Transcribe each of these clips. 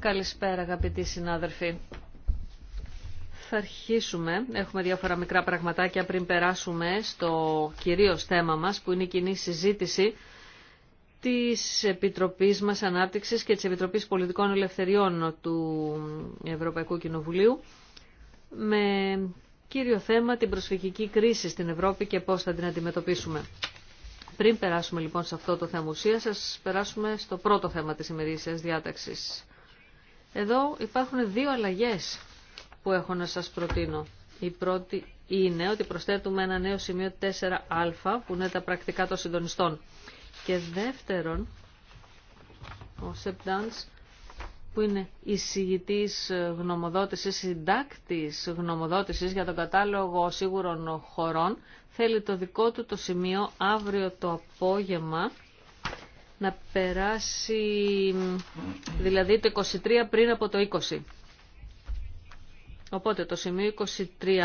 Καλησπέρα αγαπητοί συνάδελφοι. Θα αρχίσουμε. Έχουμε διάφορα μικρά πραγματάκια πριν περάσουμε στο κυρίως θέμα μας που είναι η κοινή συζήτηση της Επιτροπής μας Ανάπτυξης και της Επιτροπής Πολιτικών Ελευθεριών του Ευρωπαϊκού Κοινοβουλίου με κύριο θέμα την προσφυγική κρίση στην Ευρώπη και πώς θα την αντιμετωπίσουμε. Πριν περάσουμε λοιπόν σε αυτό το θέμα ουσία, σας περάσουμε στο πρώτο θέμα της ημερήσιας διάταξης. Εδώ υπάρχουν δύο αλλαγές που έχω να σας προτείνω. Η πρώτη είναι ότι προσθέτουμε ένα νέο σημείο 4α που είναι τα πρακτικά των συντονιστών. Και δεύτερον, ο Σεπτάνς που είναι εισηγητής ε, γνωμοδότησης, συντάκτης γνωμοδότησης για τον κατάλογο σίγουρων χωρών, θέλει το δικό του το σημείο αύριο το απόγευμα να περάσει δηλαδή το 23 πριν από το 20. Οπότε το σημείο 23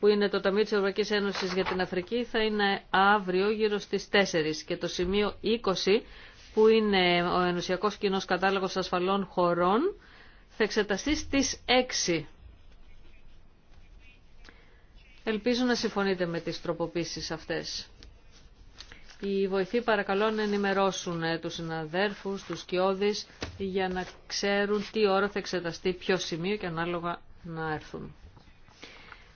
που είναι το Ταμείο της Ευρωπαϊκής Ένωσης για την Αφρική θα είναι αύριο γύρω στις 4 και το σημείο 20 που είναι ο Ενωσιακός Κοινός Κατάλογος Ασφαλών Χωρών, θα εξεταστεί στις 6. Ελπίζω να συμφωνείτε με τις τροποποίησεις αυτές. Οι βοηθοί παρακαλώ να ενημερώσουν ε, τους συναδέρφους, τους κοιόδης, για να ξέρουν τι ώρα θα εξεταστεί ποιο σημείο και ανάλογα να έρθουν.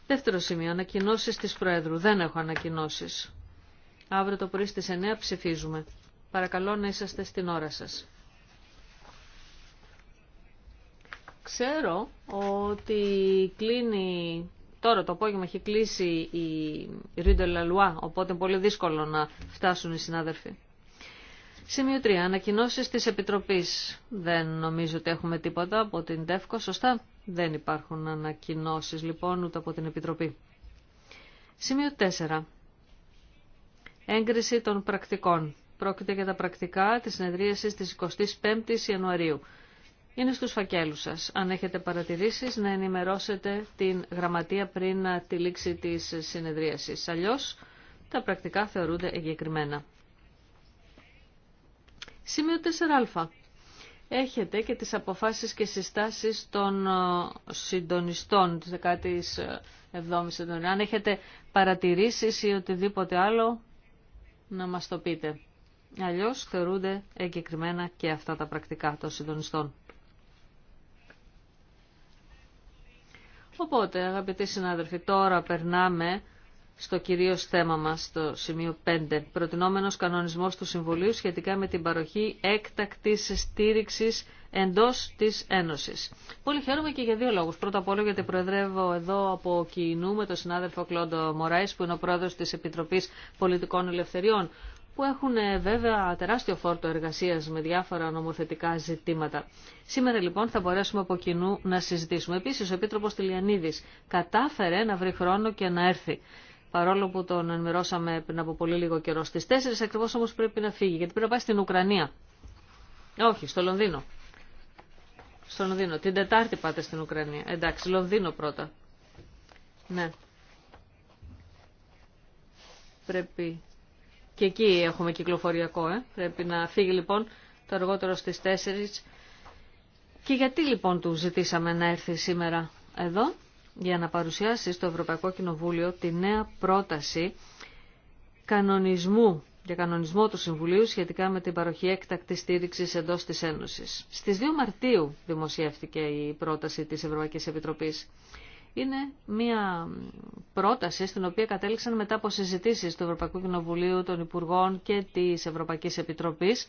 Δεύτερο σημείο, ανακοινώσει της Προέδρου. Δεν έχω ανακοινώσει. Αύριο το πρωί στις 9 ψηφίζουμε. Παρακαλώ να είσαστε στην ώρα σας. Ξέρω ότι κλείνει, τώρα το απόγευμα έχει κλείσει η la Λαλουά, οπότε πολύ δύσκολο να φτάσουν οι συνάδελφοι. Σημείο 3. Ανακοινώσει τη Επιτροπή. Δεν νομίζω ότι έχουμε τίποτα από την ΤΕΦΚΟ, σωστά. Δεν υπάρχουν ανακοινώσει λοιπόν ούτε από την Επιτροπή. Σημείο 4. Έγκριση των πρακτικών. Πρόκειται για τα πρακτικά της συνεδρίασης της 25ης Ιανουαρίου. Είναι στους φακέλους σας. Αν έχετε παρατηρήσεις, να ενημερώσετε την γραμματεία πριν τη λήξη της συνεδρίασης. Αλλιώς, τα πρακτικά θεωρούνται εγκεκριμένα. Σημείο 4α. Έχετε και τις αποφάσεις και συστάσεις των ε, συντονιστών της 17ης Αν έχετε παρατηρήσεις ή οτιδήποτε άλλο, να μας το πείτε. Αλλιώς θεωρούνται εγκεκριμένα και αυτά τα πρακτικά των συντονιστών. Οπότε, αγαπητοί συνάδελφοι, τώρα περνάμε στο κυρίως θέμα μας, στο σημείο 5. Προτινόμενος κανονισμός του Συμβουλίου σχετικά με την παροχή έκτακτης στήριξης εντός της Ένωσης. Πολύ χαίρομαι και για δύο λόγους. Πρώτα απ' όλο γιατί προεδρεύω εδώ από κοινού με τον συνάδελφο Κλόντο Μωράης που είναι ο πρόεδρος της Επιτροπής Πολιτικών Ελευθεριών που έχουν ε, βέβαια τεράστιο φόρτο εργασίας με διάφορα νομοθετικά ζητήματα. Σήμερα λοιπόν θα μπορέσουμε από κοινού να συζητήσουμε. Επίσης ο Επίτροπος Τηλιανίδης κατάφερε να βρει χρόνο και να έρθει. Παρόλο που τον ενημερώσαμε πριν από πολύ λίγο καιρό. Στις 4 ακριβώς όμως πρέπει να φύγει, γιατί πρέπει να πάει στην Ουκρανία. Όχι, στο Λονδίνο. Στο Λονδίνο. Την Τετάρτη πάτε στην Ουκρανία. Εντάξει, Λονδίνο πρώτα. Ναι. Πρέπει και εκεί έχουμε κυκλοφοριακό, ε. πρέπει να φύγει λοιπόν το αργότερο στις 4. Και γιατί λοιπόν του ζητήσαμε να έρθει σήμερα εδώ για να παρουσιάσει στο Ευρωπαϊκό Κοινοβούλιο τη νέα πρόταση κανονισμού για κανονισμό του Συμβουλίου σχετικά με την παροχή έκτακτη στήριξη εντό τη Ένωση. Στι 2 Μαρτίου δημοσιεύτηκε η πρόταση τη Ευρωπαϊκή Επιτροπή είναι μια πρόταση στην οποία κατέληξαν μετά από συζητήσεις του Ευρωπαϊκού Κοινοβουλίου, των Υπουργών και της Ευρωπαϊκής Επιτροπής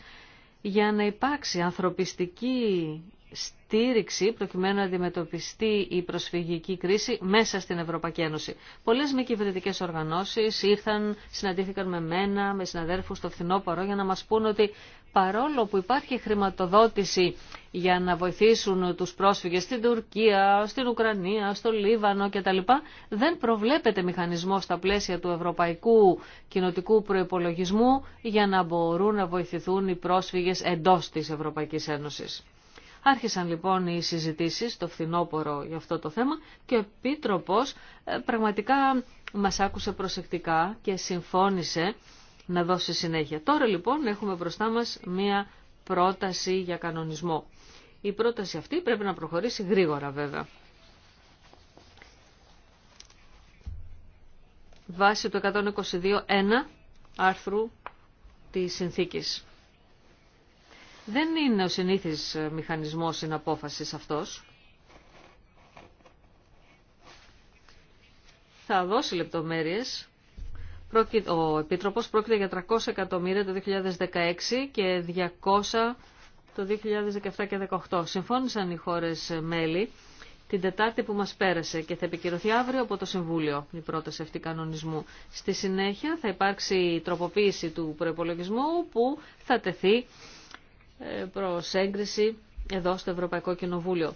για να υπάρξει ανθρωπιστική στήριξη προκειμένου να αντιμετωπιστεί η προσφυγική κρίση μέσα στην Ευρωπαϊκή Ένωση. Πολλές μη κυβερνητικέ οργανώσεις ήρθαν, συναντήθηκαν με μένα, με συναδέρφους στο φθινόπωρο για να μας πούν ότι παρόλο που υπάρχει χρηματοδότηση για να βοηθήσουν τους πρόσφυγες στην Τουρκία, στην Ουκρανία, στο Λίβανο κτλ. Δεν προβλέπεται μηχανισμό στα πλαίσια του Ευρωπαϊκού Κοινοτικού Προϋπολογισμού για να μπορούν να βοηθηθούν οι πρόσφυγες εντός της Ευρωπαϊκής Ένωσης. Άρχισαν λοιπόν οι συζητήσεις το φθινόπωρο για αυτό το θέμα και ο Επίτροπος ε, πραγματικά μας άκουσε προσεκτικά και συμφώνησε να δώσει συνέχεια. Τώρα λοιπόν έχουμε μπροστά μας μία πρόταση για κανονισμό. Η πρόταση αυτή πρέπει να προχωρήσει γρήγορα βέβαια. Βάσει του 122.1 άρθρου της συνθήκης. Δεν είναι ο συνήθις ε, μηχανισμός συναπόφασης αυτός. Θα δώσει λεπτομέρειες ο Επίτροπος πρόκειται για 300 εκατομμύρια το 2016 και 200 το 2017 και 2018. Συμφώνησαν οι χώρες μέλη την Τετάρτη που μας πέρασε και θα επικυρωθεί αύριο από το Συμβούλιο η πρόταση αυτή κανονισμού. Στη συνέχεια θα υπάρξει τροποποίηση του προπολογισμού που θα τεθεί ε, προς έγκριση εδώ στο Ευρωπαϊκό Κοινοβούλιο.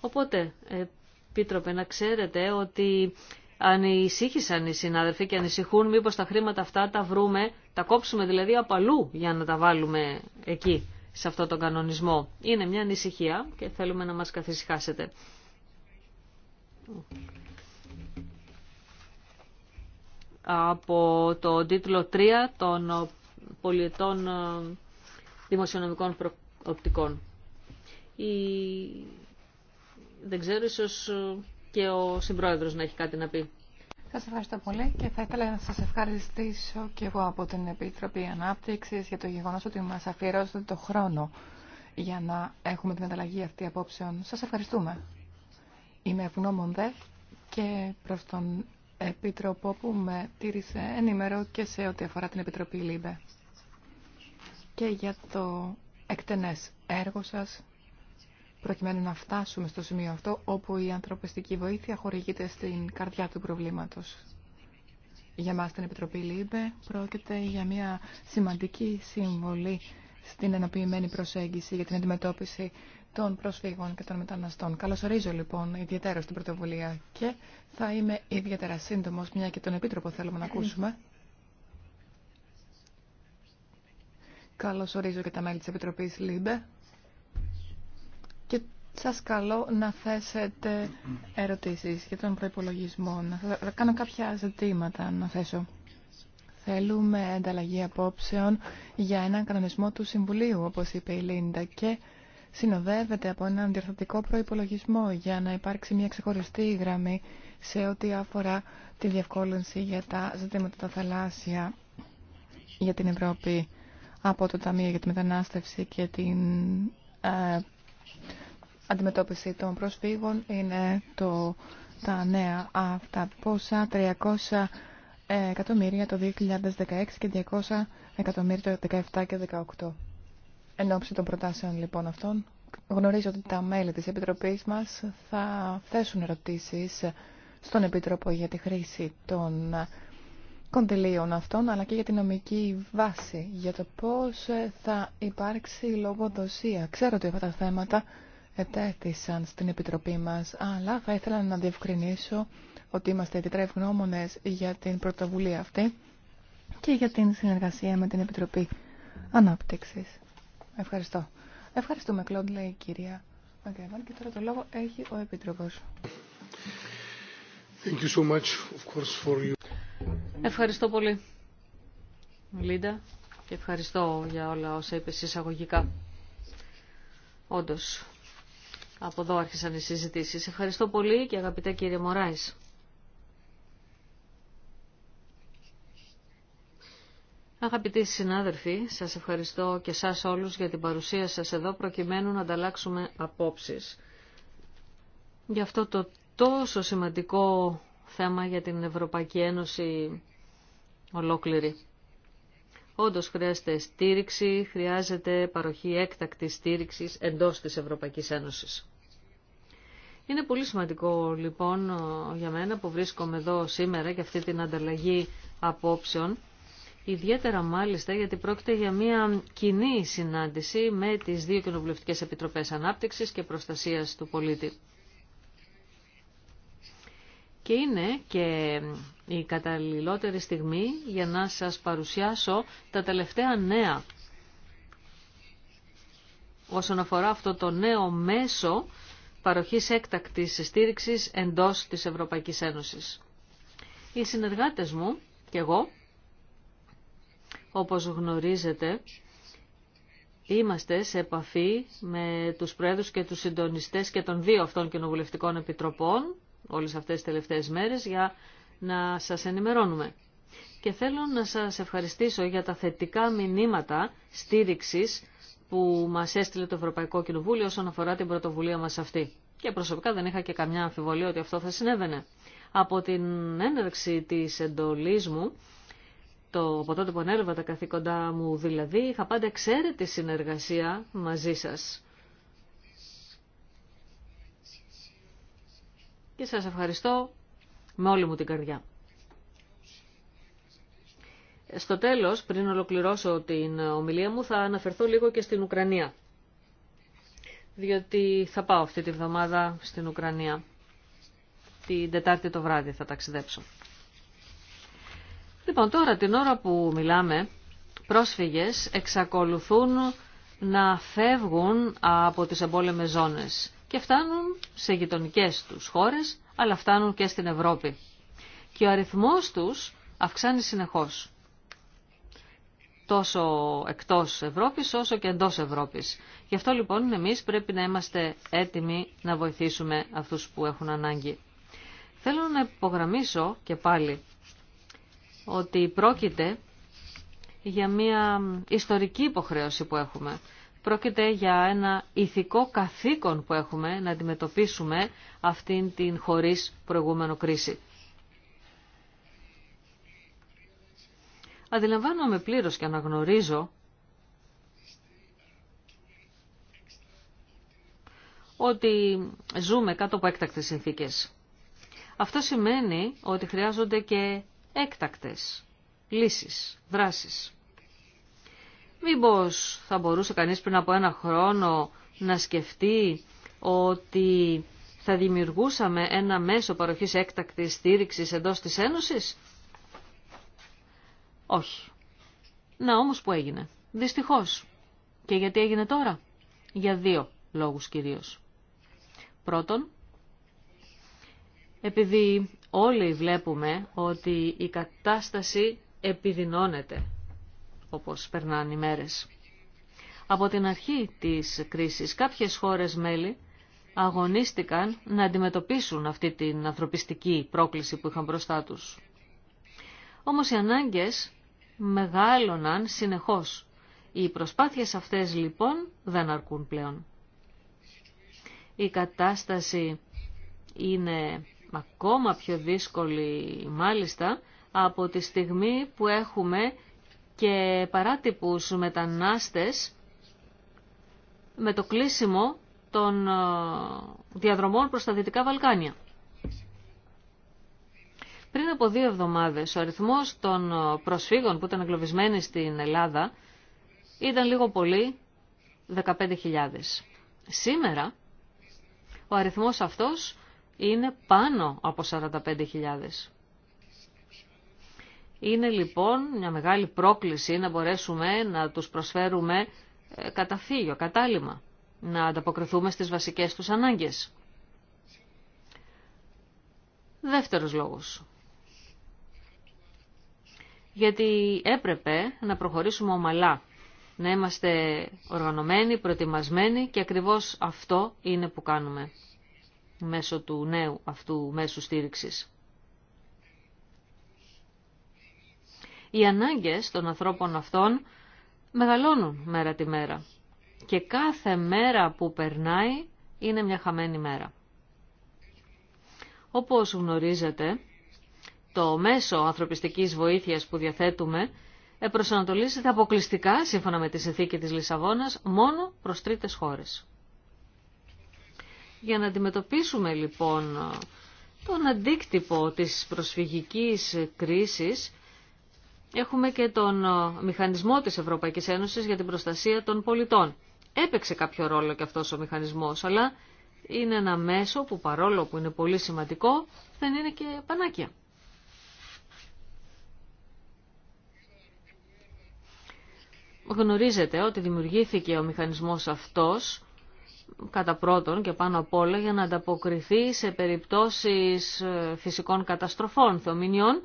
Οπότε, ε, Επίτροπε, να ξέρετε ότι ανησύχησαν οι συνάδελφοι και ανησυχούν μήπως τα χρήματα αυτά τα βρούμε, τα κόψουμε δηλαδή από αλλού για να τα βάλουμε εκεί, σε αυτό τον κανονισμό. Είναι μια ανησυχία και θέλουμε να μας καθησυχάσετε. Από το τίτλο 3 των πολιτών ε, δημοσιονομικών προοπτικών. Η... Δεν ξέρω, ίσως ε, και ο συμπρόεδρος να έχει κάτι να πει. Σας ευχαριστώ πολύ και θα ήθελα να σας ευχαριστήσω και εγώ από την Επιτροπή Ανάπτυξης για το γεγονός ότι μας αφιερώσετε το χρόνο για να έχουμε την ανταλλαγή αυτή απόψεων. Σας ευχαριστούμε. Είμαι ευγνώμων δε και προς τον Επίτροπο που με τήρησε ενημερό και σε ό,τι αφορά την Επιτροπή ΛΥΜΠΕ και για το εκτενές έργο σας προκειμένου να φτάσουμε στο σημείο αυτό όπου η ανθρωπιστική βοήθεια χορηγείται στην καρδιά του προβλήματος. Για μας την Επιτροπή ΛΥΜΠΕ πρόκειται για μια σημαντική συμβολή στην ενοποιημένη προσέγγιση για την αντιμετώπιση των προσφύγων και των μεταναστών. Καλωσορίζω λοιπόν ιδιαίτερα στην πρωτοβουλία και θα είμαι ιδιαίτερα σύντομος, μια και τον Επίτροπο θέλουμε να ακούσουμε. Καλωσορίζω και τα μέλη της Επιτροπής ΛΥΜΠΕ σας καλώ να θέσετε ερωτήσεις για τον προϋπολογισμό. Να κάνω κάποια ζητήματα να θέσω. Θέλουμε ανταλλαγή απόψεων για έναν κανονισμό του Συμβουλίου, όπως είπε η Λίντα, και συνοδεύεται από έναν διορθωτικό προϋπολογισμό για να υπάρξει μια ξεχωριστή γραμμή σε ό,τι αφορά τη διευκόλυνση για τα ζητήματα τα θαλάσσια για την Ευρώπη από το Ταμείο για τη Μετανάστευση και την ε, αντιμετώπιση των προσφύγων είναι το, τα νέα αυτά πόσα 300 εκατομμύρια το 2016 και 200 εκατομμύρια το 2017 και 2018. Εν ώψη των προτάσεων λοιπόν αυτών, γνωρίζω ότι τα μέλη της Επιτροπής μας θα θέσουν ερωτήσεις στον Επίτροπο για τη χρήση των κοντιλίων αυτών, αλλά και για την νομική βάση, για το πώς θα υπάρξει λογοδοσία. Ξέρω ότι αυτά τα θέματα ετέθησαν στην Επιτροπή μας, αλλά θα ήθελα να διευκρινίσω ότι είμαστε ιδιαίτερα ευγνώμονες για την πρωτοβουλία αυτή και για την συνεργασία με την Επιτροπή Ανάπτυξης. Ευχαριστώ. Ευχαριστούμε, Κλόντ, λέει η κυρία Αγκέβαν. Και τώρα το λόγο έχει ο Επίτροπος. Thank you so much, of course, for you. Ευχαριστώ πολύ, Λίντα, και ευχαριστώ για όλα όσα είπες εισαγωγικά. Όντως, από εδώ άρχισαν οι συζητήσεις. Ευχαριστώ πολύ και αγαπητέ κύριε Μωράης. Αγαπητοί συνάδελφοι, σας ευχαριστώ και σας όλους για την παρουσία σας εδώ προκειμένου να ανταλλάξουμε απόψεις για αυτό το τόσο σημαντικό θέμα για την Ευρωπαϊκή Ένωση ολόκληρη. Όντως χρειάζεται στήριξη, χρειάζεται παροχή έκτακτης στήριξης εντός της Ευρωπαϊκής Ένωσης. Είναι πολύ σημαντικό λοιπόν για μένα που βρίσκομαι εδώ σήμερα και αυτή την ανταλλαγή απόψεων, ιδιαίτερα μάλιστα γιατί πρόκειται για μια κοινή συνάντηση με τις δύο κοινοβουλευτικές επιτροπές ανάπτυξης και προστασίας του πολίτη και είναι και η καταλληλότερη στιγμή για να σας παρουσιάσω τα τελευταία νέα όσον αφορά αυτό το νέο μέσο παροχής έκτακτης στήριξης εντός της Ευρωπαϊκής Ένωσης. Οι συνεργάτες μου και εγώ, όπως γνωρίζετε, είμαστε σε επαφή με τους πρόεδρους και τους συντονιστές και των δύο αυτών κοινοβουλευτικών επιτροπών όλες αυτές τις τελευταίες μέρες για να σας ενημερώνουμε. Και θέλω να σας ευχαριστήσω για τα θετικά μηνύματα στήριξης που μας έστειλε το Ευρωπαϊκό Κοινοβούλιο όσον αφορά την πρωτοβουλία μας αυτή. Και προσωπικά δεν είχα και καμιά αμφιβολία ότι αυτό θα συνέβαινε. Από την έναρξη της εντολής μου, το, από τότε που ανέλαβα τα καθήκοντά μου δηλαδή, είχα πάντα εξαίρετη συνεργασία μαζί σας και σας ευχαριστώ με όλη μου την καρδιά. Στο τέλος, πριν ολοκληρώσω την ομιλία μου, θα αναφερθώ λίγο και στην Ουκρανία. Διότι θα πάω αυτή τη βδομάδα στην Ουκρανία. Την Τετάρτη το βράδυ θα ταξιδέψω. Λοιπόν, τώρα την ώρα που μιλάμε, πρόσφυγες εξακολουθούν να φεύγουν από τις εμπόλεμες ζώνες και φτάνουν σε γειτονικέ τους χώρες, αλλά φτάνουν και στην Ευρώπη. Και ο αριθμός τους αυξάνει συνεχώς. Τόσο εκτός Ευρώπης όσο και εντός Ευρώπης. Γι' αυτό λοιπόν εμείς πρέπει να είμαστε έτοιμοι να βοηθήσουμε αυτούς που έχουν ανάγκη. Θέλω να υπογραμμίσω και πάλι ότι πρόκειται για μια ιστορική υποχρέωση που έχουμε. Πρόκειται για ένα ηθικό καθήκον που έχουμε να αντιμετωπίσουμε αυτήν την χωρίς προηγούμενο κρίση. Αντιλαμβάνομαι πλήρως και αναγνωρίζω ότι ζούμε κάτω από έκτακτες συνθήκες. Αυτό σημαίνει ότι χρειάζονται και έκτακτες λύσεις, δράσεις. Μήπως θα μπορούσε κανείς πριν από ένα χρόνο να σκεφτεί ότι θα δημιουργούσαμε ένα μέσο παροχής έκτακτης στήριξης εντός της Ένωσης. Όχι. Να όμως που έγινε. Δυστυχώς. Και γιατί έγινε τώρα. Για δύο λόγους κυρίως. Πρώτον, επειδή όλοι βλέπουμε ότι η κατάσταση επιδεινώνεται όπως περνάνε οι μέρες. Από την αρχή της κρίσης κάποιες χώρες μέλη αγωνίστηκαν να αντιμετωπίσουν αυτή την ανθρωπιστική πρόκληση που είχαν μπροστά τους. Όμως οι ανάγκες μεγάλωναν συνεχώς. Οι προσπάθειες αυτές λοιπόν δεν αρκούν πλέον. Η κατάσταση είναι ακόμα πιο δύσκολη μάλιστα από τη στιγμή που έχουμε και παράτυπους μετανάστες με το κλείσιμο των ε, διαδρομών προς τα Δυτικά Βαλκάνια. Πριν από δύο εβδομάδες, ο αριθμός των ε, προσφύγων που ήταν εγκλωβισμένοι στην Ελλάδα ήταν λίγο πολύ 15.000. Σήμερα, ο αριθμός αυτός είναι πάνω από 45.000. Είναι λοιπόν μια μεγάλη πρόκληση να μπορέσουμε να τους προσφέρουμε ε, καταφύγιο, κατάλημα, να ανταποκριθούμε στις βασικές τους ανάγκες. Δεύτερος λόγος. Γιατί έπρεπε να προχωρήσουμε ομαλά, να είμαστε οργανωμένοι, προετοιμασμένοι και ακριβώς αυτό είναι που κάνουμε μέσω του νέου αυτού μέσου στήριξης. Οι ανάγκες των ανθρώπων αυτών μεγαλώνουν μέρα τη μέρα και κάθε μέρα που περνάει είναι μια χαμένη μέρα. Όπως γνωρίζετε, το μέσο ανθρωπιστικής βοήθειας που διαθέτουμε προσανατολίζεται αποκλειστικά, σύμφωνα με τη συνθήκη της Λισαβόνας, μόνο προς τρίτες χώρες. Για να αντιμετωπίσουμε λοιπόν τον αντίκτυπο της προσφυγικής κρίσης, Έχουμε και τον ε, μηχανισμό της Ευρωπαϊκής Ένωσης για την προστασία των πολιτών. Έπαιξε κάποιο ρόλο και αυτός ο μηχανισμός, αλλά είναι ένα μέσο που παρόλο που είναι πολύ σημαντικό, δεν είναι και πανάκια. Γνωρίζετε ότι δημιουργήθηκε ο μηχανισμός αυτός κατά πρώτον και πάνω απ' όλα για να ανταποκριθεί σε περιπτώσεις ε, φυσικών καταστροφών, θεομηνιών,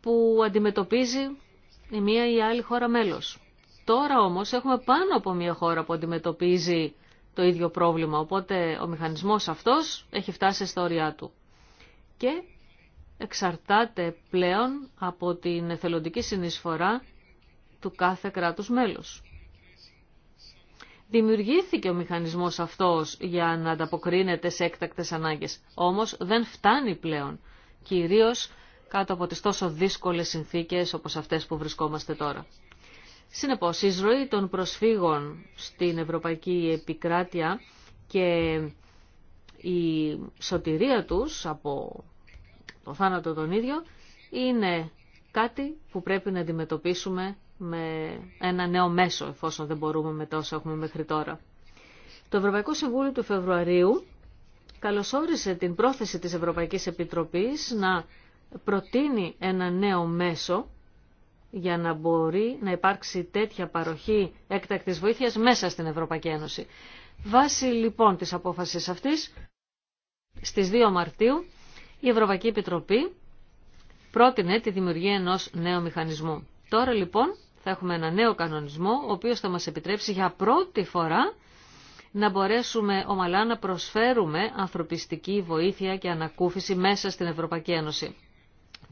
που αντιμετωπίζει η μία ή η άλλη χώρα μέλος. Τώρα όμως έχουμε πάνω από μία χώρα που αντιμετωπίζει το ίδιο πρόβλημα, οπότε ο μηχανισμός αυτός έχει φτάσει στα όριά του. Και εξαρτάται πλέον από την εθελοντική συνεισφορά του κάθε κράτους μέλους. Δημιουργήθηκε ο μηχανισμός αυτός για να ανταποκρίνεται σε έκτακτες ανάγκες, όμως δεν φτάνει πλέον, κυρίως κάτω από τις τόσο δύσκολες συνθήκες όπως αυτές που βρισκόμαστε τώρα. Συνεπώς, η ζωή των προσφύγων στην Ευρωπαϊκή Επικράτεια και η σωτηρία τους από το θάνατο τον ίδιο είναι κάτι που πρέπει να αντιμετωπίσουμε με ένα νέο μέσο, εφόσον δεν μπορούμε με τόσο έχουμε μέχρι τώρα. Το Ευρωπαϊκό Συμβούλιο του Φεβρουαρίου καλωσόρισε την πρόθεση της Ευρωπαϊκής Επιτροπής να προτείνει ένα νέο μέσο για να μπορεί να υπάρξει τέτοια παροχή έκτακτης βοήθειας μέσα στην Ευρωπαϊκή Ένωση. Βάσει λοιπόν της απόφασης αυτής, στις 2 Μαρτίου η Ευρωπαϊκή Επιτροπή πρότεινε τη δημιουργία ενός νέου μηχανισμού. Τώρα λοιπόν θα έχουμε ένα νέο κανονισμό, ο οποίος θα μας επιτρέψει για πρώτη φορά να μπορέσουμε ομαλά να προσφέρουμε ανθρωπιστική βοήθεια και ανακούφιση μέσα στην Ευρωπαϊκή Ένωση.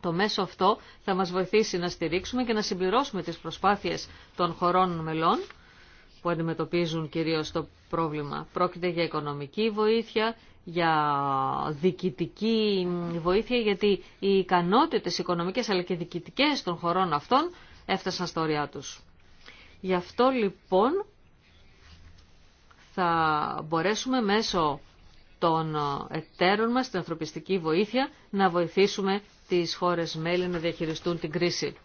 Το μέσο αυτό θα μας βοηθήσει να στηρίξουμε και να συμπληρώσουμε τις προσπάθειες των χωρών μελών που αντιμετωπίζουν κυρίως το πρόβλημα. Πρόκειται για οικονομική βοήθεια, για διοικητική βοήθεια, γιατί οι ικανότητες οικονομικές αλλά και διοικητικές των χωρών αυτών έφτασαν στο ωριά τους. Γι' αυτό λοιπόν θα μπορέσουμε μέσω των εταίρων μας την ανθρωπιστική βοήθεια να βοηθήσουμε τις χώρες μέλη να διαχειριστούν την κρίση.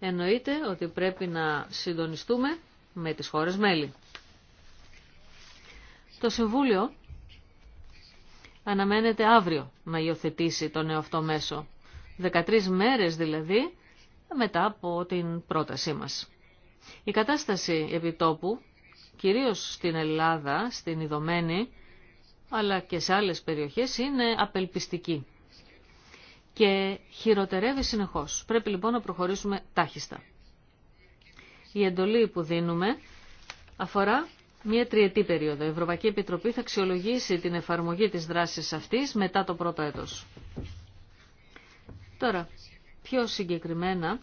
Εννοείται ότι πρέπει να συντονιστούμε με τις χώρες μέλη. Το Συμβούλιο αναμένεται αύριο να υιοθετήσει το νέο αυτό μέσο. 13 μέρες δηλαδή μετά από την πρότασή μας. Η κατάσταση επιτόπου κυρίως στην Ελλάδα, στην Ιδωμένη, αλλά και σε άλλες περιοχές είναι απελπιστική και χειροτερεύει συνεχώς. Πρέπει λοιπόν να προχωρήσουμε τάχιστα. Η εντολή που δίνουμε αφορά μία τριετή περίοδο. Η Ευρωπαϊκή Επιτροπή θα αξιολογήσει την εφαρμογή της δράσης αυτής μετά το πρώτο έτος. Τώρα, πιο συγκεκριμένα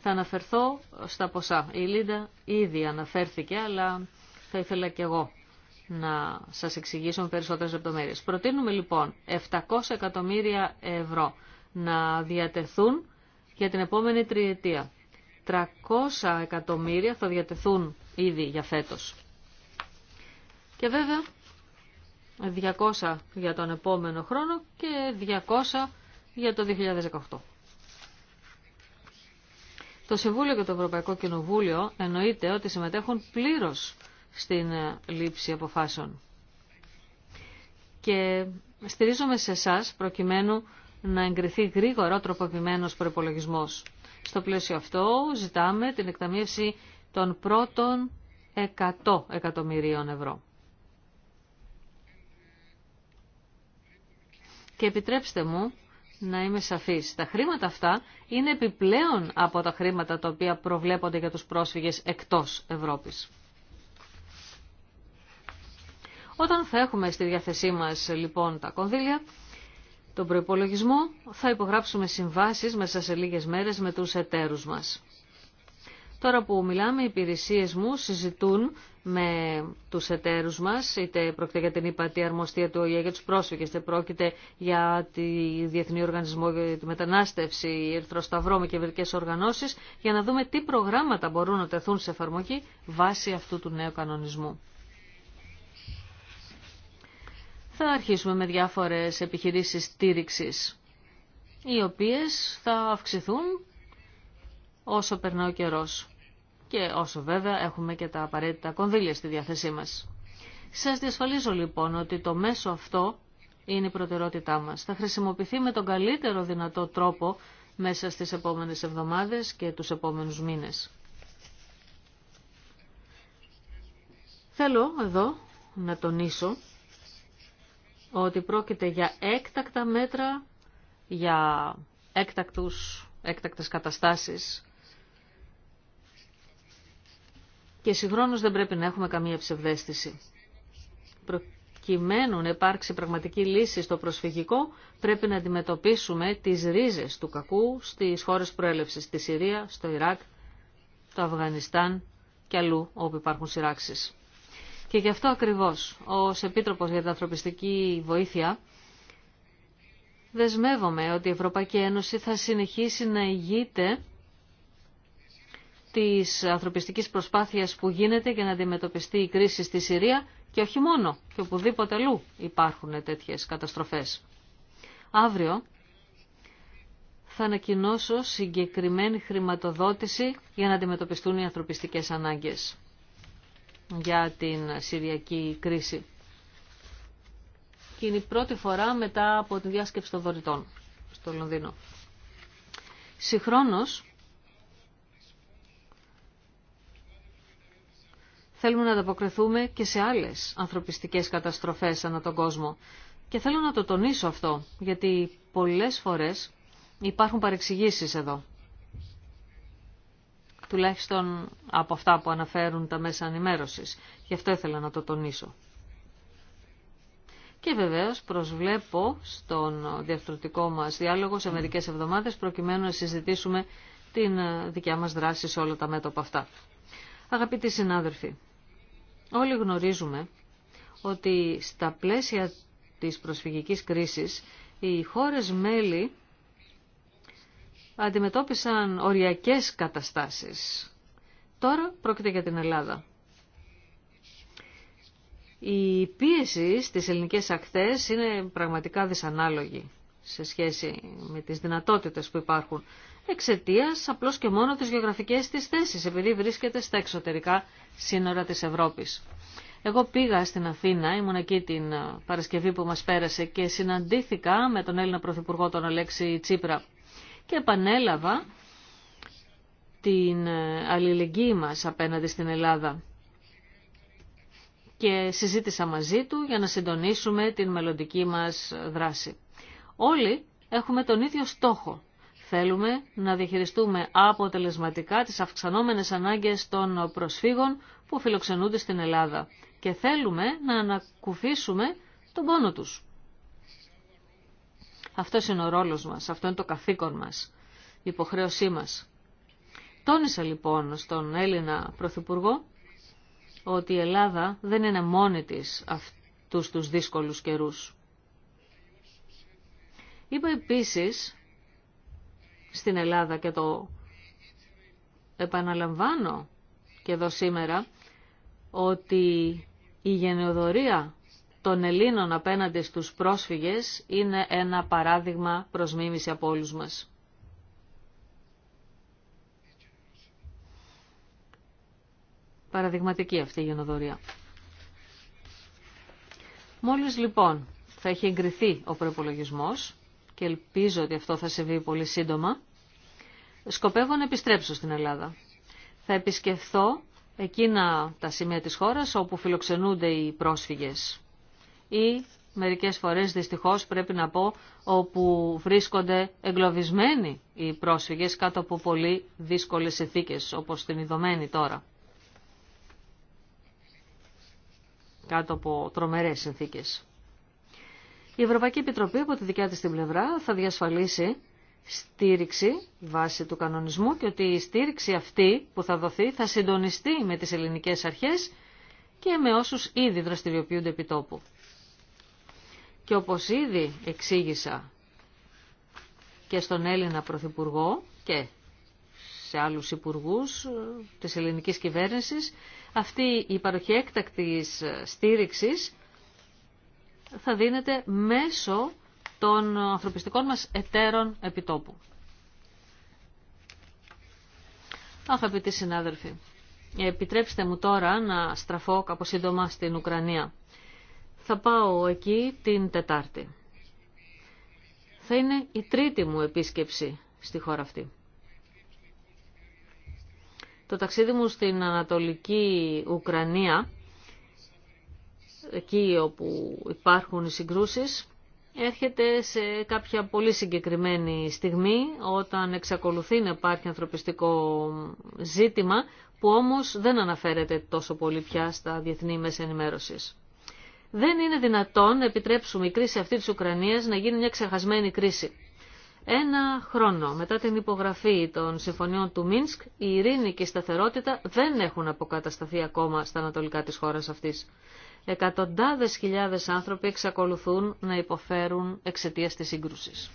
θα αναφερθώ στα ποσά. Η Λίντα ήδη αναφέρθηκε, αλλά θα ήθελα και εγώ να σας εξηγήσω με περισσότερες λεπτομέρειες. Προτείνουμε λοιπόν 700 εκατομμύρια ευρώ να διατεθούν για την επόμενη τριετία. 300 εκατομμύρια θα διατεθούν ήδη για φέτος. Και βέβαια 200 για τον επόμενο χρόνο και 200 για το 2018. Το Συμβούλιο και το Ευρωπαϊκό Κοινοβούλιο εννοείται ότι συμμετέχουν πλήρως στην ε, λήψη αποφάσεων. Και στηρίζομαι σε εσά προκειμένου να εγκριθεί γρήγορα τροποποιημένος προπολογισμό. Στο πλαίσιο αυτό ζητάμε την εκταμείευση των πρώτων 100 εκατομμυρίων ευρώ. Και επιτρέψτε μου να είμαι σαφής. Τα χρήματα αυτά είναι επιπλέον από τα χρήματα τα οποία προβλέπονται για τους πρόσφυγες εκτός Ευρώπης. Όταν θα έχουμε στη διάθεσή μας λοιπόν τα κονδύλια, τον προπολογισμό, θα υπογράψουμε συμβάσεις μέσα σε λίγες μέρες με τους εταίρους μας. Τώρα που μιλάμε, οι υπηρεσίε μου συζητούν με τους εταίρους μας, είτε πρόκειται για την υπατή αρμοστία του ΟΗΕ για τους πρόσφυγες, είτε πρόκειται για τη Διεθνή Οργανισμό για τη Μετανάστευση, η Ερθροσταυρό με οργανώσεις, για να δούμε τι προγράμματα μπορούν να τεθούν σε εφαρμογή βάσει αυτού του νέου κανονισμού θα αρχίσουμε με διάφορες επιχειρήσεις στήριξης, οι οποίες θα αυξηθούν όσο περνά ο καιρός και όσο βέβαια έχουμε και τα απαραίτητα κονδύλια στη διάθεσή μας. Σας διασφαλίζω λοιπόν ότι το μέσο αυτό είναι η προτεραιότητά μας. Θα χρησιμοποιηθεί με τον καλύτερο δυνατό τρόπο μέσα στις επόμενες εβδομάδες και τους επόμενους μήνες. Θέλω εδώ να τονίσω ότι πρόκειται για έκτακτα μέτρα, για έκτακτους, έκτακτες καταστάσεις και συγχρόνως δεν πρέπει να έχουμε καμία ψευδέστηση. Προκειμένου να υπάρξει πραγματική λύση στο προσφυγικό, πρέπει να αντιμετωπίσουμε τις ρίζες του κακού στις χώρες προέλευσης, στη Συρία, στο Ιράκ, το Αφγανιστάν και αλλού όπου υπάρχουν σειράξεις. Και γι' αυτό ακριβώς, ως Επίτροπος για την Ανθρωπιστική Βοήθεια, δεσμεύομαι ότι η Ευρωπαϊκή Ένωση θα συνεχίσει να ηγείται της ανθρωπιστικής προσπάθειας που γίνεται για να αντιμετωπιστεί η κρίση στη Συρία και όχι μόνο, και οπουδήποτε αλλού υπάρχουν τέτοιες καταστροφές. Αύριο θα ανακοινώσω συγκεκριμένη χρηματοδότηση για να αντιμετωπιστούν οι ανθρωπιστικές ανάγκες για την Συριακή κρίση. Και είναι η πρώτη φορά μετά από τη διάσκεψη των δωρητών στο Λονδίνο. Συγχρόνως, θέλουμε να ανταποκριθούμε και σε άλλες ανθρωπιστικές καταστροφές ανά τον κόσμο. Και θέλω να το τονίσω αυτό, γιατί πολλές φορές υπάρχουν παρεξηγήσεις εδώ τουλάχιστον από αυτά που αναφέρουν τα μέσα ενημέρωσης. Γι' αυτό ήθελα να το τονίσω. Και βεβαίως προσβλέπω στον διαφθορτικό μας διάλογο σε μερικές εβδομάδες προκειμένου να συζητήσουμε την ε, δικιά μας δράση σε όλα τα μέτωπα αυτά. Αγαπητοί συνάδελφοι, όλοι γνωρίζουμε ότι στα πλαίσια της προσφυγικής κρίσης οι χώρες μέλη αντιμετώπισαν οριακές καταστάσεις. Τώρα πρόκειται για την Ελλάδα. Η πίεση στις ελληνικές ακτές είναι πραγματικά δυσανάλογη σε σχέση με τις δυνατότητες που υπάρχουν εξαιτία απλώς και μόνο της γεωγραφικής της θέσης, επειδή βρίσκεται στα εξωτερικά σύνορα της Ευρώπης. Εγώ πήγα στην Αθήνα, ήμουν εκεί την ε, Παρασκευή που μας πέρασε και συναντήθηκα με τον Έλληνα Πρωθυπουργό τον Αλέξη Τσίπρα και επανέλαβα την ε, αλληλεγγύη μας απέναντι στην Ελλάδα και συζήτησα μαζί του για να συντονίσουμε την μελλοντική μας δράση. Όλοι έχουμε τον ίδιο στόχο. Θέλουμε να διαχειριστούμε αποτελεσματικά τις αυξανόμενες ανάγκες των προσφύγων που φιλοξενούνται στην Ελλάδα και θέλουμε να ανακουφίσουμε τον πόνο τους. Αυτός είναι ο ρόλος μας, αυτό είναι το καθήκον μας, η υποχρέωσή μας. Τόνισα λοιπόν στον Έλληνα Πρωθυπουργό ότι η Ελλάδα δεν είναι μόνη της αυτούς τους δύσκολους καιρούς. Είπα επίσης στην Ελλάδα και το επαναλαμβάνω και εδώ σήμερα ότι η γενεοδορία των Ελλήνων απέναντι στους πρόσφυγες είναι ένα παράδειγμα προς μίμηση από όλους μας. Παραδειγματική αυτή η γενοδορία. Μόλις λοιπόν θα έχει εγκριθεί ο προπολογισμό και ελπίζω ότι αυτό θα συμβεί πολύ σύντομα, σκοπεύω να επιστρέψω στην Ελλάδα. Θα επισκεφθώ εκείνα τα σημεία της χώρας όπου φιλοξενούνται οι πρόσφυγες ή μερικές φορές δυστυχώς πρέπει να πω όπου βρίσκονται εγκλωβισμένοι οι πρόσφυγες κάτω από πολύ δύσκολες συνθήκες όπως την ειδωμένη τώρα. Κάτω από τρομερές συνθήκες. Η Ευρωπαϊκή Επιτροπή από τη δικιά της την πλευρά θα διασφαλίσει στήριξη βάσει του κανονισμού και ότι η στήριξη αυτή που θα δοθεί θα συντονιστεί με τις ελληνικές αρχές και με όσους ήδη δραστηριοποιούνται επί τόπου. Και όπως ήδη εξήγησα και στον Έλληνα Πρωθυπουργό και σε άλλους υπουργούς ε, της ελληνικής κυβέρνησης, αυτή η παροχή έκτακτης στήριξης θα δίνεται μέσω των ανθρωπιστικών μας εταίρων επιτόπου. Αγαπητοί συνάδελφοι, επιτρέψτε μου τώρα να στραφώ κάπως σύντομα στην Ουκρανία. Θα πάω εκεί την Τετάρτη. Θα είναι η τρίτη μου επίσκεψη στη χώρα αυτή. Το ταξίδι μου στην Ανατολική Ουκρανία, εκεί όπου υπάρχουν οι συγκρούσεις, έρχεται σε κάποια πολύ συγκεκριμένη στιγμή όταν εξακολουθεί να υπάρχει ανθρωπιστικό ζήτημα που όμως δεν αναφέρεται τόσο πολύ πια στα διεθνή μέσα ενημέρωσης. Δεν είναι δυνατόν να επιτρέψουμε η κρίση αυτή της Ουκρανίας να γίνει μια ξεχασμένη κρίση. Ένα χρόνο μετά την υπογραφή των συμφωνιών του Μίνσκ, η ειρήνη και η σταθερότητα δεν έχουν αποκατασταθεί ακόμα στα ανατολικά της χώρας αυτής. Εκατοντάδες χιλιάδες άνθρωποι εξακολουθούν να υποφέρουν εξαιτίας της σύγκρουσης.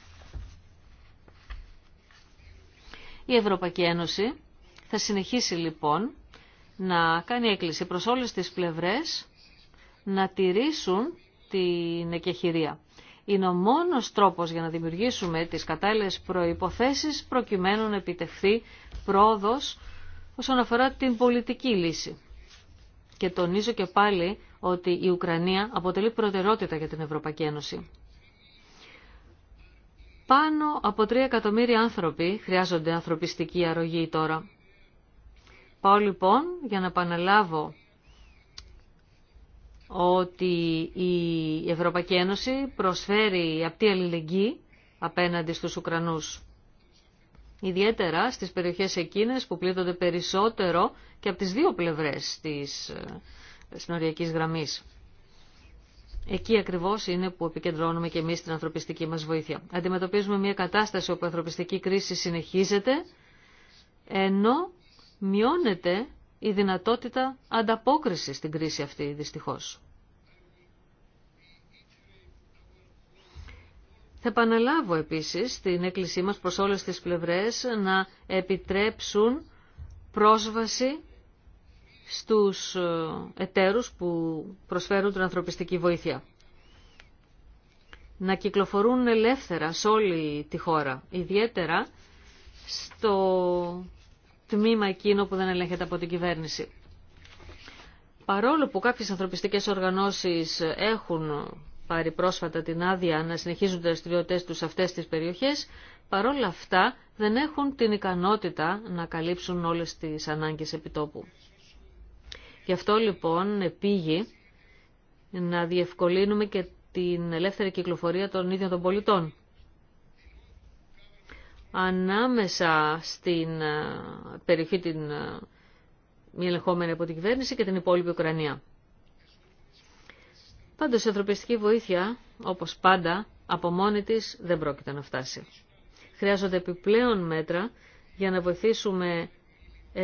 Η Ευρωπαϊκή Ένωση θα συνεχίσει λοιπόν να κάνει έκκληση προς όλες τις πλευρές να τηρήσουν την εκεχηρία. Είναι ο μόνος τρόπος για να δημιουργήσουμε τις κατάλληλες προϋποθέσεις προκειμένου να επιτευχθεί πρόοδος όσον αφορά την πολιτική λύση. Και τονίζω και πάλι ότι η Ουκρανία αποτελεί προτεραιότητα για την Ευρωπαϊκή Ένωση. Πάνω από 3 εκατομμύρια άνθρωποι χρειάζονται ανθρωπιστική αρρωγή τώρα. Πάω λοιπόν για να επαναλάβω ότι η Ευρωπαϊκή Ένωση προσφέρει απτή αλληλεγγύη απέναντι στους Ουκρανούς. Ιδιαίτερα στις περιοχές εκείνες που πλήττονται περισσότερο και από τις δύο πλευρές της συνοριακής ε, γραμμής. Εκεί ακριβώς είναι που επικεντρώνουμε και εμείς την ανθρωπιστική μας βοήθεια. Αντιμετωπίζουμε μια κατάσταση όπου η ανθρωπιστική κρίση συνεχίζεται, ενώ μειώνεται η δυνατότητα ανταπόκρισης στην κρίση αυτή δυστυχώς. Θα επαναλάβω επίσης την έκκλησή μας προς όλες τις πλευρές να επιτρέψουν πρόσβαση στους ε, εταίρους που προσφέρουν την ανθρωπιστική βοήθεια. Να κυκλοφορούν ελεύθερα σε όλη τη χώρα, ιδιαίτερα στο τμήμα εκείνο που δεν ελέγχεται από την κυβέρνηση. Παρόλο που κάποιες ανθρωπιστικές οργανώσεις έχουν πάρει πρόσφατα την άδεια να συνεχίζουν τα δραστηριότητε τους σε αυτές τις περιοχές, παρόλα αυτά δεν έχουν την ικανότητα να καλύψουν όλες τις ανάγκες επιτόπου. Γι' αυτό λοιπόν επήγει να διευκολύνουμε και την ελεύθερη κυκλοφορία των ίδιων των πολιτών ανάμεσα στην ε, περιοχή την ε, μη ελεγχόμενη από την κυβέρνηση και την υπόλοιπη Ουκρανία. Πάντως η ανθρωπιστική βοήθεια, όπως πάντα, από μόνη της δεν πρόκειται να φτάσει. Χρειάζονται επιπλέον μέτρα για να βοηθήσουμε 1,5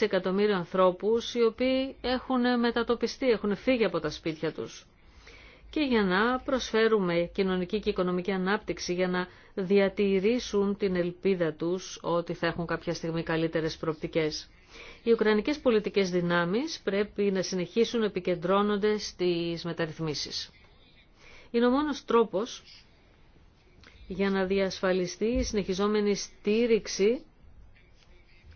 εκατομμύριο ανθρώπους οι οποίοι έχουν μετατοπιστεί, έχουν φύγει από τα σπίτια τους και για να προσφέρουμε κοινωνική και οικονομική ανάπτυξη για να διατηρήσουν την ελπίδα τους ότι θα έχουν κάποια στιγμή καλύτερες προοπτικές. Οι ουκρανικές πολιτικές δυνάμεις πρέπει να συνεχίσουν επικεντρώνονται στις μεταρρυθμίσεις. Είναι ο μόνος τρόπος για να διασφαλιστεί η συνεχιζόμενη στήριξη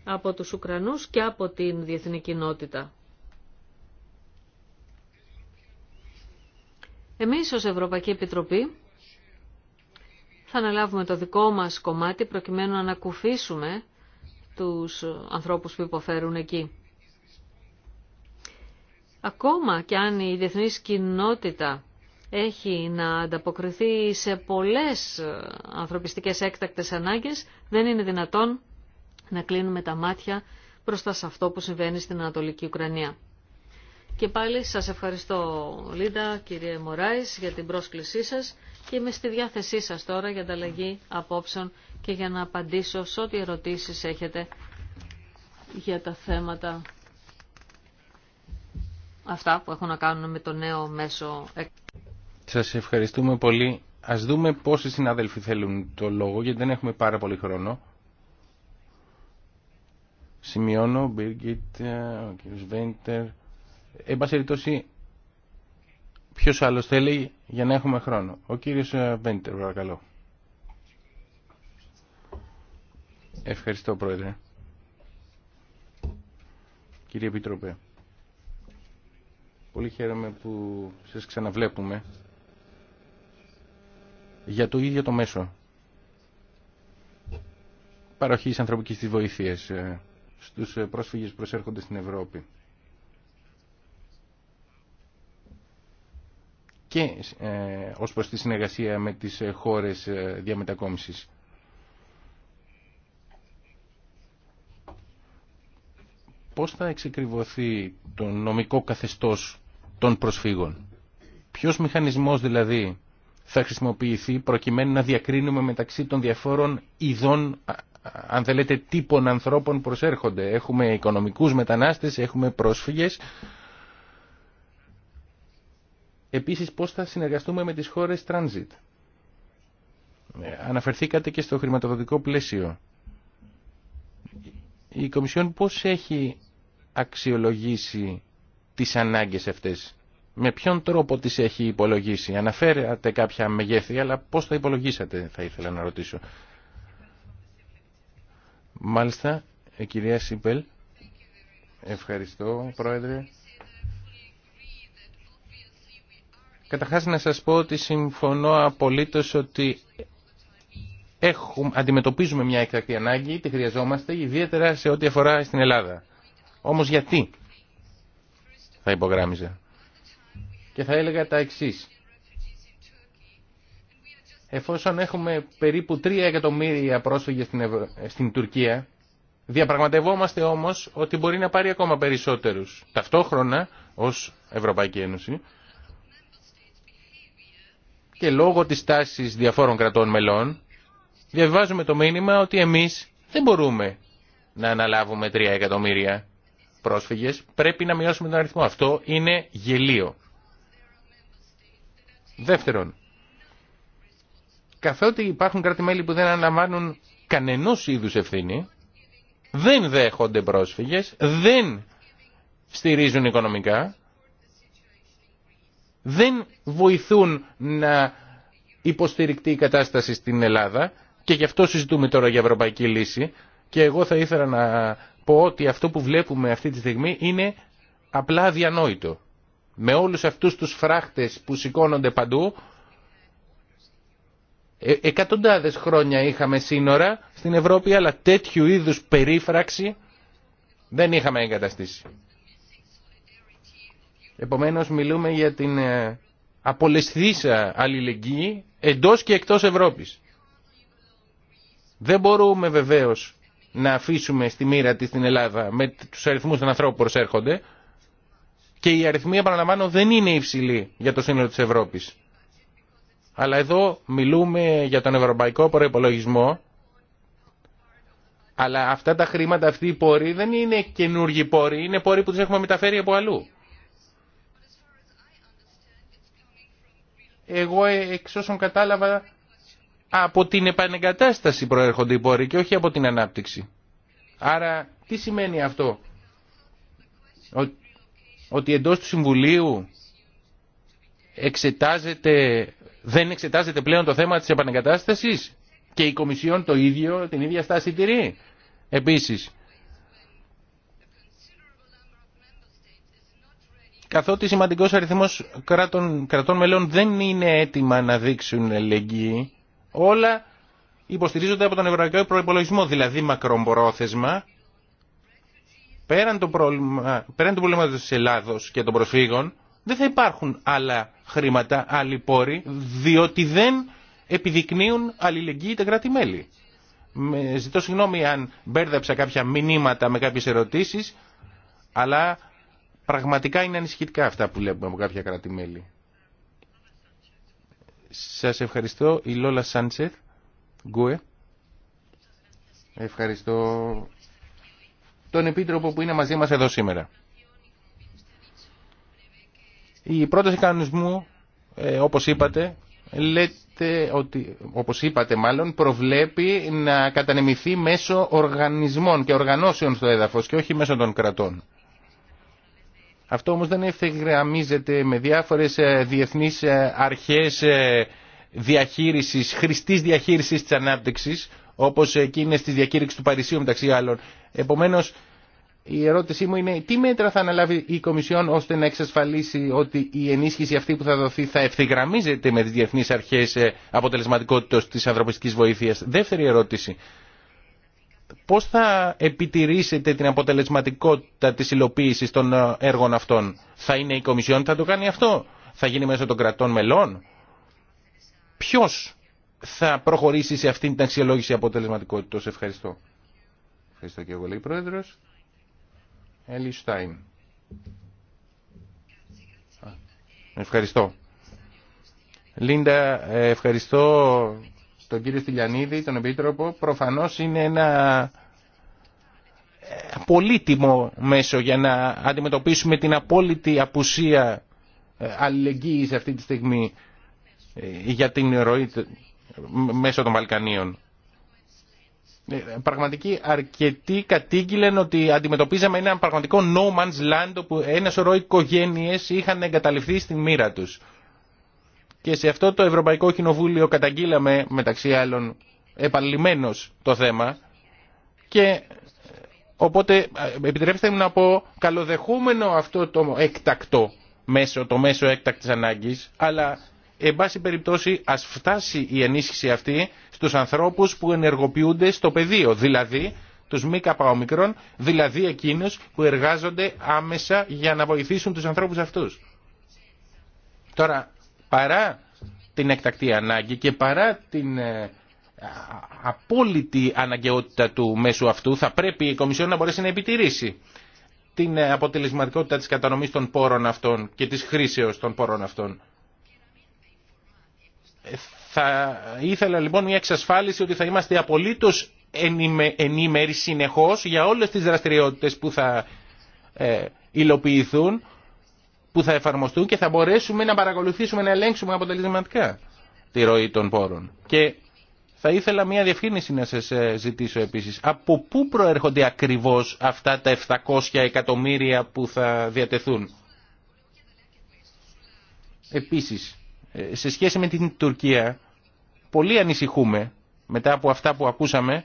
από τους Ουκρανούς και από την διεθνή κοινότητα. Εμείς ως Ευρωπαϊκή Επιτροπή θα αναλάβουμε το δικό μας κομμάτι προκειμένου να ανακουφίσουμε τους ανθρώπους που υποφέρουν εκεί. Ακόμα και αν η διεθνή κοινότητα έχει να ανταποκριθεί σε πολλές ανθρωπιστικές έκτακτες ανάγκες, δεν είναι δυνατόν να κλείνουμε τα μάτια μπροστά σε αυτό που συμβαίνει στην Ανατολική Ουκρανία. Και πάλι σας ευχαριστώ Λίντα, κύριε Μωράης, για την πρόσκλησή σας και είμαι στη διάθεσή σας τώρα για τα ανταλλαγή απόψεων και για να απαντήσω σε ό,τι ερωτήσεις έχετε για τα θέματα αυτά που έχουν να κάνουν με το νέο μέσο. Σας ευχαριστούμε πολύ. Ας δούμε πόσοι συνάδελφοι θέλουν το λόγο, γιατί δεν έχουμε πάρα πολύ χρόνο. Σημειώνω, Μπίργκιτ, ο κ. Βέντερ, Εν πάση περιπτώσει, ποιος άλλος θέλει για να έχουμε χρόνο. Ο κύριο ε, Βέντερ, παρακαλώ. Ευχαριστώ, Πρόεδρε. Κύριε Επιτροπέ, πολύ χαίρομαι που σας ξαναβλέπουμε για το ίδιο το μέσο παροχής ανθρωπικής της βοήθειας ε, στους ε, πρόσφυγες που προσέρχονται στην Ευρώπη. και ε, ως προς τη συνεργασία με τις ε, χώρες ε, διαμετακόμισης. Πώς θα εξεκριβωθεί το νομικό καθεστώς των προσφύγων. Ποιος μηχανισμός δηλαδή θα χρησιμοποιηθεί προκειμένου να διακρίνουμε μεταξύ των διαφόρων ειδών αν θέλετε τύπων ανθρώπων προσέρχονται. Έχουμε οικονομικούς μετανάστες, έχουμε πρόσφυγες Επίσης πώς θα συνεργαστούμε με τις χώρες transit. Ε, αναφερθήκατε και στο χρηματοδοτικό πλαίσιο. Η Κομισιόν πώς έχει αξιολογήσει τις ανάγκες αυτές. Με ποιον τρόπο τις έχει υπολογίσει. Αναφέρατε κάποια μεγέθη, αλλά πώς τα υπολογίσατε θα ήθελα να ρωτήσω. Μάλιστα, ε, κυρία Σίπελ. Ευχαριστώ, Πρόεδρε. Καταρχάς να σας πω ότι συμφωνώ απολύτως ότι έχουμε, αντιμετωπίζουμε μια εκτακτή ανάγκη, τη χρειαζόμαστε, ιδιαίτερα σε ό,τι αφορά στην Ελλάδα. Όμως γιατί, θα υπογράμμιζα. Και θα έλεγα τα εξής. Εφόσον έχουμε περίπου 3 εκατομμύρια πρόσφυγες στην, στην Τουρκία, διαπραγματευόμαστε όμως ότι μπορεί να πάρει ακόμα περισσότερους. Ταυτόχρονα, ως Ευρωπαϊκή Ένωση, και λόγω της τάσης διαφόρων κρατών μελών διαβάζουμε το μήνυμα ότι εμείς δεν μπορούμε να αναλάβουμε 3 εκατομμύρια πρόσφυγες, πρέπει να μειώσουμε τον αριθμό. Αυτό είναι γελίο. Δεύτερον, καθότι υπάρχουν κράτη-μέλη που δεν αναλαμβάνουν κανενός είδους ευθύνη, δεν δέχονται πρόσφυγες, δεν στηρίζουν οικονομικά, δεν βοηθούν να υποστηρικτεί η κατάσταση στην Ελλάδα και γι' αυτό συζητούμε τώρα για ευρωπαϊκή λύση και εγώ θα ήθελα να πω ότι αυτό που βλέπουμε αυτή τη στιγμή είναι απλά αδιανόητο. Με όλους αυτούς τους φράχτες που σηκώνονται παντού, ε, εκατοντάδες χρόνια είχαμε σύνορα στην Ευρώπη, αλλά τέτοιου είδους περίφραξη δεν είχαμε εγκαταστήσει. Επομένως μιλούμε για την ε, απολεσθήσα ε, αλληλεγγύη εντός και εκτός Ευρώπης. Δεν μπορούμε βεβαίως να αφήσουμε στη μοίρα της την Ελλάδα με τους αριθμούς των ανθρώπων που προσέρχονται και οι αριθμοί, επαναλαμβάνω, δεν είναι υψηλή για το σύνολο της Ευρώπης. Αλλά εδώ μιλούμε για τον ευρωπαϊκό προπολογισμό, αλλά αυτά τα χρήματα, αυτή η πόροι δεν είναι καινούργιοι πόροι, είναι πόροι που τους έχουμε μεταφέρει από αλλού. εγώ ε, εξ όσων κατάλαβα από την επανεγκατάσταση προέρχονται οι πόροι και όχι από την ανάπτυξη. Άρα τι σημαίνει αυτό. Ότι εντός του Συμβουλίου εξετάζεται, δεν εξετάζεται πλέον το θέμα της επανεγκατάστασης και η Κομισιόν το ίδιο, την ίδια στάση τηρεί. Επίσης, καθότι σημαντικός αριθμός κρατών, κρατών μελών δεν είναι έτοιμα να δείξουν ελεγγύη. Όλα υποστηρίζονται από τον ευρωπαϊκό Προϋπολογισμό, δηλαδή μακρομπορόθεσμα. πέραν του πρόβλημα, πέραν προβλήματος της Ελλάδος και των προσφύγων, δεν θα υπάρχουν άλλα χρήματα, άλλοι πόροι, διότι δεν επιδεικνύουν αλληλεγγύη τα κράτη-μέλη. Ζητώ συγγνώμη αν μπέρδεψα κάποια μηνύματα με κάποιες ερωτήσεις, αλλά Πραγματικά είναι ανησυχητικά αυτά που βλέπουμε από κάποια κράτη-μέλη. Σας ευχαριστώ. Η Λόλα Σάντσεθ, Γκουε. Ευχαριστώ τον Επίτροπο που είναι μαζί μας εδώ σήμερα. Η πρόταση κανονισμού, ε, όπως είπατε, λέτε ότι, όπως είπατε μάλλον, προβλέπει να κατανεμηθεί μέσω οργανισμών και οργανώσεων στο έδαφος και όχι μέσω των κρατών. Αυτό όμως δεν ευθυγραμμίζεται με διάφορες ε, διεθνείς ε, αρχές ε, διαχείρισης, χρηστής διαχείρισης της ανάπτυξης, όπως εκείνες της διακήρυξης του Παρισίου μεταξύ άλλων. Επομένως, η ερώτησή μου είναι τι μέτρα θα αναλάβει η Κομισιόν ώστε να εξασφαλίσει ότι η ενίσχυση αυτή που θα δοθεί θα ευθυγραμμίζεται με τις διεθνείς αρχές αποτελεσματικότητας της ανθρωπιστικής βοήθειας. Δεύτερη ερώτηση πώς θα επιτηρήσετε την αποτελεσματικότητα της υλοποίησης των ε, έργων αυτών. Θα είναι η Κομισιόν θα το κάνει αυτό. Θα γίνει μέσω των κρατών μελών. Ποιος θα προχωρήσει σε αυτήν την αξιολόγηση αποτελεσματικότητας. Ευχαριστώ. Ευχαριστώ και εγώ λέει Πρόεδρος. Έλλη Ευχαριστώ. Λίντα, ε, ευχαριστώ τον κύριο Στυλιανίδη, τον Επίτροπο, προφανώς είναι ένα ε, πολύτιμο μέσο για να αντιμετωπίσουμε την απόλυτη απουσία ε, αλληλεγγύης αυτή τη στιγμή ε, για την ροή μέσω των Βαλκανίων. Πραγματικοί αρκετοί κατήγγυλαν ότι αντιμετωπίζαμε έναν πραγματικό no man's land όπου ένα σωρό οικογένειες είχαν εγκαταληφθεί στην μοίρα τους. Και σε αυτό το Ευρωπαϊκό Κοινοβούλιο καταγγείλαμε μεταξύ άλλων επαλημένως το θέμα και οπότε ε, επιτρέψτε μου να πω καλοδεχούμενο αυτό το έκτακτο μέσο, το μέσο έκτακτης ανάγκης αλλά εν πάση περιπτώσει ας φτάσει η ενίσχυση αυτή στους ανθρώπους που ενεργοποιούνται στο πεδίο δηλαδή τους μη καπαομικρών, δηλαδή εκείνους που εργάζονται άμεσα για να βοηθήσουν τους ανθρώπους αυτούς. Τώρα, παρά την εκτακτή ανάγκη και παρά την ε, απόλυτη αναγκαιότητα του μέσου αυτού θα πρέπει η Κομισιόν να μπορέσει να επιτηρήσει την ε, αποτελεσματικότητα της κατανομής των πόρων αυτών και της χρήσεως των πόρων αυτών. Ε, θα ήθελα λοιπόν μια εξασφάλιση ότι θα είμαστε απολύτως ενήμεροι συνεχώς για όλες τις δραστηριότητες που θα υλοποιηθούν που θα εφαρμοστούν και θα μπορέσουμε να παρακολουθήσουμε, να ελέγξουμε αποτελεσματικά τη ροή των πόρων. Και θα ήθελα μια διευκρίνηση να σας ε, ζητήσω επίσης. Από πού προέρχονται ακριβώς αυτά τα 700 εκατομμύρια που θα διατεθούν. Επίσης, ε, σε σχέση με την Τουρκία, πολύ ανησυχούμε μετά από αυτά που ακούσαμε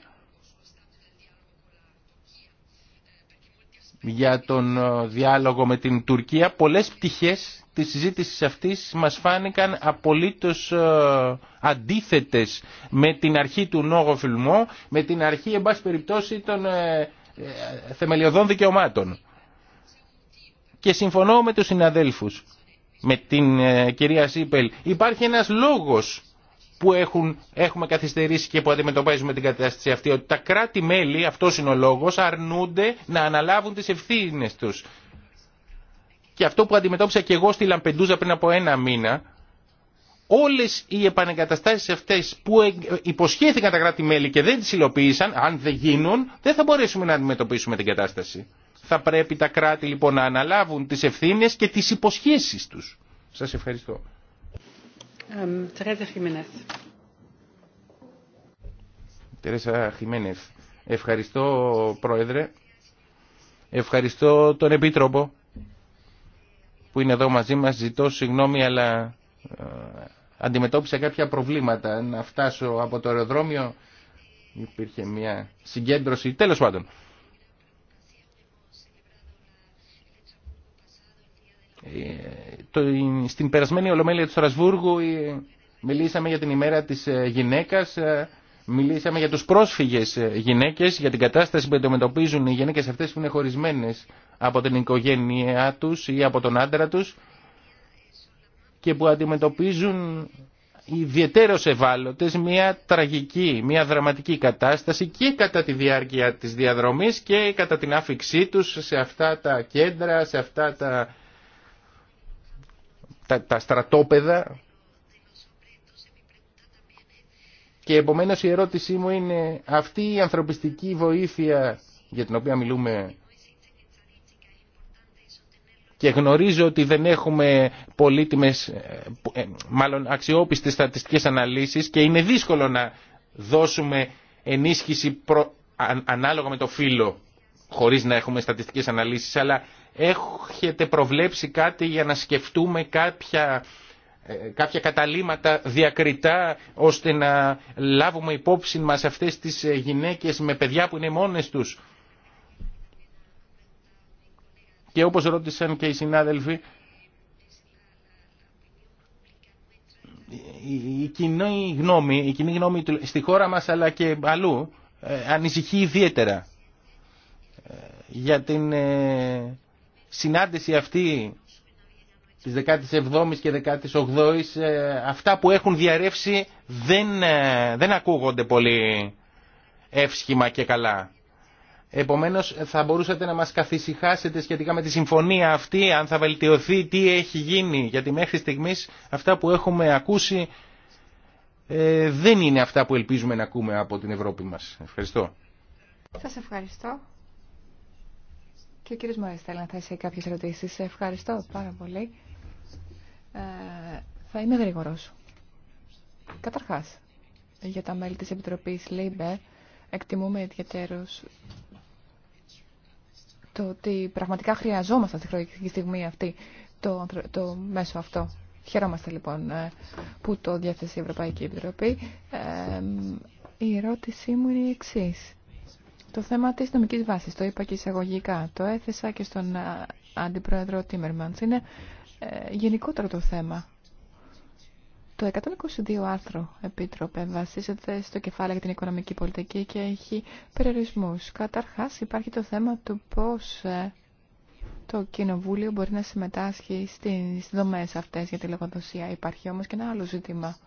για τον ε, διάλογο με την Τουρκία, πολλές πτυχές της συζήτησης αυτής μας φάνηκαν απολύτως ε, αντίθετες με την αρχή του νόγο φιλμό, με την αρχή, εν πάση περιπτώσει, των ε, θεμελιωδών δικαιωμάτων. Και συμφωνώ με τους συναδέλφους, με την κυρία Σίπελ. Υπάρχει ένας λόγος που έχουν, έχουμε καθυστερήσει και που αντιμετωπίζουμε την κατάσταση αυτή, ότι τα κράτη-μέλη, αυτό είναι ο λόγο, αρνούνται να αναλάβουν τι ευθύνε του. Και αυτό που αντιμετώπισα και εγώ στη Λαμπεντούζα πριν από ένα μήνα, όλε οι επανεγκαταστάσει αυτέ που υποσχέθηκαν τα κράτη-μέλη και δεν τι υλοποίησαν, αν δεν γίνουν, δεν θα μπορέσουμε να αντιμετωπίσουμε την κατάσταση. Θα πρέπει τα κράτη λοιπόν να αναλάβουν τι ευθύνε και τι υποσχέσει του. Σα ευχαριστώ. Τερέσα Χιμένεθ. Ευχαριστώ Πρόεδρε. Ευχαριστώ τον Επίτροπο που είναι εδώ μαζί μας. Ζητώ συγγνώμη αλλά ε, αντιμετώπισα κάποια προβλήματα. Να φτάσω από το αεροδρόμιο υπήρχε μια συγκέντρωση. Τέλος πάντων. Ε, στην περασμένη Ολομέλεια του Στρασβούργου ε, μιλήσαμε για την ημέρα της ε, γυναίκας, μιλήσαμε για τους πρόσφυγες γυναίκες, για την κατάσταση που αντιμετωπίζουν οι γυναίκες αυτές που είναι χωρισμένες από την οικογένειά τους ή από τον άντρα τους και που αντιμετωπίζουν ιδιαίτερως ευάλωτες μια τραγική, μια δραματική κατάσταση και κατά τη διάρκεια της διαδρομής και κατά την άφηξή τους σε αυτά τα κέντρα, σε αυτά τα τα, στρατόπεδα. Και επομένως η ερώτησή μου είναι αυτή η ανθρωπιστική βοήθεια για την οποία μιλούμε και γνωρίζω ότι δεν έχουμε πολύτιμες, ε, μάλλον αξιόπιστες στατιστικές αναλύσεις και είναι δύσκολο να δώσουμε ενίσχυση ανάλογα με το φύλλο χωρίς να έχουμε στατιστικές αναλύσεις, αλλά έχετε προβλέψει κάτι για να σκεφτούμε κάποια, ε, κάποια καταλήματα διακριτά ώστε να λάβουμε υπόψη μας αυτές τις ε, γυναίκες με παιδιά που είναι μόνες τους. Και όπως ρώτησαν και οι συνάδελφοι, η κοινή γνώμη, η κοινή γνώμη στη χώρα μας αλλά και αλλού ε, ανησυχεί ιδιαίτερα για την συνάντηση αυτή της 17ης και 18ης ε, αυτά που έχουν διαρρεύσει δεν, ε, δεν ακούγονται πολύ εύσχημα και καλά. Επομένως θα μπορούσατε να μας καθησυχάσετε σχετικά με τη συμφωνία αυτή αν θα βελτιωθεί τι έχει γίνει γιατί μέχρι στιγμής αυτά που έχουμε ακούσει ε, δεν είναι αυτά που ελπίζουμε να ακούμε από την Ευρώπη μας. Ευχαριστώ. Σας ευχαριστώ. Και ο κύριος Μωρές θέλει να θέσει κάποιες ερωτήσεις. Ευχαριστώ πάρα πολύ. Ε, θα είμαι γρήγορος. Καταρχάς, για τα μέλη της Επιτροπής ΛΥΜΠΕ εκτιμούμε ιδιαίτερως το ότι πραγματικά χρειαζόμαστε στη χρονική στιγμή αυτή το, το μέσο αυτό. Χαιρόμαστε λοιπόν ε, που το διάθεσε η Ευρωπαϊκή Επιτροπή. Ε, η ερώτησή μου είναι η εξής. Το θέμα της νομικής βάσης, το είπα και εισαγωγικά, το έθεσα και στον Αντιπρόεδρο Τίμερμαντς, είναι ε, γενικότερο το θέμα. Το 122 άρθρο, Επίτροπε, βασίζεται στο κεφάλαιο για την οικονομική πολιτική και έχει περιορισμού. Καταρχάς υπάρχει το θέμα του πώς ε, το Κοινοβούλιο μπορεί να συμμετάσχει στι δομέ αυτέ για τη λογοδοσία. Υπάρχει όμω και ένα άλλο ζήτημα.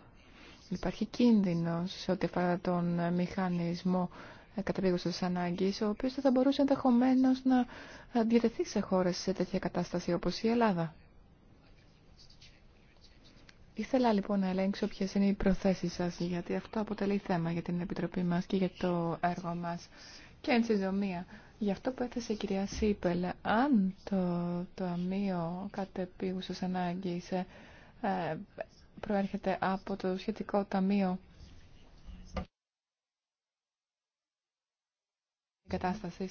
Υπάρχει κίνδυνο σε ό,τι αφορά τον μηχανισμό τη ανάγκη, ο οποίο θα μπορούσε ενδεχομένω να διατεθεί σε χώρες σε τέτοια κατάσταση όπως η Ελλάδα. Ήθελα λοιπόν να ελέγξω ποιε είναι οι προθέσει σα, γιατί αυτό αποτελεί θέμα για την Επιτροπή μα και για το έργο μα. Και εν συντομία, γι' αυτό που έθεσε η κυρία Σίπελ, αν το Ταμείο Κατεπίγουσα Ανάγκη ε, ε, προέρχεται από το σχετικό Ταμείο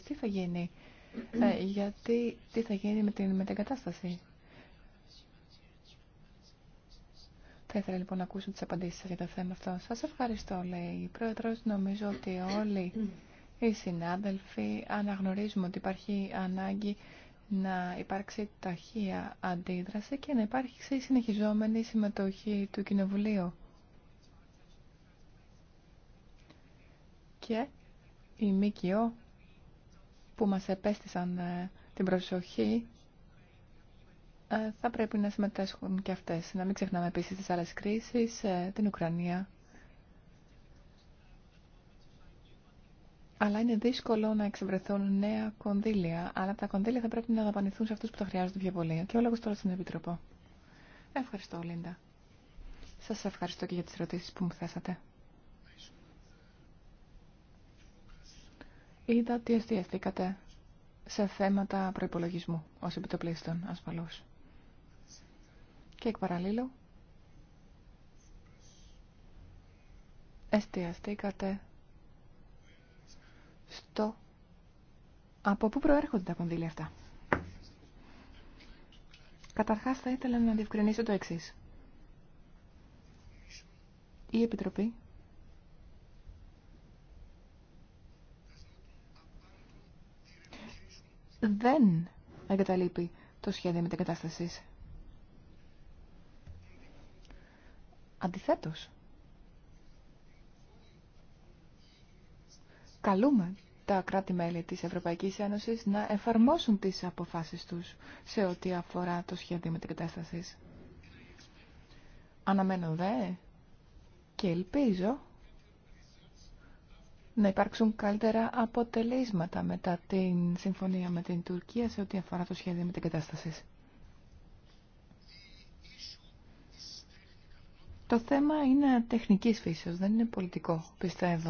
τι θα γίνει, ε, γιατί τι θα γίνει με την μετεγκατάσταση. Θα ήθελα λοιπόν να ακούσω τις απαντήσεις σας για το θέμα αυτό. Σας ευχαριστώ, λέει η Πρόεδρος. Νομίζω ότι όλοι οι συνάδελφοι αναγνωρίζουμε ότι υπάρχει ανάγκη να υπάρξει ταχεία αντίδραση και να υπάρξει συνεχιζόμενη συμμετοχή του Κοινοβουλίου. Και η ΜΚΟ που μας επέστησαν ε, την προσοχή ε, θα πρέπει να συμμετέσχουν και αυτές. Να μην ξεχνάμε επίσης τις άλλες κρίσεις, ε, την Ουκρανία. Αλλά είναι δύσκολο να εξευρεθούν νέα κονδύλια. Αλλά τα κονδύλια θα πρέπει να δαπανηθούν σε αυτούς που τα χρειάζονται πιο πολύ. Και ο λόγος τώρα στην Επιτροπό. Ευχαριστώ, Λίντα. Σας ευχαριστώ και για τις ερωτήσεις που μου θέσατε. είδα τι εστιαστήκατε σε θέματα προϋπολογισμού ως επιτοπλίστων ασφαλώς. Και εκ παραλίλου εστιαστήκατε στο από πού προέρχονται τα κονδύλια αυτά. Καταρχάς θα ήθελα να διευκρινίσω το εξής. Η Επιτροπή δεν εγκαταλείπει το σχέδιο κατάσταση. Αντιθέτως, καλούμε τα κράτη-μέλη της Ευρωπαϊκής Ένωσης να εφαρμόσουν τις αποφάσεις τους σε ό,τι αφορά το σχέδιο κατάσταση. Αναμένω δε και ελπίζω να υπάρξουν καλύτερα αποτελέσματα μετά την συμφωνία με την Τουρκία σε ό,τι αφορά το σχέδιο με την κατάσταση. Το θέμα είναι τεχνικής φύσεως, δεν είναι πολιτικό, πιστεύω.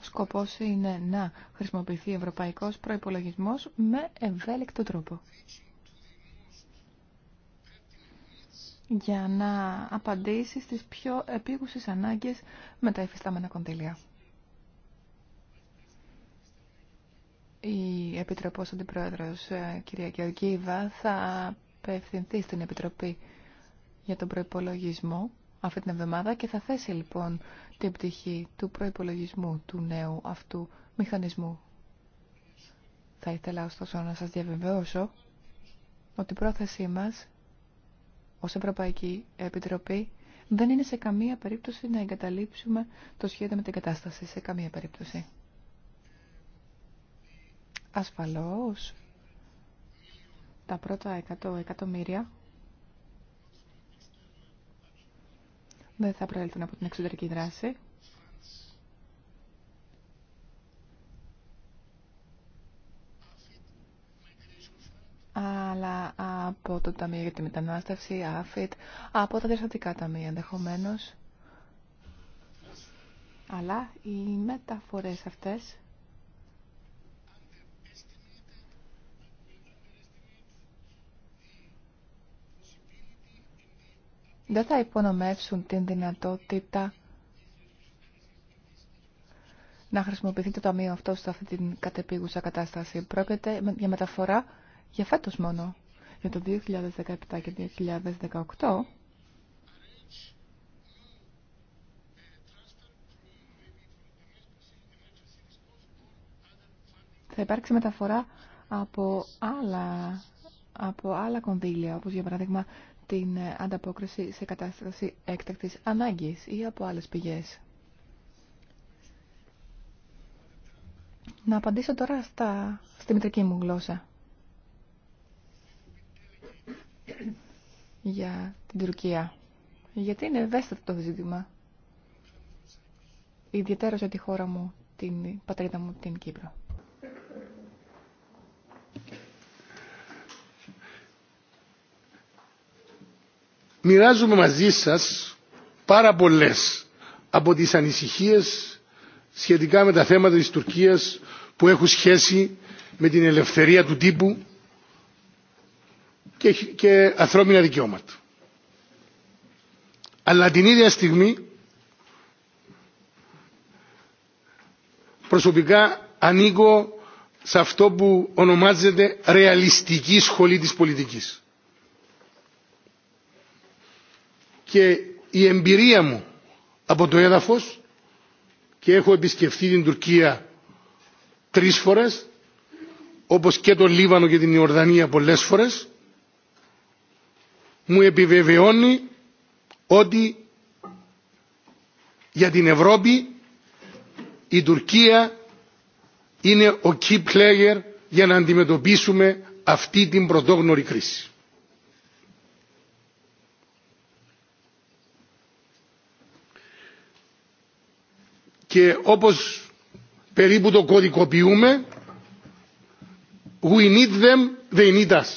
Ο σκοπός είναι να χρησιμοποιηθεί ευρωπαϊκός προϋπολογισμός με ευέλικτο τρόπο. για να απαντήσει στις πιο επίγουσες ανάγκες με τα υφιστάμενα κονδύλια. η Επιτροπός Αντιπρόεδρος, ε, κυρία Γεωργίβα, θα απευθυνθεί στην Επιτροπή για τον προϋπολογισμό αυτή την εβδομάδα και θα θέσει λοιπόν την πτυχή του προϋπολογισμού του νέου αυτού μηχανισμού. Θα ήθελα ωστόσο να σας διαβεβαιώσω ότι η πρόθεσή μας ως Ευρωπαϊκή Επιτροπή δεν είναι σε καμία περίπτωση να εγκαταλείψουμε το σχέδιο με την κατάσταση, σε καμία περίπτωση. Ασφαλώς, τα πρώτα 100 εκατομμύρια δεν θα προέλθουν από την εξωτερική δράση. αλλά από το Ταμείο για τη Μετανάστευση, ΑΦΙΤ, από τα διαστατικά ταμεία ενδεχομένω. Αλλά οι μεταφορές αυτές δεν θα υπονομεύσουν την δυνατότητα να χρησιμοποιηθεί το ταμείο αυτό σε αυτή την κατεπίγουσα κατάσταση. Πρόκειται για μεταφορά για φέτος μόνο. Για το 2017 και 2018 θα υπάρξει μεταφορά από άλλα, από άλλα κονδύλια, όπως για παράδειγμα την ανταπόκριση σε κατάσταση έκτακτης ανάγκης ή από άλλες πηγές. Να απαντήσω τώρα στα... στη μητρική μου γλώσσα. Για την Τουρκία. Γιατί είναι ευαίσθητο το ζήτημα. Ιδιαίτερα σε τη χώρα μου, την πατρίδα μου, την Κύπρο. Μοιράζομαι μαζί σας πάρα πολλές από τις ανησυχίες σχετικά με τα θέματα της Τουρκίας που έχουν σχέση με την ελευθερία του τύπου και, και ανθρώπινα δικαιώματα. Αλλά την ίδια στιγμή προσωπικά ανήκω σε αυτό που ονομάζεται ρεαλιστική σχολή της πολιτικής. και η εμπειρία μου από το έδαφος και έχω επισκεφθεί την Τουρκία τρεις φορές όπως και τον Λίβανο και την Ιορδανία πολλές φορές μου επιβεβαιώνει ότι για την Ευρώπη η Τουρκία είναι ο key player για να αντιμετωπίσουμε αυτή την πρωτόγνωρη κρίση. και όπως περίπου το κωδικοποιούμε We need them, they need us.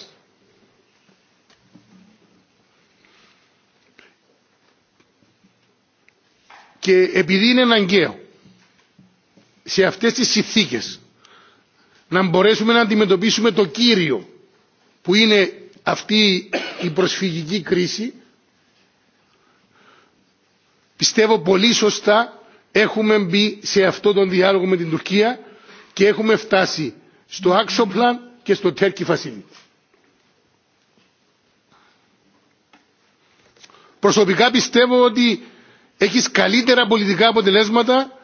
Και επειδή είναι αναγκαίο σε αυτές τις συνθήκες να μπορέσουμε να αντιμετωπίσουμε το κύριο που είναι αυτή η προσφυγική κρίση πιστεύω πολύ σωστά Έχουμε μπει σε αυτό τον διάλογο με την Τουρκία και έχουμε φτάσει στο action plan και στο Turkey facility. Προσωπικά πιστεύω ότι έχεις καλύτερα πολιτικά αποτελέσματα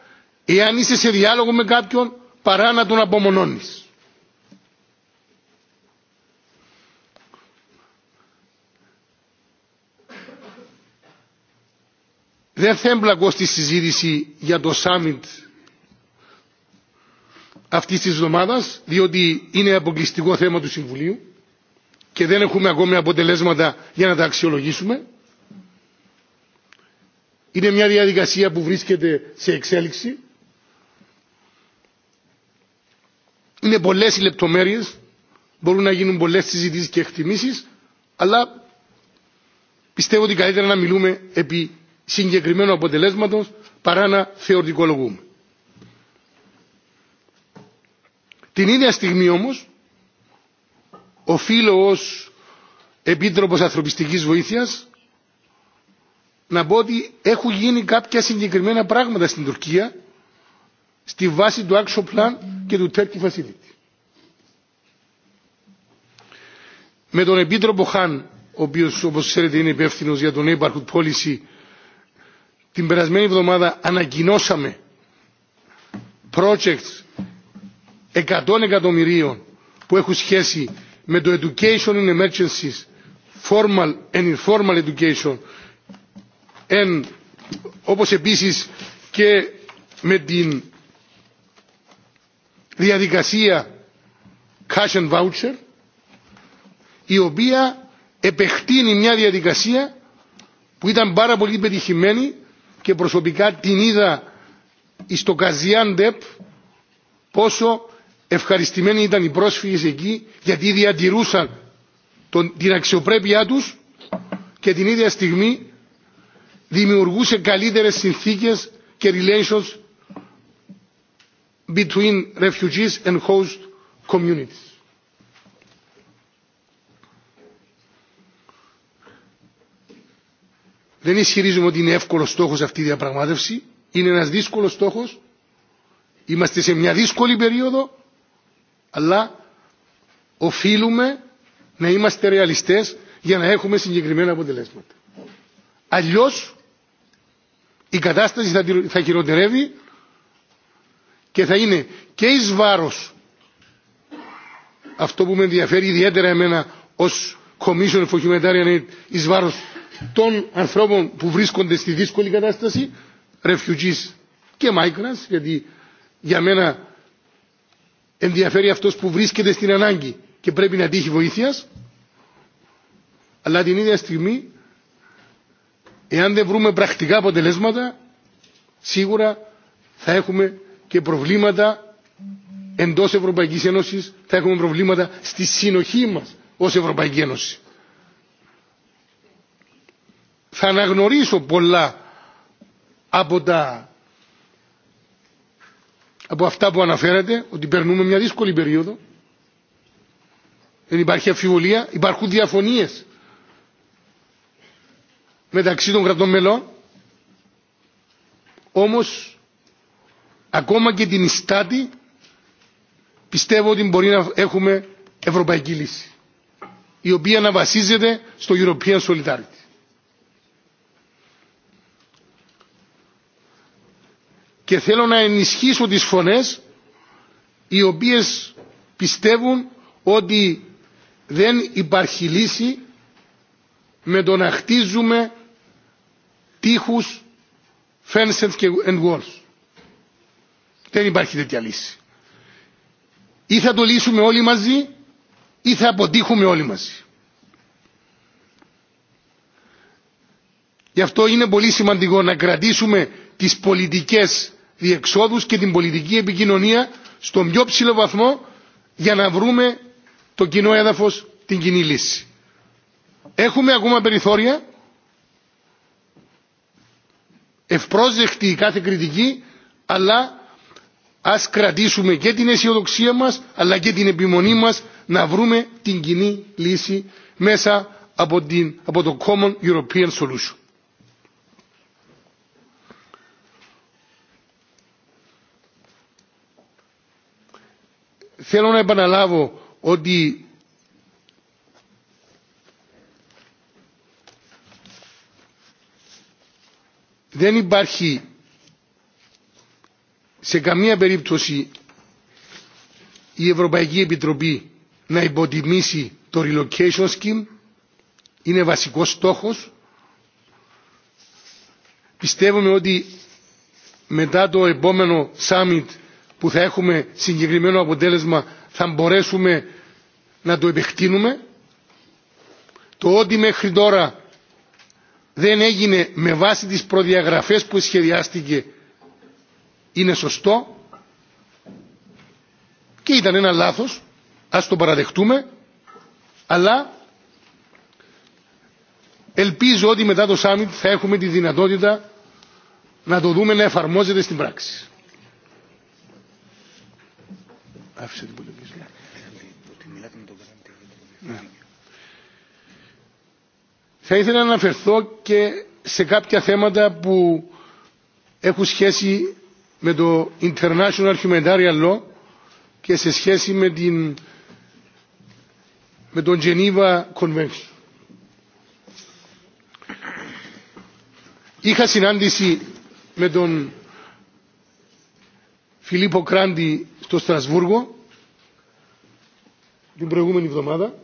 εάν είσαι σε διάλογο με κάποιον παρά να τον απομονώνεις. Δεν θα εμπλακώ στη συζήτηση για το summit αυτή τη εβδομάδα, διότι είναι αποκλειστικό θέμα του Συμβουλίου και δεν έχουμε ακόμη αποτελέσματα για να τα αξιολογήσουμε. Είναι μια διαδικασία που βρίσκεται σε εξέλιξη. Είναι πολλές οι λεπτομέρειες, μπορούν να γίνουν πολλές συζητήσεις και εκτιμήσεις, αλλά πιστεύω ότι καλύτερα να μιλούμε επί συγκεκριμένου αποτελέσματος παρά να θεωρητικολογούμε. Την ίδια στιγμή όμως, οφείλω ως Επίτροπος Ανθρωπιστικής Βοήθειας να πω ότι έχουν γίνει κάποια συγκεκριμένα πράγματα στην Τουρκία στη βάση του Action Plan και του Turkey Facility. Με τον Επίτροπο Χάν, ο οποίος όπως ξέρετε είναι υπεύθυνο για τον Neighborhood Policy την περασμένη εβδομάδα ανακοινώσαμε projects 100 εκατομμυρίων που έχουν σχέση με το education in emergencies, formal and informal education, and, όπως επίσης και με την διαδικασία cash and voucher, η οποία επεκτείνει μια διαδικασία που ήταν πάρα πολύ πετυχημένη και προσωπικά την είδα στο Καζιάντεπ πόσο ευχαριστημένοι ήταν οι πρόσφυγες εκεί γιατί διατηρούσαν την αξιοπρέπειά τους και την ίδια στιγμή δημιουργούσε καλύτερες συνθήκες και relations between refugees and host communities. Δεν ισχυρίζουμε ότι είναι εύκολο στόχο αυτή η διαπραγμάτευση. Είναι ένα δύσκολο στόχο. Είμαστε σε μια δύσκολη περίοδο. Αλλά οφείλουμε να είμαστε ρεαλιστές για να έχουμε συγκεκριμένα αποτελέσματα. Αλλιώς η κατάσταση θα, θα χειροτερεύει και θα είναι και εις βάρος αυτό που με ενδιαφέρει ιδιαίτερα εμένα ως Commission for Humanitarian Aid εις βάρος των ανθρώπων που βρίσκονται στη δύσκολη κατάσταση, refugees και migrants, γιατί για μένα ενδιαφέρει αυτός που βρίσκεται στην ανάγκη και πρέπει να τύχει βοήθειας, αλλά την ίδια στιγμή, εάν δεν βρούμε πρακτικά αποτελέσματα, σίγουρα θα έχουμε και προβλήματα εντός Ευρωπαϊκής Ένωσης, θα έχουμε προβλήματα στη συνοχή μας ως Ευρωπαϊκή Ένωση θα αναγνωρίσω πολλά από, τα, αυτά που αναφέρατε, ότι περνούμε μια δύσκολη περίοδο. Δεν υπάρχει αφιβολία, υπάρχουν διαφωνίες μεταξύ των κρατών μελών. Όμως, ακόμα και την ιστάτη, πιστεύω ότι μπορεί να έχουμε ευρωπαϊκή λύση, η οποία να βασίζεται στο European Solidarity. και θέλω να ενισχύσω τις φωνές οι οποίες πιστεύουν ότι δεν υπάρχει λύση με το να χτίζουμε τείχους fences και walls. Δεν υπάρχει τέτοια λύση. Ή θα το λύσουμε όλοι μαζί ή θα αποτύχουμε όλοι μαζί. Γι' αυτό είναι πολύ σημαντικό να κρατήσουμε τις πολιτικές διεξόδους και την πολιτική επικοινωνία στον πιο ψηλό βαθμό για να βρούμε το κοινό έδαφος, την κοινή λύση. Έχουμε ακόμα περιθώρια, ευπρόσδεκτη κάθε κριτική, αλλά ας κρατήσουμε και την αισιοδοξία μας, αλλά και την επιμονή μας να βρούμε την κοινή λύση μέσα από, την, από το Common European Solution. θέλω να επαναλάβω ότι δεν υπάρχει σε καμία περίπτωση η Ευρωπαϊκή Επιτροπή να υποτιμήσει το relocation scheme είναι βασικός στόχος πιστεύουμε ότι μετά το επόμενο summit που θα έχουμε συγκεκριμένο αποτέλεσμα θα μπορέσουμε να το επεκτείνουμε. Το ότι μέχρι τώρα δεν έγινε με βάση τις προδιαγραφές που σχεδιάστηκε είναι σωστό και ήταν ένα λάθος, ας το παραδεχτούμε, αλλά ελπίζω ότι μετά το Σάμιτ θα έχουμε τη δυνατότητα να το δούμε να εφαρμόζεται στην πράξη. Ναι. Θα ήθελα να αναφερθώ και σε κάποια θέματα που έχουν σχέση με το International Humanitarian Law και σε σχέση με, με τον Geneva Convention. Είχα συνάντηση με τον Φιλίππο Κράντι στο Στρασβούργο την προηγούμενη εβδομάδα.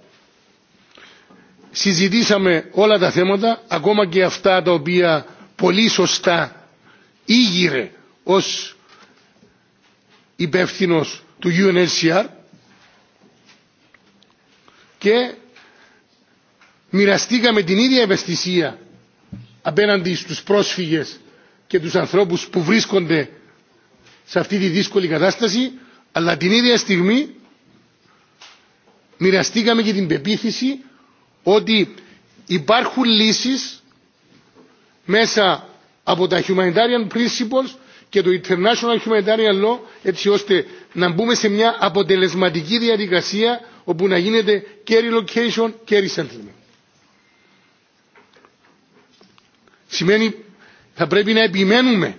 Συζητήσαμε όλα τα θέματα, ακόμα και αυτά τα οποία πολύ σωστά ήγηρε ως υπεύθυνο του UNHCR και μοιραστήκαμε την ίδια ευαισθησία απέναντι στους πρόσφυγες και τους ανθρώπους που βρίσκονται σε αυτή τη δύσκολη κατάσταση αλλά την ίδια στιγμή μοιραστήκαμε και την πεποίθηση ότι υπάρχουν λύσεις μέσα από τα humanitarian principles και το international humanitarian law έτσι ώστε να μπούμε σε μια αποτελεσματική διαδικασία όπου να γίνεται και relocation και resettlement. Σημαίνει θα πρέπει να επιμένουμε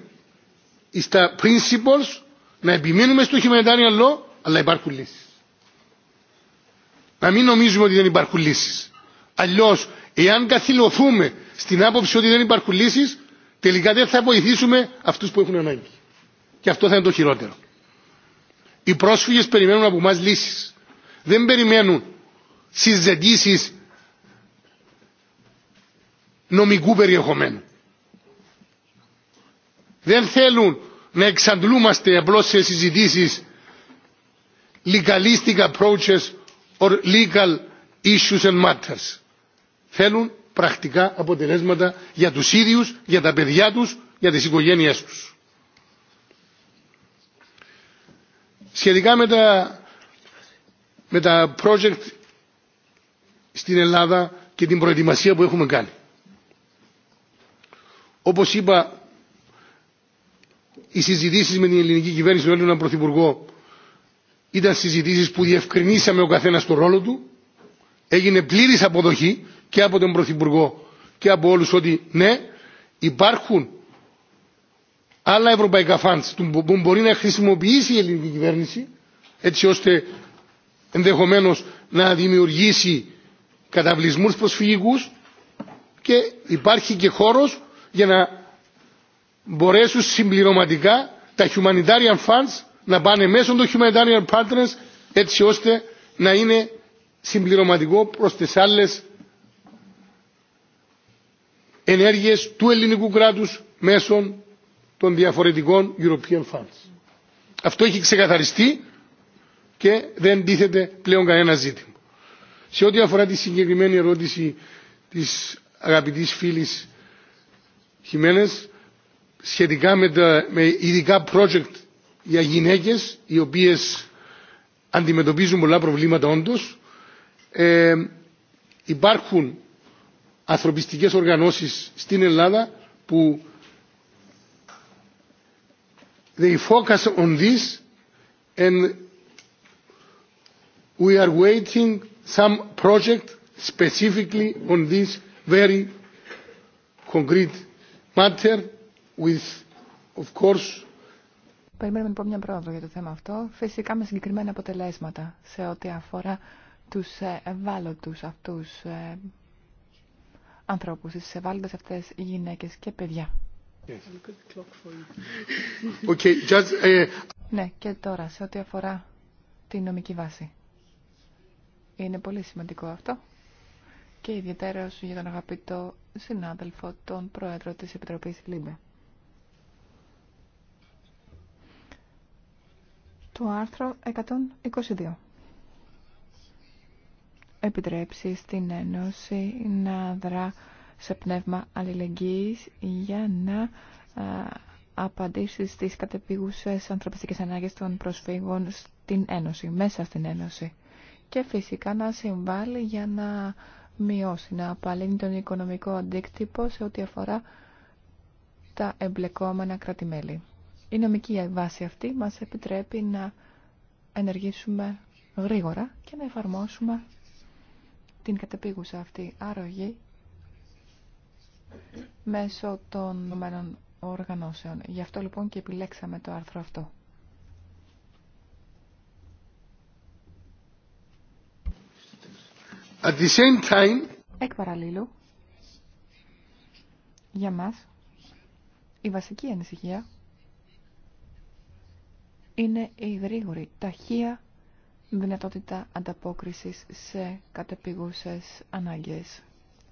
στα principles να επιμείνουμε στο humanitarian law, αλλά υπάρχουν λύσει. Να μην νομίζουμε ότι δεν υπάρχουν λύσει. Αλλιώ, εάν καθυλωθούμε στην άποψη ότι δεν υπάρχουν λύσει, τελικά δεν θα βοηθήσουμε αυτού που έχουν ανάγκη. Και αυτό θα είναι το χειρότερο. Οι πρόσφυγε περιμένουν από εμά λύσει. Δεν περιμένουν συζητήσει νομικού περιεχομένου. Δεν θέλουν να εξαντλούμαστε απλώ σε συζητήσει legalistic approaches or legal issues and matters. Θέλουν πρακτικά αποτελέσματα για τους ίδιους, για τα παιδιά τους, για τις οικογένειές τους. Σχετικά με τα, με τα project στην Ελλάδα και την προετοιμασία που έχουμε κάνει. Όπως είπα οι συζητήσει με την ελληνική κυβέρνηση, τον Έλληνα Πρωθυπουργό, ήταν συζητήσει που διευκρινίσαμε ο καθένα το ρόλο του. Έγινε πλήρη αποδοχή και από τον Πρωθυπουργό και από όλου ότι ναι, υπάρχουν άλλα ευρωπαϊκά φάντς που μπορεί να χρησιμοποιήσει η ελληνική κυβέρνηση έτσι ώστε ενδεχομένω να δημιουργήσει καταβλισμού προσφυγικού και υπάρχει και χώρο για να μπορέσουν συμπληρωματικά τα humanitarian funds να πάνε μέσω των humanitarian partners έτσι ώστε να είναι συμπληρωματικό προς τις άλλες ενέργειες του ελληνικού κράτους μέσω των διαφορετικών European Funds. Αυτό έχει ξεκαθαριστεί και δεν τίθεται πλέον κανένα ζήτημα. Σε ό,τι αφορά τη συγκεκριμένη ερώτηση της αγαπητής φίλης Χιμένες, σχετικά με, τα, με ειδικά project για γυναίκες οι οποίες αντιμετωπίζουν πολλά προβλήματα όντως. Ε, υπάρχουν ανθρωπιστικές οργανώσεις στην Ελλάδα που they focus on this and we are waiting some project specifically on this very concrete matter Περιμένουμε λοιπόν μια πρόοδο για το θέμα αυτό, φυσικά με συγκεκριμένα αποτελέσματα σε ό,τι αφορά τους ε, ευάλωτους αυτούς ε, ανθρώπους, τις ευάλωτες αυτές γυναίκες και παιδιά. Yes. just, ε, Ναι, και τώρα σε ό,τι αφορά τη νομική βάση. Είναι πολύ σημαντικό αυτό και ιδιαίτερα για τον αγαπητό συνάδελφο, τον Πρόεδρο της Επιτροπής Λίμπε. το άρθρο 122 επιτρέψει στην Ένωση να δρά σε πνεύμα αλληλεγγύης για να απαντήσει στις κατεπίγουσες ανθρωπιστικές ανάγκες των προσφύγων στην Ένωση, μέσα στην Ένωση. Και φυσικά να συμβάλλει για να μειώσει, να απαλύνει τον οικονομικό αντίκτυπο σε ό,τι αφορά τα εμπλεκομενα κρατημέλη. Η νομική βάση αυτή μας επιτρέπει να ενεργήσουμε γρήγορα και να εφαρμόσουμε την κατεπίγουσα αυτή αρρωγή μέσω των νομένων οργανώσεων. Γι' αυτό λοιπόν και επιλέξαμε το άρθρο αυτό. At the same time... Εκ παραλίλου, για μας, η βασική ανησυχία είναι η γρήγορη, ταχεία δυνατότητα ανταπόκρισης σε κατεπηγούσες ανάγκες.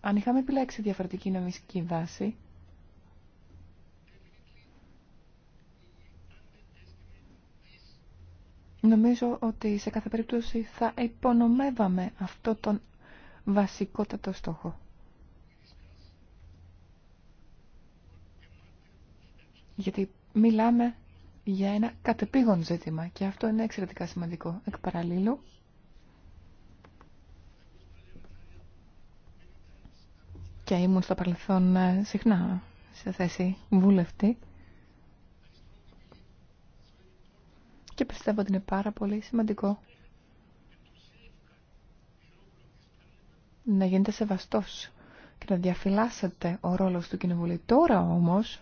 Αν είχαμε επιλέξει διαφορετική νομιστική βάση, νομίζω ότι σε κάθε περίπτωση θα υπονομεύαμε αυτό τον βασικότατο στόχο. Γιατί μιλάμε για ένα κατεπήγον ζήτημα και αυτό είναι εξαιρετικά σημαντικό. Εκ και ήμουν στο παρελθόν ε, συχνά σε θέση βουλευτή και πιστεύω ότι είναι πάρα πολύ σημαντικό να γίνετε σεβαστός και να διαφυλάσσετε ο ρόλος του Κοινοβουλίου. Τώρα όμως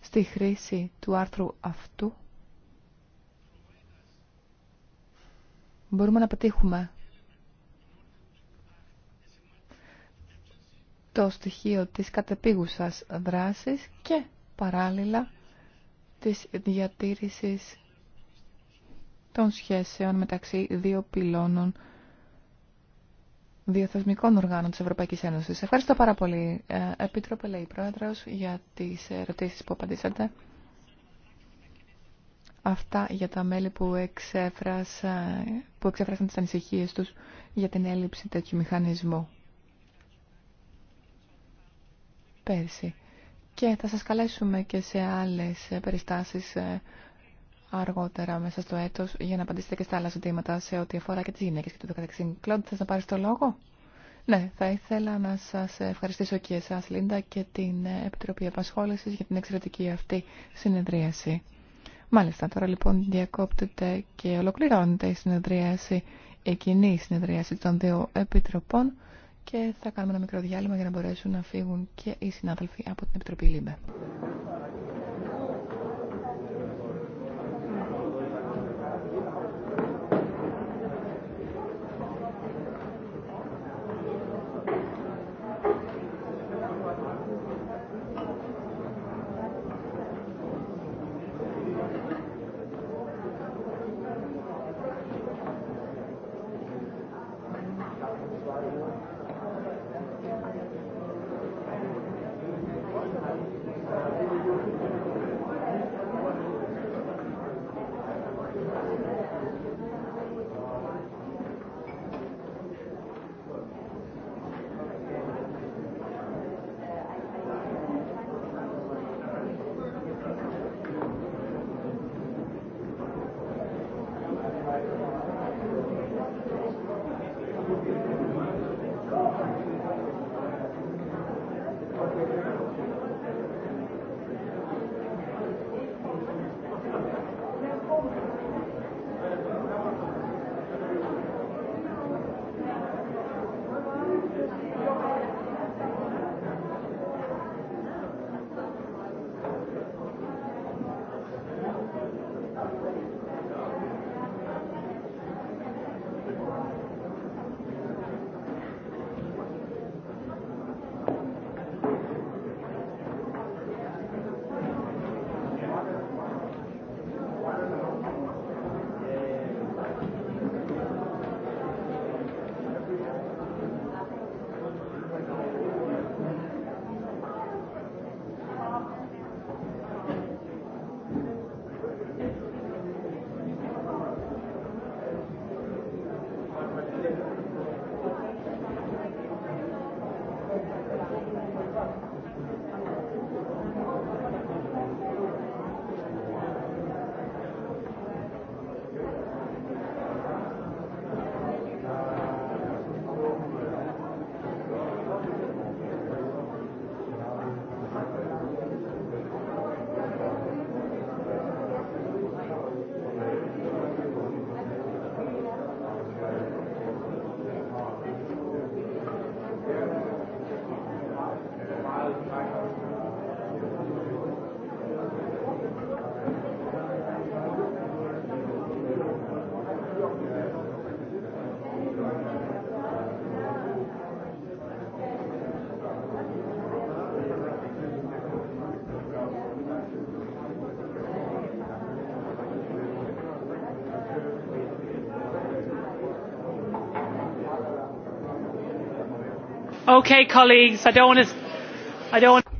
στη χρήση του άρθρου αυτού μπορούμε να πετύχουμε το στοιχείο της κατεπίγουσας δράσης και παράλληλα της διατήρησης των σχέσεων μεταξύ δύο πυλώνων διαθεσμικών οργάνων της Ευρωπαϊκής Ένωσης. Ευχαριστώ πάρα πολύ, ε, Επίτροπε, λέει Πρόεδρος, για τις ερωτήσεις που απαντήσατε. Αυτά για τα μέλη που, ε, που εξέφρασαν τις ανησυχίες τους για την έλλειψη τέτοιου μηχανισμού. Πέρσι. Και θα σας καλέσουμε και σε άλλες ε, περιστάσεις αργότερα μέσα στο έτο για να απαντήσετε και στα άλλα ζητήματα σε ό,τι αφορά και τι γυναίκε και το καταξύ. Κλόντ, θε να πάρει το λόγο? Ναι, θα ήθελα να σα ευχαριστήσω και εσά, Λίντα και την Επιτροπή Απασχόληση για την εξαιρετική αυτή συνεδρίαση. Μάλιστα, τώρα λοιπόν διακόπτεται και ολοκληρώνεται η συνεδρίαση, η κοινή συνεδρίαση των δύο επιτροπών και θα κάνουμε ένα μικρό διάλειμμα για να μπορέσουν να φύγουν και οι συνάδελφοι από την Επιτροπή Λίμπε.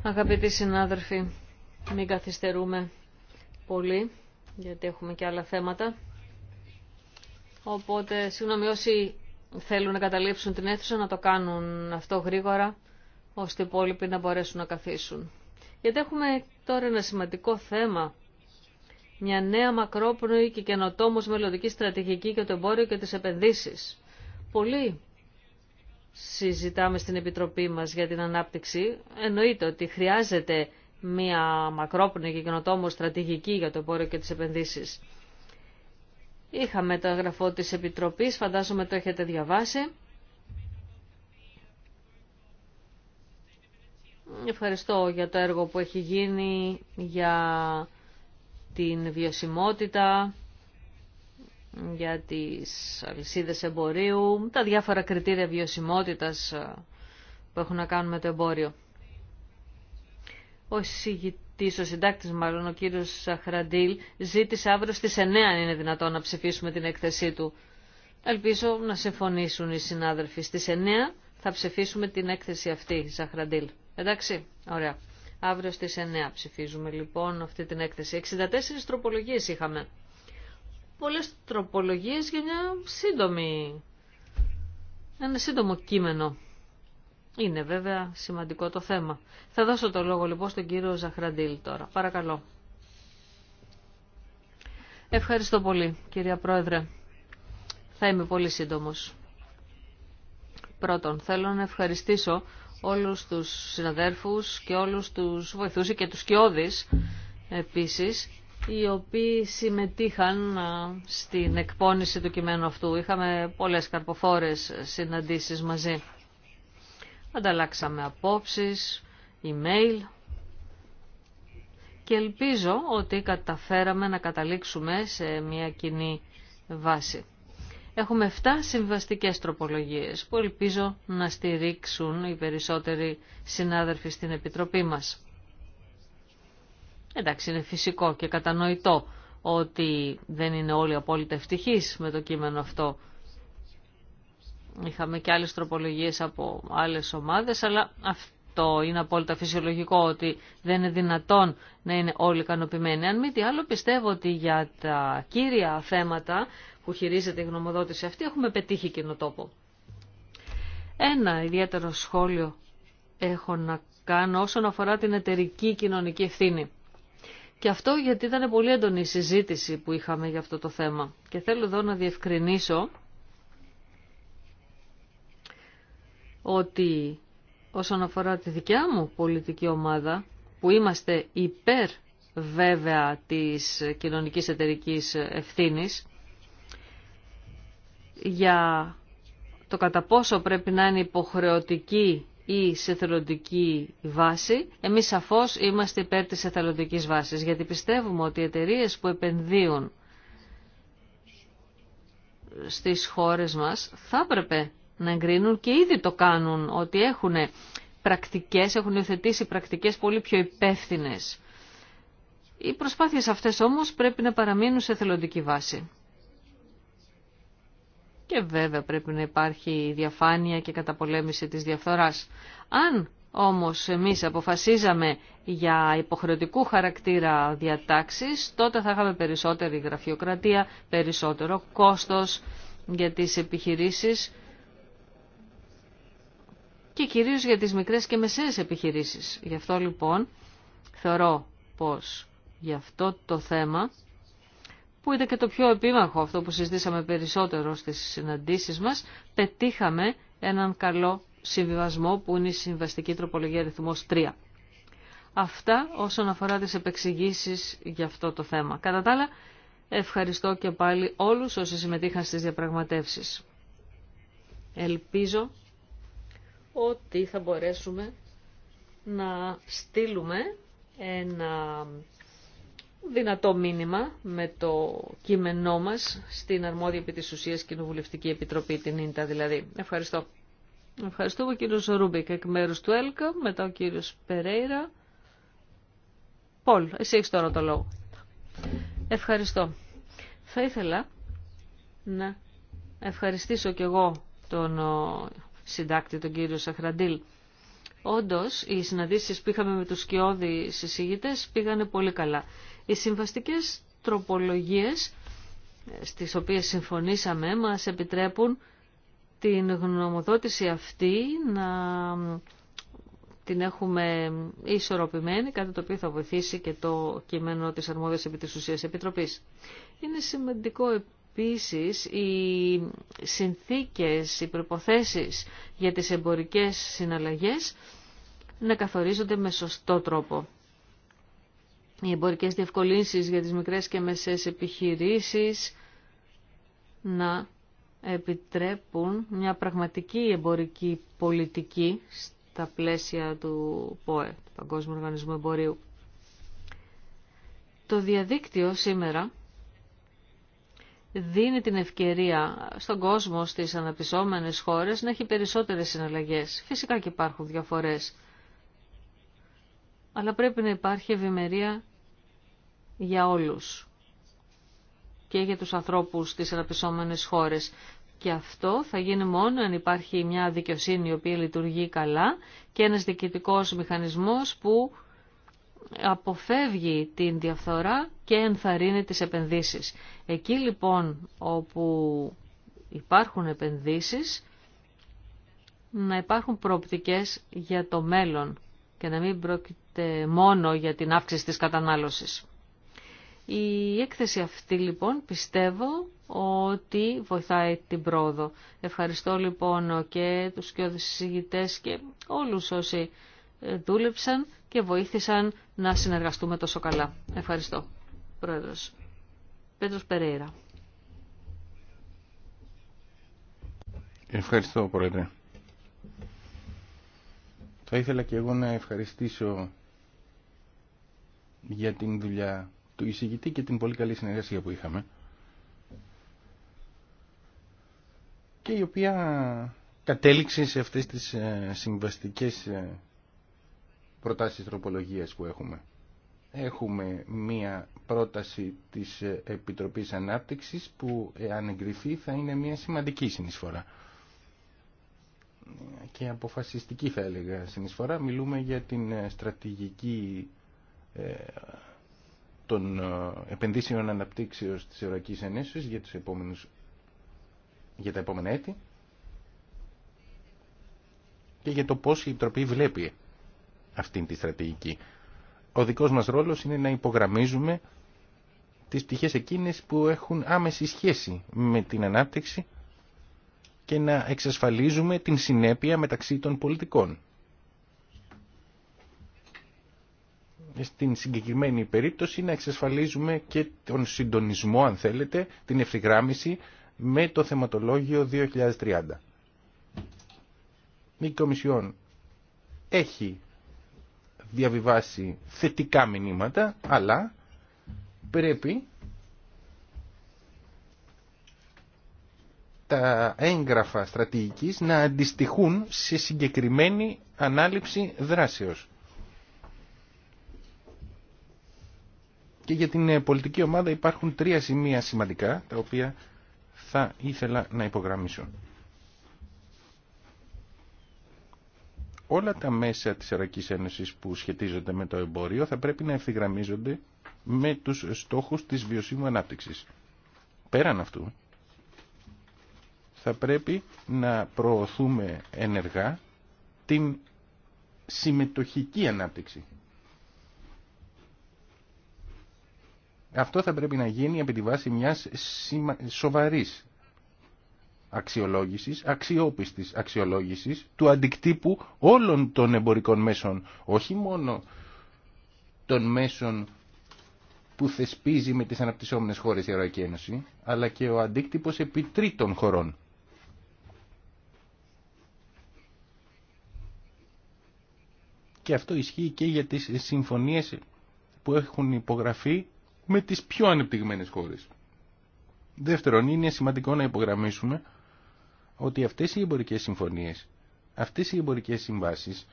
Αγαπητοί συνάδελφοι, μην καθυστερούμε πολύ, γιατί έχουμε και άλλα θέματα. Οπότε, συγγνώμη, όσοι θέλουν να καταλήψουν την αίθουσα, να το κάνουν αυτό γρήγορα, ώστε οι υπόλοιποι να μπορέσουν να καθίσουν. Γιατί έχουμε τώρα ένα σημαντικό θέμα. Μια νέα μακρόπνοη και καινοτόμως μελλοντική στρατηγική για το εμπόριο και τις επενδύσεις. Πολλοί συζητάμε στην Επιτροπή μας για την ανάπτυξη, εννοείται ότι χρειάζεται μια μακρόπνοη και καινοτόμο στρατηγική για το πόρο και τις επενδύσεις. Είχαμε το γραφό της Επιτροπής, φαντάζομαι το έχετε διαβάσει. Ευχαριστώ για το έργο που έχει γίνει, για την βιωσιμότητα, για τις αλυσίδες εμπορίου, τα διάφορα κριτήρια βιωσιμότητας ε, που έχουν να κάνουν με το εμπόριο. Ο συγητής, ο συντάκτης μάλλον, ο κύριος Χραντήλ, ζήτησε αύριο στις 9 αν είναι δυνατόν να ψηφίσουμε την έκθεσή του. Ελπίζω να συμφωνήσουν οι συνάδελφοι. Στις 9 θα ψηφίσουμε την έκθεση αυτή, Ζαχραντήλ. Εντάξει, ωραία. Αύριο στις 9 ψηφίζουμε λοιπόν αυτή την έκθεση. 64 τροπολογίες είχαμε πολλές τροπολογίες για μια σύντομη, ένα σύντομο κείμενο. Είναι βέβαια σημαντικό το θέμα. Θα δώσω το λόγο λοιπόν στον κύριο Ζαχραντήλ τώρα. Παρακαλώ. Ευχαριστώ πολύ κυρία Πρόεδρε. Θα είμαι πολύ σύντομος. Πρώτον, θέλω να ευχαριστήσω όλους τους συναδέρφους και όλους τους βοηθούς και τους κοιόδης επίσης οι οποίοι συμμετείχαν στην εκπόνηση του κειμένου αυτού. Είχαμε πολλές καρποφόρες συναντήσεις μαζί. Ανταλλάξαμε απόψεις, email και ελπίζω ότι καταφέραμε να καταλήξουμε σε μια κοινή βάση. Έχουμε 7 συμβαστικές τροπολογίες που ελπίζω να στηρίξουν οι περισσότεροι συνάδελφοι στην Επιτροπή μας. Εντάξει, είναι φυσικό και κατανοητό ότι δεν είναι όλοι απόλυτα ευτυχείς με το κείμενο αυτό. Είχαμε και άλλες τροπολογίες από άλλες ομάδες, αλλά αυτό είναι απόλυτα φυσιολογικό ότι δεν είναι δυνατόν να είναι όλοι ικανοποιημένοι. Αν μη τι άλλο πιστεύω ότι για τα κύρια θέματα που χειρίζεται η γνωμοδότηση αυτή έχουμε πετύχει κοινοτόπο. Ένα ιδιαίτερο σχόλιο έχω να κάνω όσον αφορά την εταιρική κοινωνική ευθύνη. Και αυτό γιατί ήταν πολύ έντονη η συζήτηση που είχαμε για αυτό το θέμα. Και θέλω εδώ να διευκρινίσω ότι όσον αφορά τη δικιά μου πολιτική ομάδα, που είμαστε υπέρ βέβαια της κοινωνικής εταιρικής ευθύνης, για το κατά πόσο πρέπει να είναι υποχρεωτική ή σε θελοντική βάση. Εμείς σαφώς είμαστε υπέρ της εθελοντικής βάσης, γιατί πιστεύουμε ότι οι εταιρείε που επενδύουν στις χώρες μας θα έπρεπε να εγκρίνουν και ήδη το κάνουν, ότι έχουν πρακτικές, έχουν υιοθετήσει πρακτικές πολύ πιο υπεύθυνε. Οι προσπάθειες αυτές όμως πρέπει να παραμείνουν σε θελοντική βάση. Και βέβαια πρέπει να υπάρχει διαφάνεια και καταπολέμηση της διαφθοράς. Αν όμως εμείς αποφασίζαμε για υποχρεωτικού χαρακτήρα διατάξεις, τότε θα είχαμε περισσότερη γραφειοκρατία, περισσότερο κόστος για τις επιχειρήσεις και κυρίως για τις μικρές και μεσαίες επιχειρήσεις. Γι' αυτό λοιπόν θεωρώ πως γι' αυτό το θέμα που ήταν και το πιο επίμαχο αυτό που συζητήσαμε περισσότερο στις συναντήσεις μας, πετύχαμε έναν καλό συμβιβασμό που είναι η συμβαστική τροπολογία αριθμός 3. Αυτά όσον αφορά τις επεξηγήσεις για αυτό το θέμα. Κατά τα άλλα, ευχαριστώ και πάλι όλους όσοι συμμετείχαν στις διαπραγματεύσεις. Ελπίζω ότι θα μπορέσουμε να στείλουμε ένα δυνατό μήνυμα με το κείμενό μας στην αρμόδια επί της ουσίας Κοινοβουλευτική Επιτροπή, την ΙΝΤΑ δηλαδή. Ευχαριστώ. Ευχαριστούμε κύριο κύριος Ρούμπικ εκ μέρου του ΕΛΚΑ, μετά ο κύριος Περέιρα. Πολ, εσύ έχεις τώρα το λόγο. Ευχαριστώ. Θα ήθελα να ευχαριστήσω κι εγώ τον συντάκτη, τον κύριο Σαχραντήλ. Όντως, οι συναντήσεις που είχαμε με τους σκιώδη συζήτητες πήγανε πολύ καλά. Οι συμβαστικές τροπολογίες ε, στις οποίες συμφωνήσαμε μας επιτρέπουν την γνωμοδότηση αυτή να την έχουμε ισορροπημένη, κάτι το οποίο θα βοηθήσει και το κείμενο της αρμόδιας επί της επιτροπής. Είναι σημαντικό επίσης οι συνθήκες, οι προϋποθέσεις για τις εμπορικές συναλλαγές να καθορίζονται με σωστό τρόπο οι εμπορικές διευκολύνσεις για τις μικρές και μεσές επιχειρήσεις να επιτρέπουν μια πραγματική εμπορική πολιτική στα πλαίσια του ΠΟΕ, του Παγκόσμιου Οργανισμού Εμπορίου. Το διαδίκτυο σήμερα δίνει την ευκαιρία στον κόσμο, στις αναπτυσσόμενες χώρες, να έχει περισσότερες συναλλαγές. Φυσικά και υπάρχουν διαφορές. Αλλά πρέπει να υπάρχει ευημερία για όλους και για τους ανθρώπους στις αναπτυσσόμενες χώρες. Και αυτό θα γίνει μόνο αν υπάρχει μια δικαιοσύνη η οποία λειτουργεί καλά και ένας διοικητικός μηχανισμός που αποφεύγει την διαφθορά και ενθαρρύνει τις επενδύσεις. Εκεί λοιπόν όπου υπάρχουν επενδύσεις, να υπάρχουν προοπτικές για το μέλλον και να μην πρόκειται μόνο για την αύξηση της κατανάλωσης. Η έκθεση αυτή λοιπόν πιστεύω ότι βοηθάει την πρόοδο. Ευχαριστώ λοιπόν και τους και οδησυγητές και όλους όσοι ε, δούλεψαν και βοήθησαν να συνεργαστούμε τόσο καλά. Ευχαριστώ. Πρόεδρος. Πέτρος Περέιρα. Ευχαριστώ Πρόεδρε. Θα ήθελα και εγώ να ευχαριστήσω για την δουλειά του εισηγητή και την πολύ καλή συνεργασία που είχαμε και η οποία κατέληξε σε αυτές τις ε, συμβαστικές ε, προτάσεις τροπολογίας που έχουμε. Έχουμε μία πρόταση της ε, Επιτροπής Ανάπτυξης που αν εγκριθεί θα είναι μία σημαντική συνεισφορά και αποφασιστική θα έλεγα συνεισφορά. Μιλούμε για την στρατηγική των ε, επενδύσεων αναπτύξεως της Ευρωπαϊκής Ενέσεως για, τους για τα επόμενα έτη και για το πώς η Επιτροπή βλέπει αυτήν τη στρατηγική. Ο δικός μας ρόλος είναι να υπογραμμίζουμε τις πτυχές εκείνες που έχουν άμεση σχέση με την ανάπτυξη και να εξασφαλίζουμε την συνέπεια μεταξύ των πολιτικών. στην συγκεκριμένη περίπτωση να εξασφαλίζουμε και τον συντονισμό, αν θέλετε, την ευθυγράμμιση με το θεματολόγιο 2030. Η Κομισιόν έχει διαβιβάσει θετικά μηνύματα, αλλά πρέπει τα έγγραφα στρατηγικής να αντιστοιχούν σε συγκεκριμένη ανάληψη δράσεως. Και για την ε, πολιτική ομάδα υπάρχουν τρία σημεία σημαντικά, τα οποία θα ήθελα να υπογραμμίσω. Όλα τα μέσα της Αρακής Ένωσης που σχετίζονται με το εμπόριο θα πρέπει να ευθυγραμμίζονται με τους στόχους της βιωσίμου ανάπτυξης. Πέραν αυτού, θα πρέπει να προωθούμε ενεργά την συμμετοχική ανάπτυξη. Αυτό θα πρέπει να γίνει επί τη βάση μιας σοβαρής αξιολόγησης, αξιόπιστης αξιολόγησης του αντικτύπου όλων των εμπορικών μέσων, όχι μόνο των μέσων που θεσπίζει με τις αναπτυσσόμενες χώρες η Ευρωπαϊκή Ένωση, αλλά και ο αντίκτυπος επί τρίτων χωρών. Και αυτό ισχύει και για τις συμφωνίες που έχουν υπογραφεί με τις πιο ανεπτυγμένες χώρες. Δεύτερον, είναι σημαντικό να υπογραμμίσουμε ότι αυτές οι εμπορικές συμφωνίες, αυτές οι εμπορικές συμβάσεις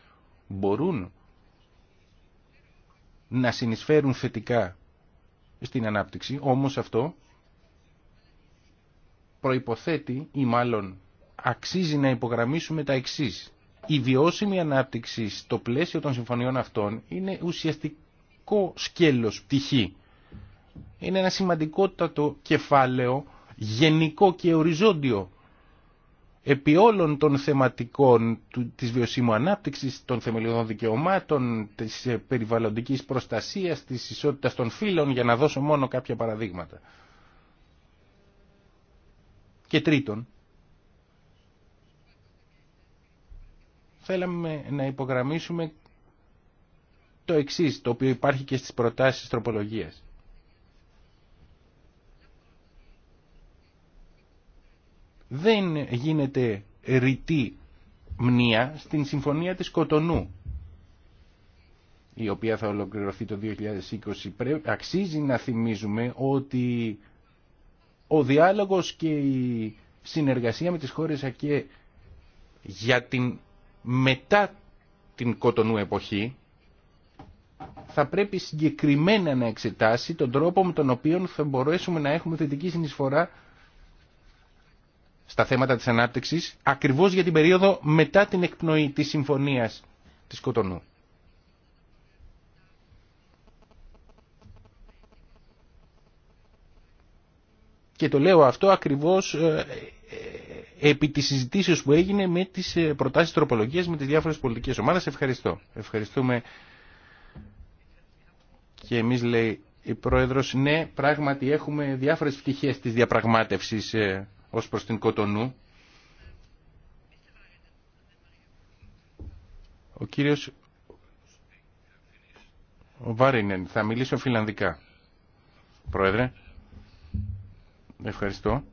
μπορούν να συνεισφέρουν θετικά στην ανάπτυξη, όμως αυτό προϋποθέτει ή μάλλον αξίζει να υπογραμμίσουμε τα εξής. Η βιώσιμη ανάπτυξη στο πλαίσιο των συμφωνιών αυτών είναι ουσιαστικό σκέλος πτυχή είναι ένα σημαντικότατο κεφάλαιο, γενικό και οριζόντιο, επί όλων των θεματικών της βιωσίμου ανάπτυξης, των θεμελιωδών δικαιωμάτων, της ε, περιβαλλοντικής προστασίας, της ισότητας των φύλων, για να δώσω μόνο κάποια παραδείγματα. Και τρίτον, θέλαμε να υπογραμμίσουμε το εξής, το οποίο υπάρχει και στις προτάσεις τροπολογίας. δεν γίνεται ρητή μνήα στην Συμφωνία της Κοτονού η οποία θα ολοκληρωθεί το 2020. αξίζει να θυμίζουμε ότι ο διάλογος και η συνεργασία με τις χώρες ΑΚΕ για την μετά την Κοτονού εποχή θα πρέπει συγκεκριμένα να εξετάσει τον τρόπο με τον οποίο θα μπορέσουμε να έχουμε θετική συνεισφορά στα θέματα της ανάπτυξης ακριβώς για την περίοδο μετά την εκπνοή της συμφωνίας της Κοτονού. Και το λέω αυτό ακριβώς ε, ε, επί της συζητήσεως που έγινε με τις ε, προτάσεις τροπολογίας με τις διάφορες πολιτικές ομάδες. Ευχαριστώ. Ευχαριστούμε και εμείς λέει η Πρόεδρος, ναι, πράγματι έχουμε διάφορες πτυχές της διαπραγμάτευσης ως προς την Κοτονού. Ο κύριος ο Βάρινεν, θα μιλήσω φιλανδικά. Πρόεδρε, ευχαριστώ.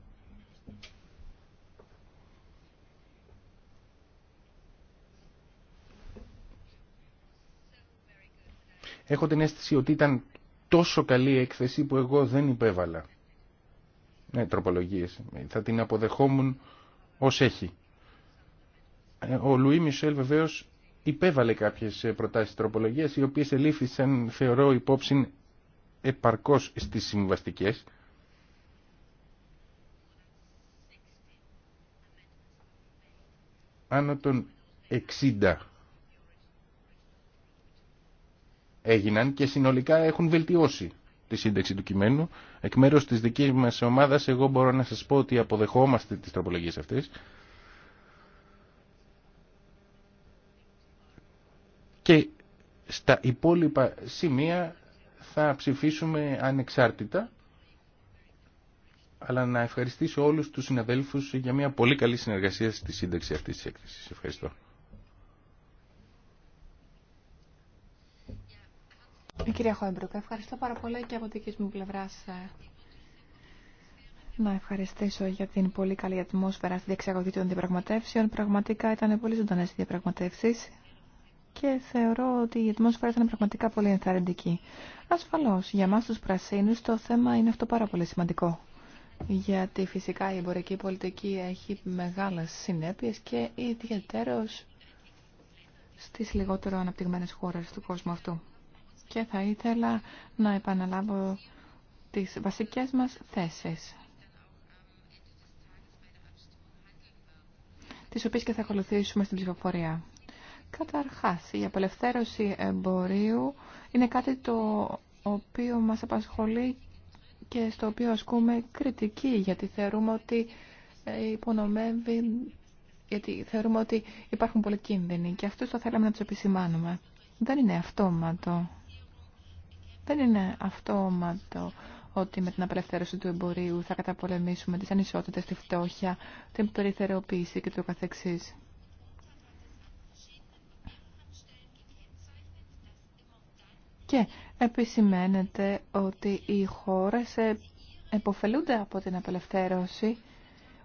Έχω την αίσθηση ότι ήταν τόσο καλή έκθεση που εγώ δεν υπέβαλα ναι, τροπολογίες. Θα την αποδεχόμουν ως έχει. Ο Λουί Μισελ βεβαίω υπέβαλε κάποιες προτάσεις τροπολογία οι οποίες ελήφθησαν θεωρώ υπόψη επαρκώς στις συμβαστικές. Άνω των 60 έγιναν και συνολικά έχουν βελτιώσει τη σύνταξη του κειμένου. Εκ μέρους τη δική μας ομάδας εγώ μπορώ να σας πω ότι αποδεχόμαστε τις τροπολογίε αυτές. Και στα υπόλοιπα σημεία θα ψηφίσουμε ανεξάρτητα αλλά να ευχαριστήσω όλους τους συναδέλφους για μια πολύ καλή συνεργασία στη σύνταξη αυτής της έκθεσης. Ευχαριστώ. Ε, κυρία Χόιμπρουκ, ευχαριστώ πάρα πολύ και από δική μου πλευρά. Ε, να ευχαριστήσω για την πολύ καλή ατμόσφαιρα στη διεξαγωγή των διαπραγματεύσεων. Πραγματικά ήταν πολύ ζωντανέ οι διαπραγματεύσει και θεωρώ ότι η ατμόσφαιρα ήταν πραγματικά πολύ ενθαρρυντική. Ασφαλώ, για εμά του πρασίνου το θέμα είναι αυτό πάρα πολύ σημαντικό. Γιατί φυσικά η εμπορική πολιτική έχει μεγάλε συνέπειε και ιδιαίτερως στι λιγότερο αναπτυγμένε χώρε του κόσμου αυτού και θα ήθελα να επαναλάβω τις βασικές μας θέσεις. τις οποίες και θα ακολουθήσουμε στην ψηφοφορία. Καταρχάς, η απελευθέρωση εμπορίου είναι κάτι το οποίο μας απασχολεί και στο οποίο ασκούμε κριτική, γιατί θεωρούμε ότι ε, υπονομεύει, γιατί θεωρούμε ότι υπάρχουν πολλοί κίνδυνοι και αυτούς το θέλαμε να τους επισημάνουμε. Δεν είναι αυτόματο δεν είναι αυτόματο ότι με την απελευθέρωση του εμπορίου θα καταπολεμήσουμε τις ανισότητες, τη φτώχεια, την περιθεροποίηση και το καθεξής. Και επισημαίνεται ότι οι χώρες εποφελούνται από την απελευθέρωση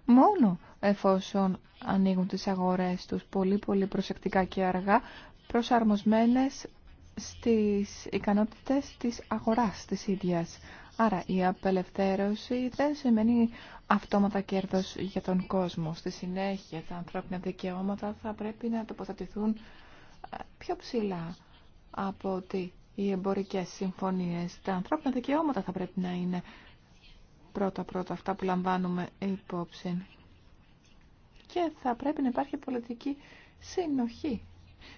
μόνο εφόσον ανοίγουν τις αγορές τους πολύ πολύ προσεκτικά και αργά προσαρμοσμένες στις ικανότητες της αγοράς της ίδιας. Άρα η απελευθέρωση δεν σημαίνει αυτόματα κέρδος για τον κόσμο. Στη συνέχεια τα ανθρώπινα δικαιώματα θα πρέπει να τοποθετηθούν ε, πιο ψηλά από ότι οι εμπορικές συμφωνίες. Τα ανθρώπινα δικαιώματα θα πρέπει να είναι πρώτα-πρώτα αυτά που λαμβάνουμε υπόψη. Και θα πρέπει να υπάρχει πολιτική συνοχή.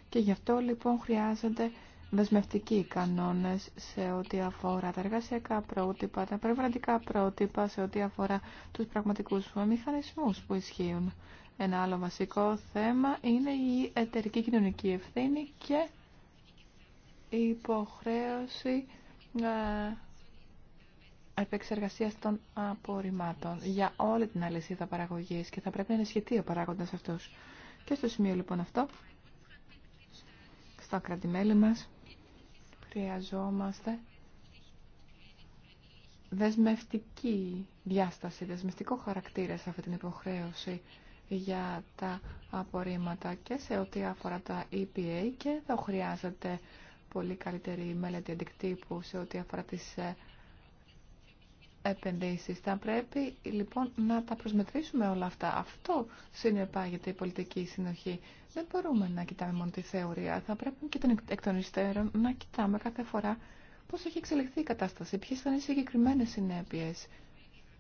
Και γι' αυτό λοιπόν χρειάζεται δεσμευτικοί κανόνες σε ό,τι αφορά τα εργασιακά πρότυπα, τα περιβαλλοντικά πρότυπα, σε ό,τι αφορά του πραγματικού μηχανισμούς που ισχύουν. Ένα άλλο βασικό θέμα είναι η εταιρική κοινωνική ευθύνη και η υποχρέωση ε, επεξεργασία των απορριμμάτων για όλη την αλυσίδα παραγωγή και θα πρέπει να σχετή ο παράγοντα αυτό. Και στο σημείο λοιπόν αυτό, στα κρατημέλη μας, χρειαζόμαστε δεσμευτική διάσταση, δεσμευτικό χαρακτήρα σε αυτή την υποχρέωση για τα απορρίμματα και σε ό,τι αφορά τα EPA και θα χρειάζεται πολύ καλύτερη μελέτη αντικτύπου σε ό,τι αφορά τις ε, επενδύσεις. Θα πρέπει λοιπόν να τα προσμετρήσουμε όλα αυτά. Αυτό συνεπάγεται η πολιτική συνοχή. Δεν μπορούμε να κοιτάμε μόνο τη θεωρία. Θα πρέπει και των εκ των υστέρων να κοιτάμε κάθε φορά πώς έχει εξελιχθεί η κατάσταση, ποιες θα είναι οι συγκεκριμένες συνέπειες.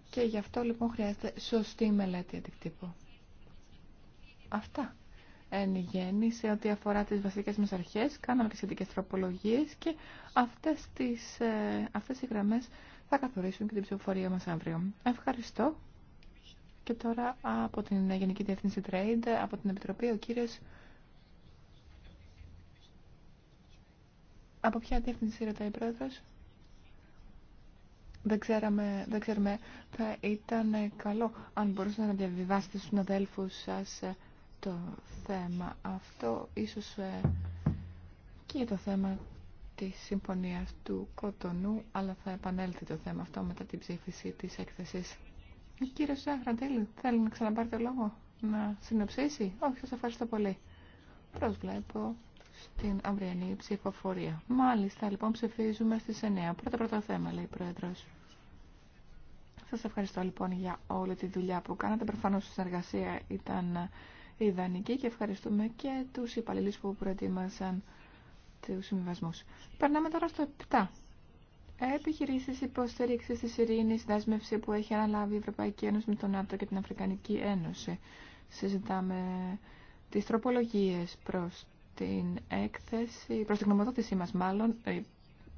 Και γι' αυτό λοιπόν χρειάζεται σωστή μελέτη αντικτύπου. Αυτά. Εν γέννη, σε ό,τι αφορά τις βασικές μας αρχές, κάναμε και σχετικές τροπολογίες και αυτές, τις, ε, αυτές οι γραμμές θα καθορίσουν και την ψηφοφορία μας αύριο. Ευχαριστώ. Και τώρα από την Γενική Διεύθυνση Trade, από την Επιτροπή, ο κύριος... Από ποια διεύθυνση ρωτάει η πρόεδρος? Δεν, ξέραμε, δεν ξέρουμε. Θα ήταν καλό αν μπορούσατε να διαβιβάσετε στους αδέλφους σας ε, το θέμα αυτό. Ίσως ε, και το θέμα της Συμφωνίας του Κοτονού, αλλά θα επανέλθει το θέμα αυτό μετά την ψήφιση της έκθεσης. Κύριε Σαχραντήλη, θέλει να ξαναπάρει το λόγο, να συνοψίσει. Όχι, σας ευχαριστώ πολύ. Προσβλέπω στην αυριανή ψηφοφορία. Μάλιστα, λοιπόν, ψηφίζουμε στις 9. Πρώτο πρώτο θέμα, λέει η Πρόεδρος. Σας ευχαριστώ λοιπόν για όλη τη δουλειά που κάνατε. Προφανώς η συνεργασία ήταν ιδανική και ευχαριστούμε και τους υπαλλήλους που προετοίμασαν του συμβιβασμού. Περνάμε τώρα στο 7. Επιχειρήσεις υπόστηριξη της ειρήνη, δέσμευση που έχει αναλάβει η Ευρωπαϊκή Ένωση με τον ΝΑΤΟ και την Αφρικανική Ένωση. Συζητάμε τις τροπολογίε προς την έκθεση, προς την γνωμοδότησή μας μάλλον, ε,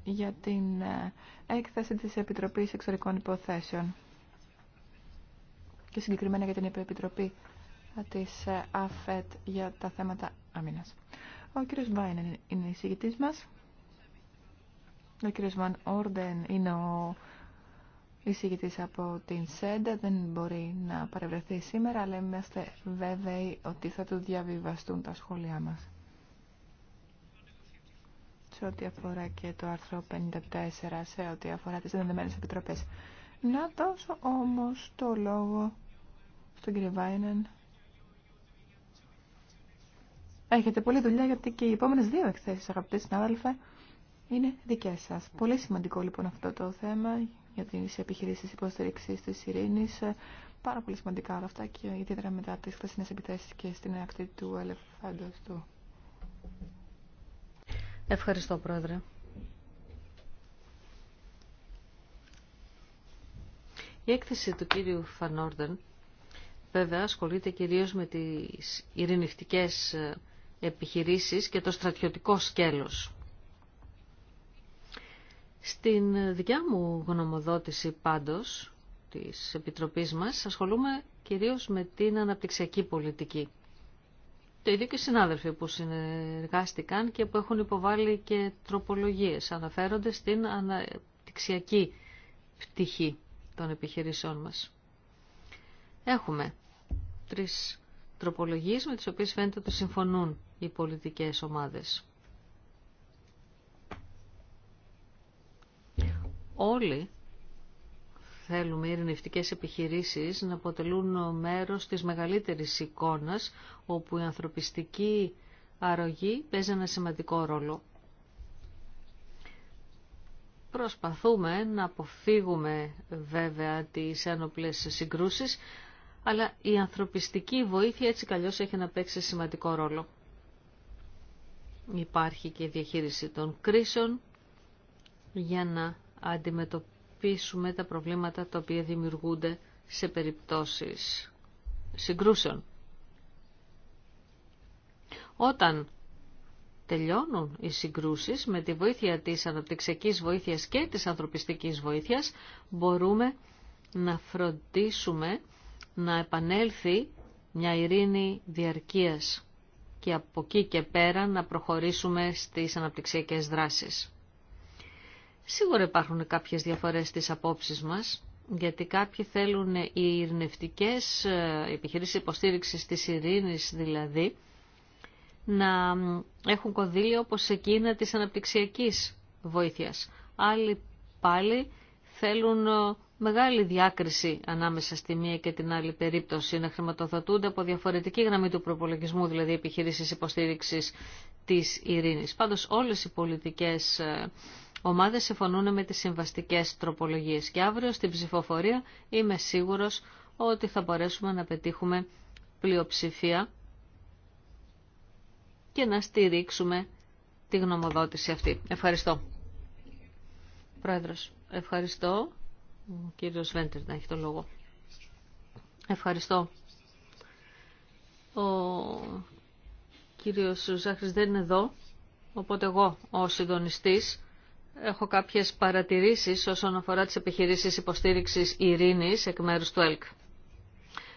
για την ε, έκθεση της Επιτροπής Εξωτερικών Υποθέσεων και συγκεκριμένα για την Επιτροπή της ε, ΑΦΕΤ για τα θέματα Άμυνα. Ο κύριος Βάιν είναι εισηγητής μας. Ο κύριος Βαν Όρντεν είναι ο εισηγητής από την ΣΕΝΤΑ. Δεν μπορεί να παρευρεθεί σήμερα, αλλά είμαστε βέβαιοι ότι θα του διαβιβαστούν τα σχόλιά μας. Σε ό,τι αφορά και το άρθρο 54, σε ό,τι αφορά τις ενδεδεμένες επιτροπές. Να δώσω όμως το λόγο στον κύριο Βάινεν Έχετε πολλή δουλειά γιατί και οι επόμενε δύο εκθέσεις, αγαπητοί συνάδελφε, είναι δικέ σα. Πολύ σημαντικό λοιπόν αυτό το θέμα για τι επιχειρήσει υποστήριξη τη ειρήνη. Πάρα πολύ σημαντικά όλα αυτά και ιδιαίτερα μετά τι χθεσινέ επιθέσει και στην ακτή του ελεφάντο του. Ευχαριστώ Πρόεδρε. Η έκθεση του κύριου Φανόρδεν βέβαια ασχολείται κυρίως με τις ειρηνευτικές ε, επιχειρήσεις και το στρατιωτικό σκέλος. Στην δικιά μου γνωμοδότηση πάντως της Επιτροπής μας ασχολούμαι κυρίως με την αναπτυξιακή πολιτική. Το ίδιο και οι συνάδελφοι που συνεργάστηκαν και που έχουν υποβάλει και τροπολογίες αναφέρονται στην αναπτυξιακή πτυχή των επιχειρήσεών μας. Έχουμε τρεις τροπολογίες με τις οποίες φαίνεται ότι συμφωνούν οι πολιτικές ομάδες. Όλοι θέλουμε οι ειρηνευτικές επιχειρήσεις να αποτελούν μέρος της μεγαλύτερης εικόνας όπου η ανθρωπιστική αρρωγή παίζει ένα σημαντικό ρόλο. Προσπαθούμε να αποφύγουμε βέβαια τις ένοπλες συγκρούσεις, αλλά η ανθρωπιστική βοήθεια έτσι καλώς έχει να παίξει σημαντικό ρόλο. Υπάρχει και η διαχείριση των κρίσεων για να αντιμετωπίσουμε τα προβλήματα τα οποία δημιουργούνται σε περιπτώσεις συγκρούσεων. Όταν τελειώνουν οι συγκρούσεις με τη βοήθεια της αναπτυξιακής βοήθειας και της ανθρωπιστικής βοήθειας μπορούμε να φροντίσουμε να επανέλθει μια ειρήνη διαρκείας και από εκεί και πέρα να προχωρήσουμε στις αναπτυξιακές δράσεις. Σίγουρα υπάρχουν κάποιες διαφορές στις απόψεις μας, γιατί κάποιοι θέλουν οι ειρηνευτικές ε, επιχειρήσεις υποστήριξης της ειρήνης δηλαδή, να έχουν κονδύλια όπως εκείνα της αναπτυξιακής βοήθειας. Άλλοι πάλι θέλουν ε, μεγάλη διάκριση ανάμεσα στη μία και την άλλη περίπτωση να χρηματοδοτούνται από διαφορετική γραμμή του προπολογισμού, δηλαδή επιχειρήσεις υποστήριξης της ειρήνης. Πάντως όλες οι πολιτικές ε, ομάδες συμφωνούν με τις συμβαστικές τροπολογίες και αύριο στην ψηφοφορία είμαι σίγουρος ότι θα μπορέσουμε να πετύχουμε πλειοψηφία και να στηρίξουμε τη γνωμοδότηση αυτή. Ευχαριστώ. Πρόεδρος, ευχαριστώ. Ο κύριος Βέντερ να έχει το λόγο. Ευχαριστώ. Ο κύριος Ζάχρης δεν είναι εδώ, οπότε εγώ ως συντονιστής έχω κάποιες παρατηρήσεις όσον αφορά τις επιχειρήσεις υποστήριξης ειρήνης εκ μέρους του ΕΛΚ.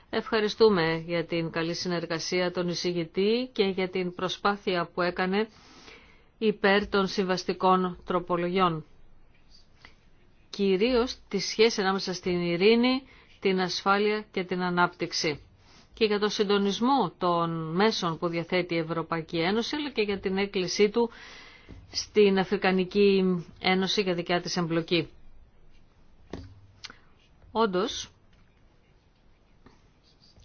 Ευχαριστούμε για την καλή συνεργασία των εισηγητή και για την προσπάθεια που έκανε υπέρ των συμβαστικών τροπολογιών κυρίως τη σχέση ανάμεσα στην ειρήνη, την ασφάλεια και την ανάπτυξη και για τον συντονισμό των μέσων που διαθέτει η Ευρωπαϊκή Ένωση αλλά και για την έκκλησή του στην Αφρικανική Ένωση για δικιά της εμπλοκή. Όντως,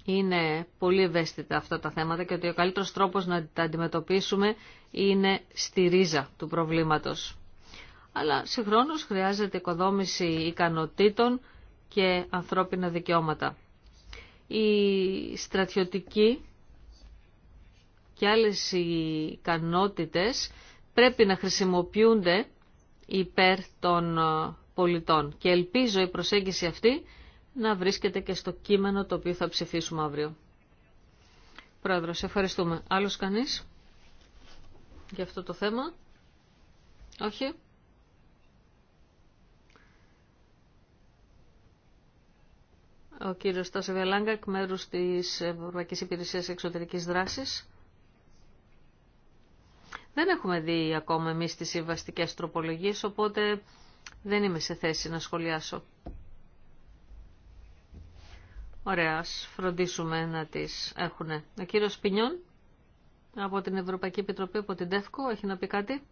είναι πολύ ευαίσθητα αυτά τα θέματα και ότι ο καλύτερος τρόπος να τα αντιμετωπίσουμε είναι στη ρίζα του προβλήματος αλλά συγχρόνως χρειάζεται οικοδόμηση ικανοτήτων και ανθρώπινα δικαιώματα. Οι στρατιωτικοί και άλλες ικανότητες πρέπει να χρησιμοποιούνται υπέρ των ε, πολιτών και ελπίζω η προσέγγιση αυτή να βρίσκεται και στο κείμενο το οποίο θα ψηφίσουμε αύριο. Πρόεδρος, ευχαριστούμε. Άλλος κανείς για αυτό το θέμα. Όχι. ο κύριος Τάσο Βελάγκα εκ μέρους της Ευρωπαϊκής Υπηρεσίας Εξωτερικής Δράσης. Δεν έχουμε δει ακόμα εμεί τις συμβαστικέ τροπολογίες, οπότε δεν είμαι σε θέση να σχολιάσω. Ωραία, ας φροντίσουμε να τις έχουν. Ο κύριος Πινιόν από την Ευρωπαϊκή Επιτροπή, από την ΤΕΦΚΟ, έχει να πει κάτι.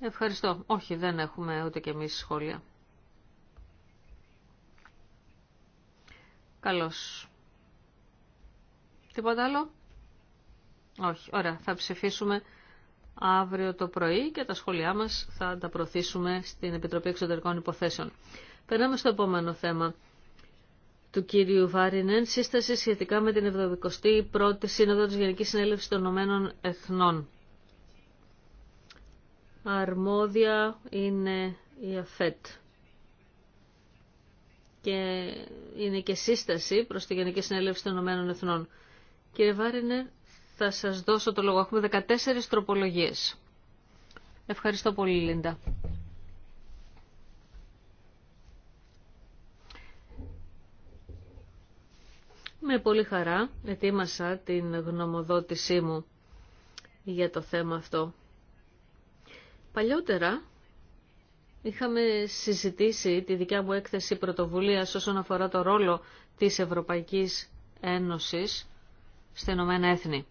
Ευχαριστώ. Όχι, δεν έχουμε ούτε και εμείς σχόλια. Καλώς. Τίποτα άλλο? Όχι. Ωραία. Θα ψηφίσουμε αύριο το πρωί και τα σχόλιά μας θα τα προωθήσουμε στην Επιτροπή Εξωτερικών Υποθέσεων. Περνάμε στο επόμενο θέμα του κύριου Βάρινεν, σύσταση σχετικά με την 71η Σύνοδο της Γενικής Συνέλευσης των Ηνωμένων Εθνών. Αρμόδια είναι η ΑΦΕΤ και είναι και σύσταση προς τη Γενική Συνέλευση των Ηνωμένων Εθνών. Κύριε Βάρινε, θα σας δώσω το λόγο. Έχουμε 14 τροπολογίες. Ευχαριστώ πολύ, Λίντα. Με πολύ χαρά ετοίμασα την γνωμοδότησή μου για το θέμα αυτό. Παλιότερα Είχαμε συζητήσει τη δικιά μου έκθεση πρωτοβουλίας όσον αφορά το ρόλο της Ευρωπαϊκής Ένωσης στα Ηνωμένα Έθνη.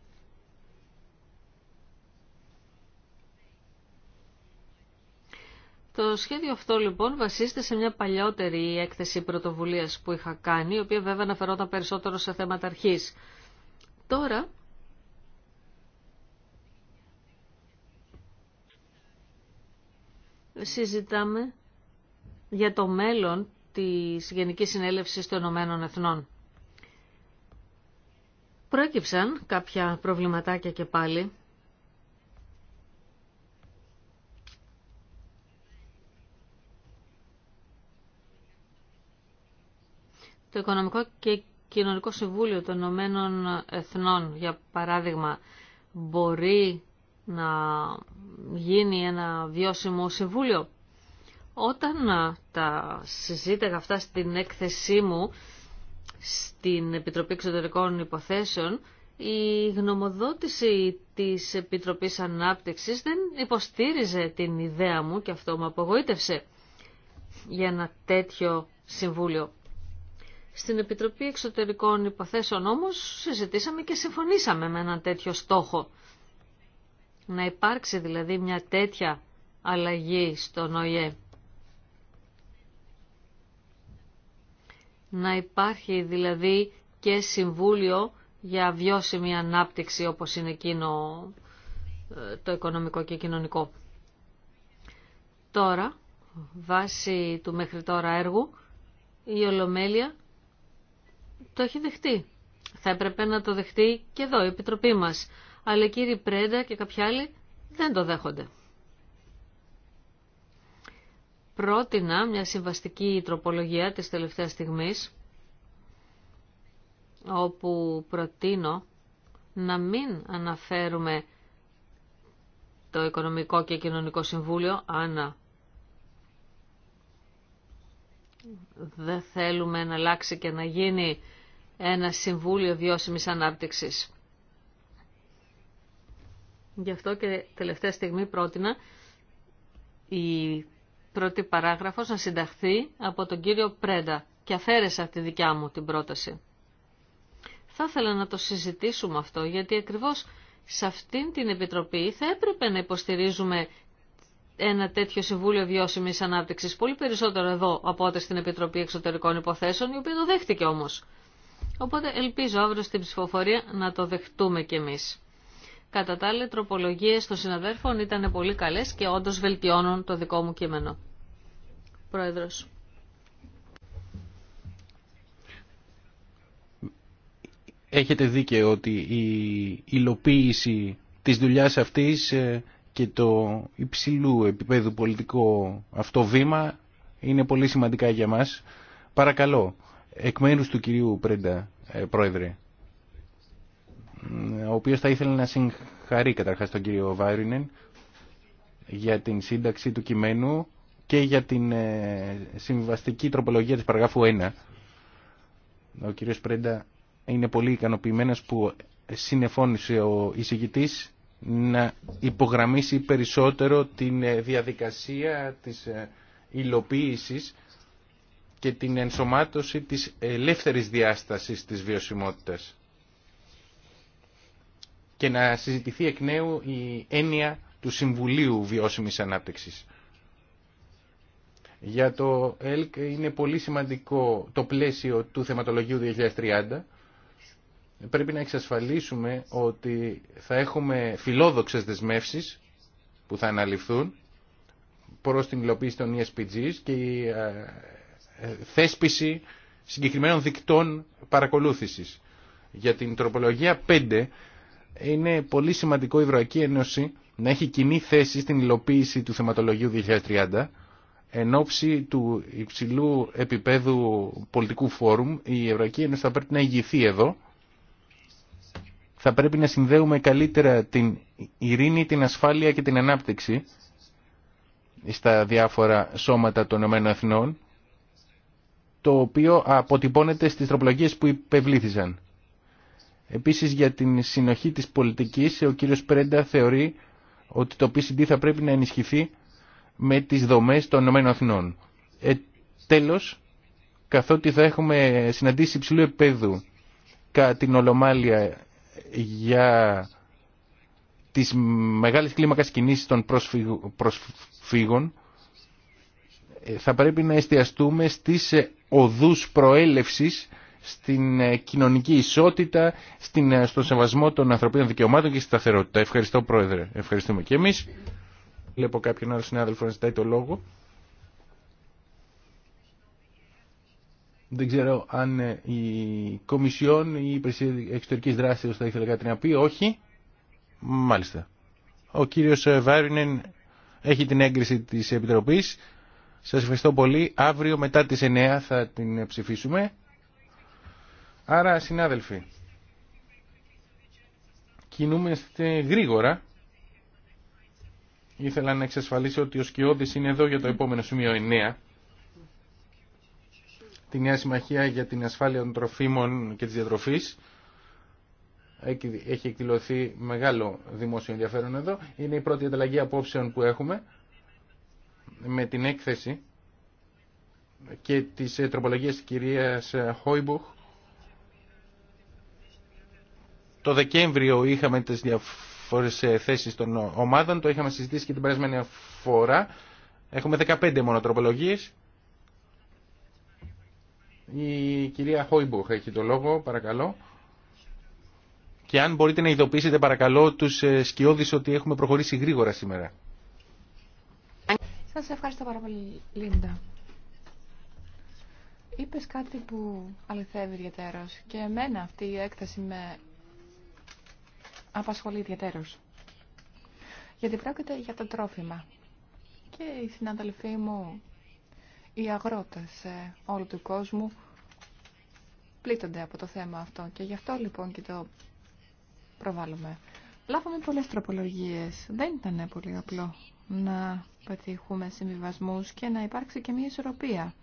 Το σχέδιο αυτό λοιπόν βασίζεται σε μια παλιότερη έκθεση πρωτοβουλίας που είχα κάνει, η οποία βέβαια αναφερόταν περισσότερο σε θέματα αρχής. Τώρα συζητάμε για το μέλλον της Γενικής Συνέλευσης των Ηνωμένων Εθνών. Πρόκυψαν κάποια προβληματάκια και πάλι. Το Οικονομικό και Κοινωνικό Συμβούλιο των Ηνωμένων Εθνών, για παράδειγμα, μπορεί να γίνει ένα βιώσιμο συμβούλιο. Όταν τα συζήτηγα αυτά στην έκθεσή μου στην Επιτροπή Εξωτερικών Υποθέσεων, η γνωμοδότηση της Επιτροπής Ανάπτυξης δεν υποστήριζε την ιδέα μου και αυτό με απογοήτευσε για ένα τέτοιο συμβούλιο. Στην Επιτροπή Εξωτερικών Υποθέσεων όμως συζητήσαμε και συμφωνήσαμε με έναν τέτοιο στόχο να υπάρξει δηλαδή μια τέτοια αλλαγή στον ΟΗΕ. Να υπάρχει δηλαδή και συμβούλιο για βιώσιμη ανάπτυξη όπως είναι εκείνο ε, το οικονομικό και κοινωνικό. Τώρα, βάσει του μέχρι τώρα έργου, η Ολομέλεια το έχει δεχτεί. Θα έπρεπε να το δεχτεί και εδώ η Επιτροπή μας αλλά κύριοι Πρέντα και κάποιοι άλλοι δεν το δέχονται. Πρότεινα μια συμβαστική τροπολογία της τελευταίας στιγμής, όπου προτείνω να μην αναφέρουμε το Οικονομικό και Κοινωνικό Συμβούλιο, αν δεν θέλουμε να αλλάξει και να γίνει ένα Συμβούλιο Βιώσιμης Ανάπτυξης. Γι' αυτό και τελευταία στιγμή πρότεινα η πρώτη παράγραφος να συνταχθεί από τον κύριο Πρέντα και αφαίρεσα τη δικιά μου την πρόταση. Θα ήθελα να το συζητήσουμε αυτό γιατί ακριβώς σε αυτήν την Επιτροπή θα έπρεπε να υποστηρίζουμε ένα τέτοιο Συμβούλιο Βιώσιμη Ανάπτυξη πολύ περισσότερο εδώ από ό,τι στην Επιτροπή Εξωτερικών Υποθέσεων, η οποία το δέχτηκε όμω. Οπότε ελπίζω αύριο στην ψηφοφορία να το δεχτούμε κι εμείς. Κατά τα άλλα, οι των συναδέρφων ήταν πολύ καλές και όντω βελτιώνουν το δικό μου κείμενο. Πρόεδρος. Έχετε δίκαιο ότι η υλοποίηση της δουλειάς αυτής ε, και το υψηλού επίπεδου πολιτικό αυτό βήμα είναι πολύ σημαντικά για μας. Παρακαλώ, εκ μέρους του κυρίου Πρέντα, ε, Πρόεδρε, ο οποίος θα ήθελε να συγχαρεί καταρχάς τον κύριο Βάρινεν για την σύνταξη του κειμένου και για την ε, συμβαστική τροπολογία της παραγράφου 1. Ο κύριος Πρέντα είναι πολύ ικανοποιημένος που συνεφώνησε ο εισηγητής να υπογραμμίσει περισσότερο την ε, διαδικασία της ε, υλοποίησης και την ενσωμάτωση της ελεύθερης διάστασης της βιωσιμότητας και να συζητηθεί εκ νέου η έννοια του Συμβουλίου Βιώσιμης Ανάπτυξης. Για το ΕΛΚ είναι πολύ σημαντικό το πλαίσιο του θεματολογίου 2030. Πρέπει να εξασφαλίσουμε ότι θα έχουμε φιλόδοξες δεσμεύσεις που θα αναλυφθούν προς την υλοποίηση των ESPGs και η ε, ε, θέσπιση συγκεκριμένων δικτών παρακολούθησης. Για την τροπολογία 5 είναι πολύ σημαντικό η Ευρωπαϊκή Ένωση να έχει κοινή θέση στην υλοποίηση του θεματολογίου 2030 εν ώψη του υψηλού επίπεδου πολιτικού φόρουμ η Ευρωπαϊκή Ένωση θα πρέπει να ηγηθεί εδώ θα πρέπει να συνδέουμε καλύτερα την ειρήνη, την ασφάλεια και την ανάπτυξη στα διάφορα σώματα των ΗΕ το οποίο αποτυπώνεται στις τροπολογίες που υπευλήθησαν. Επίσης για την συνοχή της πολιτικής ο κύριος Πρέντα θεωρεί ότι το PCD θα πρέπει να ενισχυθεί με τις δομές των ΗΠΑ. Ε, τέλος, καθότι θα έχουμε συναντήσει υψηλού επίπεδου κατά την Ολομάλια για τις μεγάλες κλίμακες κινήσεις των προσφύγων, ε, θα πρέπει να εστιαστούμε στις ε, οδούς προέλευσης στην ε, κοινωνική ισότητα, στην, ε, στον σεβασμό των ανθρωπίνων δικαιωμάτων και στη σταθερότητα. Ευχαριστώ Πρόεδρε. Ευχαριστούμε και εμείς. Βλέπω κάποιον άλλο συνάδελφο να ζητάει το λόγο. Δεν ξέρω αν ε, η Κομισιόν ή η Υπηρεσία Εξωτερική Δράση θα ήθελε κάτι να πει. Όχι. Μάλιστα. Ο κύριος Βάρινεν έχει την έγκριση της Επιτροπής. Σας ευχαριστώ πολύ. Αύριο μετά τις 9 θα την ψηφίσουμε. Άρα, συνάδελφοι, κινούμαστε γρήγορα. Ήθελα να εξασφαλίσω ότι ο Σκιώδης είναι εδώ για το επόμενο σημείο 9. Την Νέα Συμμαχία για την Ασφάλεια των Τροφίμων και της Διατροφής. Έχει εκδηλωθεί μεγάλο δημόσιο ενδιαφέρον εδώ. Είναι η πρώτη ανταλλαγή απόψεων που έχουμε με την έκθεση και τις ε, τροπολογίες της κυρίας Χόιμπουχ Το Δεκέμβριο είχαμε τις διάφορες ε, θέσεις των ομάδων, το είχαμε συζητήσει και την περασμένη φορά. Έχουμε 15 μονοτροπολογίες. Η κυρία Χόιμπουχ έχει το λόγο, παρακαλώ. Και αν μπορείτε να ειδοποιήσετε παρακαλώ τους ε, σκιώδεις ότι έχουμε προχωρήσει γρήγορα σήμερα. Σας ευχαριστώ πάρα πολύ, Λίντα. Είπες κάτι που αληθεύει ιδιαίτερος και εμένα αυτή η έκθεση με απασχολεί ιδιαίτερως. Γιατί πρόκειται για το τρόφιμα. Και οι συναδελφοί μου, οι αγρότες ε, όλου του κόσμου, πλήττονται από το θέμα αυτό. Και γι' αυτό λοιπόν και το προβάλλουμε. Λάβαμε πολλές τροπολογίες. Δεν ήταν πολύ απλό να πετύχουμε συμβιβασμούς και να υπάρξει και μια ισορροπία.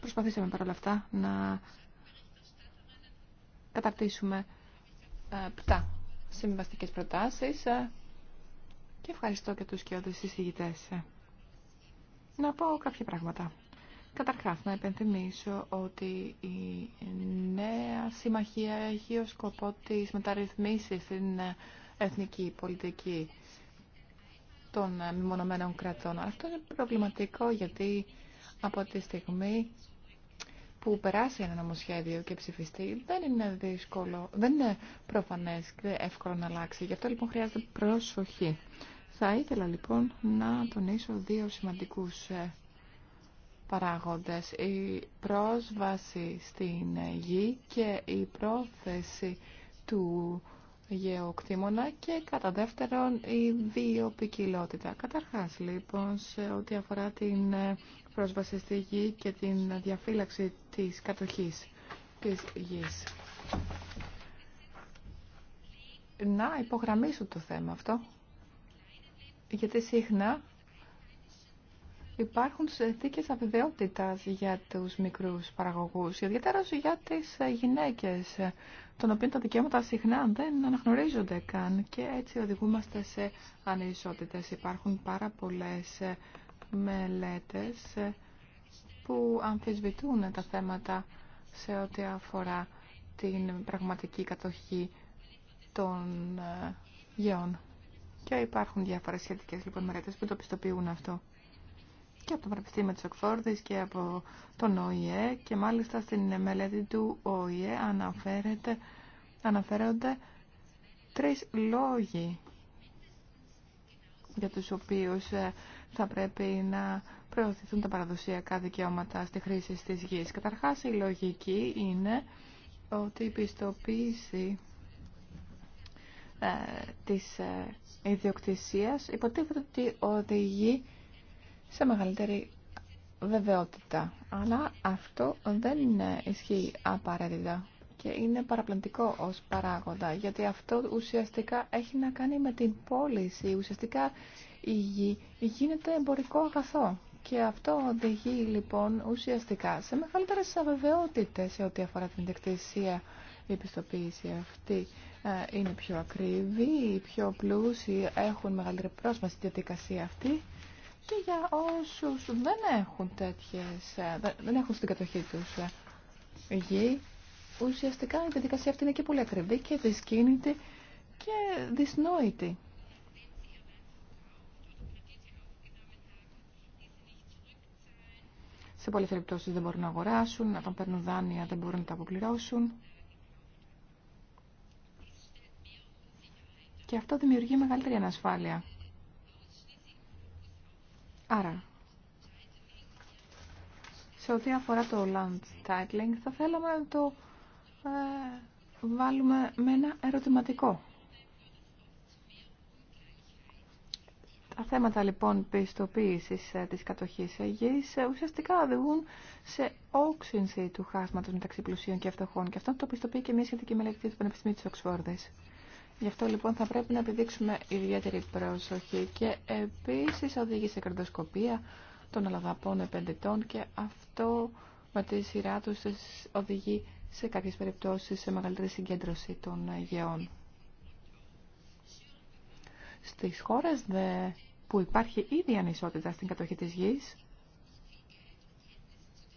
Προσπαθήσαμε παρόλα αυτά να καταρτήσουμε ε, πτά συμβαστικές προτάσεις ε, και ευχαριστώ και τους κοιόδους συζητητές. Ε. Να πω κάποια πράγματα. Καταρχάς, να επενθυμίσω ότι η νέα συμμαχία έχει ως σκοπό τις μεταρρυθμίσεις στην εθνική πολιτική των μεμονωμένων κρατών. Αυτό είναι προβληματικό γιατί από τη στιγμή που περάσει ένα νομοσχέδιο και ψηφιστεί δεν είναι δύσκολο, δεν είναι προφανές και εύκολο να αλλάξει. Γι' αυτό λοιπόν χρειάζεται προσοχή. Θα ήθελα λοιπόν να τονίσω δύο σημαντικούς ε, παράγοντες. Η πρόσβαση στην γη και η πρόθεση του γεωκτήμονα και κατά δεύτερον η βιοπικιλότητα. Καταρχάς λοιπόν σε ό,τι αφορά την ε, πρόσβαση στη γη και την διαφύλαξη της κατοχής της γης. Να υπογραμμίσω το θέμα αυτό, γιατί συχνά υπάρχουν συνθήκες αβεβαιότητας για τους μικρούς παραγωγούς, ιδιαίτερα για τις ε, γυναίκες, των οποίων τα δικαιώματα συχνά δεν αναγνωρίζονται καν και έτσι οδηγούμαστε σε ανισότητες. Υπάρχουν πάρα πολλές ε, μελέτες ε, που αμφισβητούν τα θέματα σε ό,τι αφορά την πραγματική κατοχή των γεών. Και υπάρχουν διάφορες σχετικές λοιπόν μελέτες που το πιστοποιούν αυτό και από το Πανεπιστήμιο της και από τον ΟΗΕ και μάλιστα στην μελέτη του ΟΗΕ αναφέρεται, αναφέρονται τρεις λόγοι για τους οποίους ε, θα πρέπει να προωθηθούν τα παραδοσιακά δικαιώματα στη χρήση της γης. Καταρχάς, η λογική είναι ότι η πιστοποίηση ε, της ε, ιδιοκτησίας υποτίθεται ότι οδηγεί σε μεγαλύτερη βεβαιότητα. Αλλά αυτό δεν ισχύει απαραίτητα και είναι παραπλαντικό ως παράγοντα, γιατί αυτό ουσιαστικά έχει να κάνει με την πώληση. Ουσιαστικά η γη γίνεται εμπορικό αγαθό. Και αυτό οδηγεί λοιπόν ουσιαστικά σε μεγαλύτερε αβεβαιότητε σε ό,τι αφορά την δεκτησία Η επιστοποίηση αυτή ε, είναι πιο ακριβή, οι πιο πλούσιοι έχουν μεγαλύτερη πρόσβαση στη διαδικασία αυτή και για όσους δεν έχουν τέτοιες, ε, δεν έχουν στην κατοχή τους ε, γη, ουσιαστικά η διαδικασία αυτή είναι και πολύ ακριβή και δυσκίνητη και δυσνόητη. Σε πολλές περιπτώσεις δεν μπορούν να αγοράσουν, όταν παίρνουν δάνεια δεν μπορούν να τα αποπληρώσουν. Και αυτό δημιουργεί μεγαλύτερη ανασφάλεια Άρα, σε ό,τι αφορά το land titling, θα θέλαμε να το ε, βάλουμε με ένα ερωτηματικό. Τα θέματα λοιπόν πιστοποίησης ε, της κατοχής γης ε, ουσιαστικά οδηγούν σε όξυνση του χάσματος μεταξύ πλουσίων και φτωχών και αυτό το πιστοποιεί και μια σχετική μελέτη του Πανεπιστημίου της Οξφόρδης. Γι' αυτό λοιπόν θα πρέπει να επιδείξουμε ιδιαίτερη προσοχή και επίσης οδηγεί σε κερδοσκοπία των αλλαδαπών επενδυτών και αυτό με τη σειρά του οδηγεί σε κάποιες περιπτώσεις σε μεγαλύτερη συγκέντρωση των γεών. Στις χώρες δε που υπάρχει ήδη ανισότητα στην κατοχή της γης,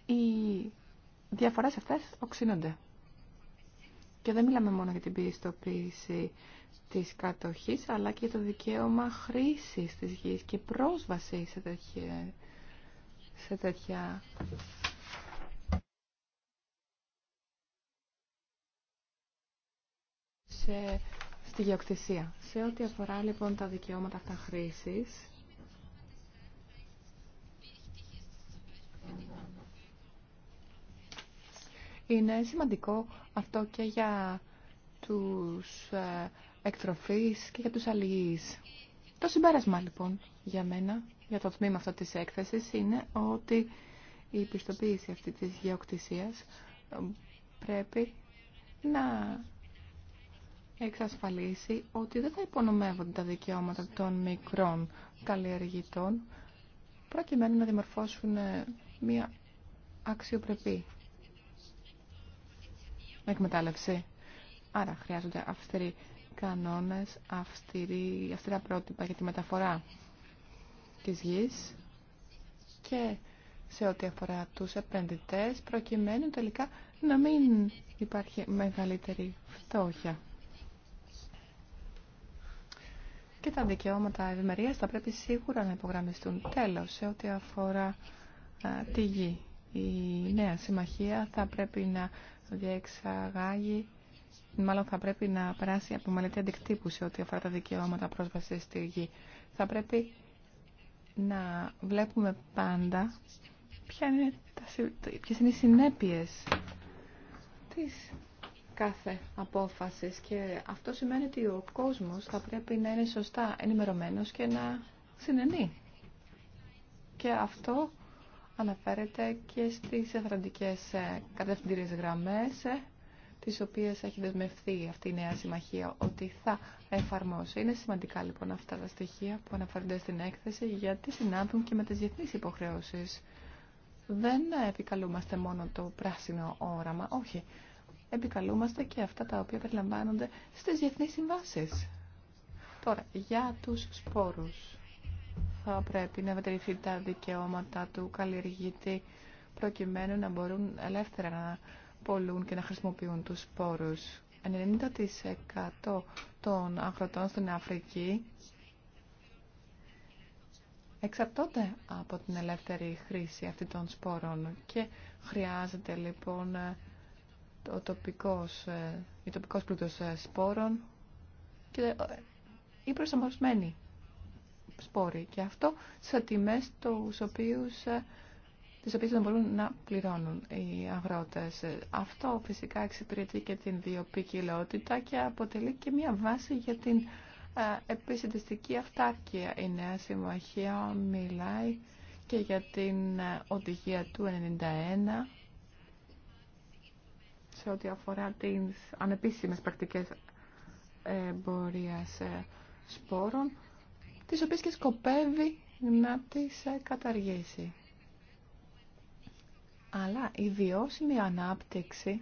οι διαφορές αυτές οξύνονται. Και δεν μιλάμε μόνο για την πιστοποίηση της κατοχής, αλλά και για το δικαίωμα χρήσης της γης και πρόσβαση σε τέτοια, σε τέτοια σε, στη γεωκτησία. Σε ό,τι αφορά λοιπόν τα δικαιώματα αυτά χρήσης, Είναι σημαντικό αυτό και για τους ε, εκτροφείς και για τους αλληλείς. Το συμπέρασμα λοιπόν για μένα, για το τμήμα αυτό της έκθεσης, είναι ότι η πιστοποίηση αυτή της γεωκτησίας πρέπει να εξασφαλίσει ότι δεν θα υπονομεύονται τα δικαιώματα των μικρών καλλιεργητών προκειμένου να δημορφώσουν ε, μια αξιοπρεπή εκμετάλλευση. Άρα χρειάζονται αυστηροί κανόνες, αυστηρή, αυστηρά πρότυπα για τη μεταφορά της γης και σε ό,τι αφορά τους επενδυτές, προκειμένου τελικά να μην υπάρχει μεγαλύτερη φτώχεια. Και τα δικαιώματα ευημερίας θα πρέπει σίγουρα να υπογραμμιστούν. Τέλος, σε ό,τι αφορά τη γη η νέα συμμαχία θα πρέπει να διεξαγάγει Μάλλον θα πρέπει να περάσει από μελέτη αντικτύπου σε ό,τι αφορά τα δικαιώματα πρόσβαση στη γη. Θα πρέπει να βλέπουμε πάντα ποια είναι τα, ποιες είναι οι συνέπειες της κάθε απόφασης και αυτό σημαίνει ότι ο κόσμος θα πρέπει να είναι σωστά ενημερωμένος και να συνενεί. Και αυτό αναφέρεται και στις εθραντικές ε, κατευθυντήριες γραμμές ε, τις οποίες έχει δεσμευθεί αυτή η νέα συμμαχία ότι θα εφαρμόσει. Είναι σημαντικά λοιπόν αυτά τα στοιχεία που αναφέρονται στην έκθεση γιατί συνάπτουν και με τις διεθνείς υποχρεώσεις. Δεν επικαλούμαστε μόνο το πράσινο όραμα, όχι. Επικαλούμαστε και αυτά τα οποία περιλαμβάνονται στις διεθνείς συμβάσεις. Τώρα, για τους σπόρους θα πρέπει να μετρηθεί τα δικαιώματα του καλλιεργητή προκειμένου να μπορούν ελεύθερα να πολλούν και να χρησιμοποιούν τους σπόρους. 90% των αγροτών στην Αφρική εξαρτώνται από την ελεύθερη χρήση αυτών των σπόρων και χρειάζεται λοιπόν ε, ο τοπικός, η τοπικός πλούτος ε, σπόρων και η ε, προσαρμοσμένοι και αυτό σε τιμές τους οποίους ε, τις οποίες δεν μπορούν να πληρώνουν οι αγρότες. Αυτό φυσικά εξυπηρετεί και την βιοποικιλότητα και αποτελεί και μια βάση για την ε, επισητιστική αυτάρκεια. Η Νέα Συμμαχία μιλάει και για την ε, οδηγία του 91 σε ό,τι αφορά τις ανεπίσημες πρακτικές εμπορίας σπόρων τις οποίες και σκοπεύει να τις ε, καταργήσει. Αλλά η βιώσιμη ανάπτυξη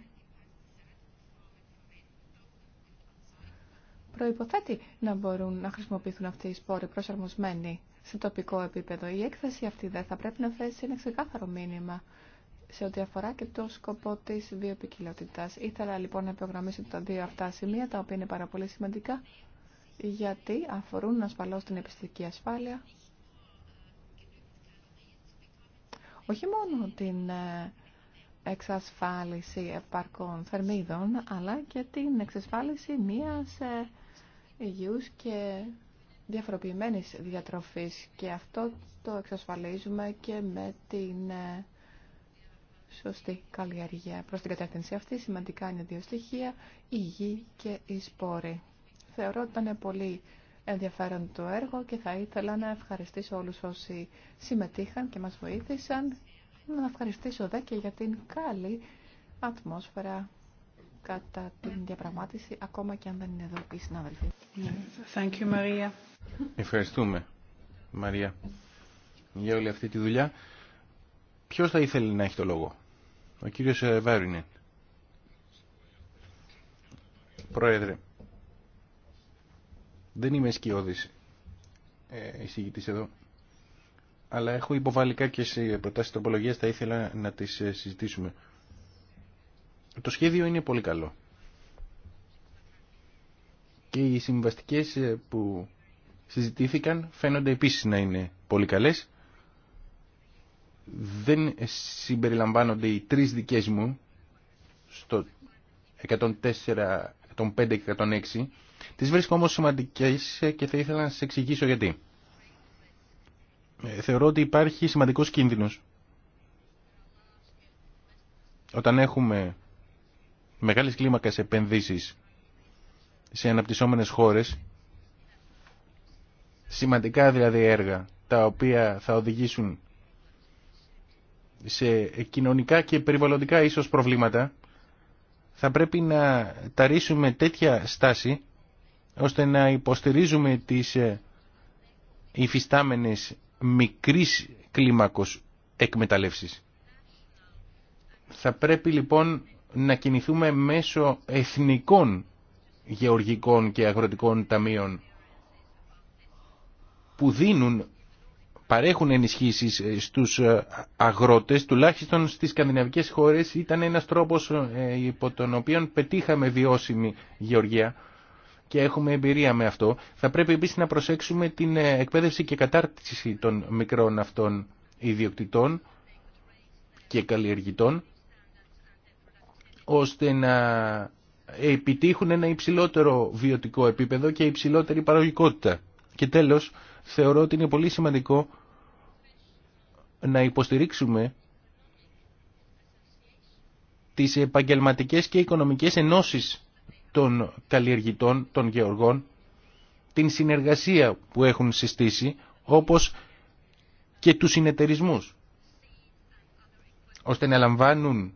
προϋποθέτει να μπορούν να χρησιμοποιηθούν αυτοί οι σπόροι προσαρμοσμένοι σε τοπικό επίπεδο. Η έκθεση αυτή δεν θα πρέπει να θέσει ένα ξεκάθαρο μήνυμα σε ό,τι αφορά και το σκοπό της βιοπικιλότητας. Ήθελα λοιπόν να υπογραμμίσω τα δύο αυτά σημεία, τα οποία είναι πάρα πολύ σημαντικά γιατί αφορούν ασφαλώ την επιστημική ασφάλεια, όχι μόνο την ε, εξασφάλιση επαρκών θερμίδων, αλλά και την εξασφάλιση μίας ε, υγιούς και διαφοροποιημένης διατροφής. Και αυτό το εξασφαλίζουμε και με την ε, σωστή καλλιέργεια. Προς την κατεύθυνση αυτή σημαντικά είναι δύο στοιχεία, η γη και οι σπόροι. Θεωρώ ότι ήταν πολύ ενδιαφέρον το έργο και θα ήθελα να ευχαριστήσω όλους όσοι συμμετείχαν και μας βοήθησαν. Να ευχαριστήσω δε και για την καλή ατμόσφαιρα κατά την διαπραγμάτευση, ακόμα και αν δεν είναι εδώ οι συνάδελφοι. Thank you, Maria. Ευχαριστούμε, Μαρία, για όλη αυτή τη δουλειά. Ποιος θα ήθελε να έχει το λόγο. Ο κύριος ε, Βάρινεν. Πρόεδρε. Δεν είμαι σκιώδης ε, εισηγητής εδώ, αλλά έχω υποβάλει κάποιες ε, προτάσεις τροπολογίας, θα ήθελα να τις ε, συζητήσουμε. Το σχέδιο είναι πολύ καλό. Και οι συμβαστικές που συζητήθηκαν φαίνονται επίσης να είναι πολύ καλές. Δεν συμπεριλαμβάνονται οι τρεις δικές μου στο 104, 105 και 106 Τις βρίσκω όμως σημαντικές και θα ήθελα να σας εξηγήσω γιατί. Ε, θεωρώ ότι υπάρχει σημαντικός κίνδυνος. Όταν έχουμε μεγάλες κλίμακες επενδύσεις σε αναπτυσσόμενες χώρες, σημαντικά δηλαδή έργα, τα οποία θα οδηγήσουν σε κοινωνικά και περιβαλλοντικά ίσως προβλήματα, θα πρέπει να ταρίσουμε τέτοια στάση ώστε να υποστηρίζουμε τις ε, υφιστάμενες μικρής κλίμακος εκμεταλλεύσεις. Θα πρέπει λοιπόν να κινηθούμε μέσω εθνικών γεωργικών και αγροτικών ταμείων που δίνουν, παρέχουν ενισχύσεις ε, στους ε, αγρότες, τουλάχιστον στις σκανδιναβικές χώρες ήταν ένας τρόπος υπό τον οποίο πετύχαμε βιώσιμη γεωργία και έχουμε εμπειρία με αυτό. Θα πρέπει επίσης να προσέξουμε την ε, εκπαίδευση και κατάρτιση των μικρών αυτών ιδιοκτητών και καλλιεργητών ώστε να επιτύχουν ένα υψηλότερο βιωτικό επίπεδο και υψηλότερη παραγωγικότητα. Και τέλος, θεωρώ ότι είναι πολύ σημαντικό να υποστηρίξουμε τις επαγγελματικές και οικονομικές ενώσεις των καλλιεργητών, των γεωργών, την συνεργασία που έχουν συστήσει, όπως και τους συνεταιρισμούς, ώστε να λαμβάνουν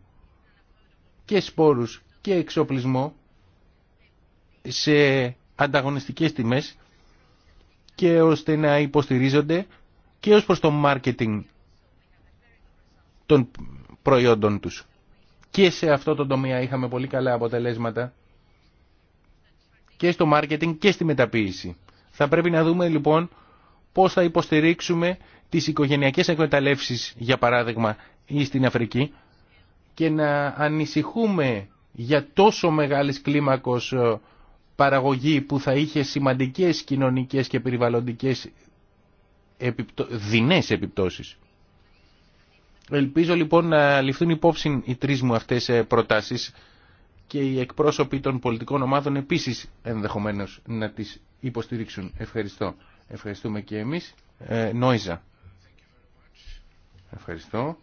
και σπόρους και εξοπλισμό σε ανταγωνιστικές τιμές και ώστε να υποστηρίζονται και ως προς το μάρκετινγκ των προϊόντων τους. Και σε αυτό το τομέα είχαμε πολύ καλά αποτελέσματα και στο μάρκετινγκ και στη μεταποίηση. Θα πρέπει να δούμε λοιπόν πώς θα υποστηρίξουμε τις οικογενειακές εκμεταλλεύσεις, για παράδειγμα, ή στην Αφρική και να ανησυχούμε για τόσο μεγάλης κλίμακος ε, παραγωγή που θα είχε σημαντικές κοινωνικές και περιβαλλοντικές επιπτω... δεινές επιπτώσεις. Ελπίζω λοιπόν να ληφθούν υπόψη οι τρεις μου αυτές ε, προτάσεις και οι εκπρόσωποι των πολιτικών ομάδων επίσης ενδεχομένως να τις υποστηρίξουν. Ευχαριστώ. Ευχαριστούμε και εμείς. Ε, Νόιζα. Ευχαριστώ.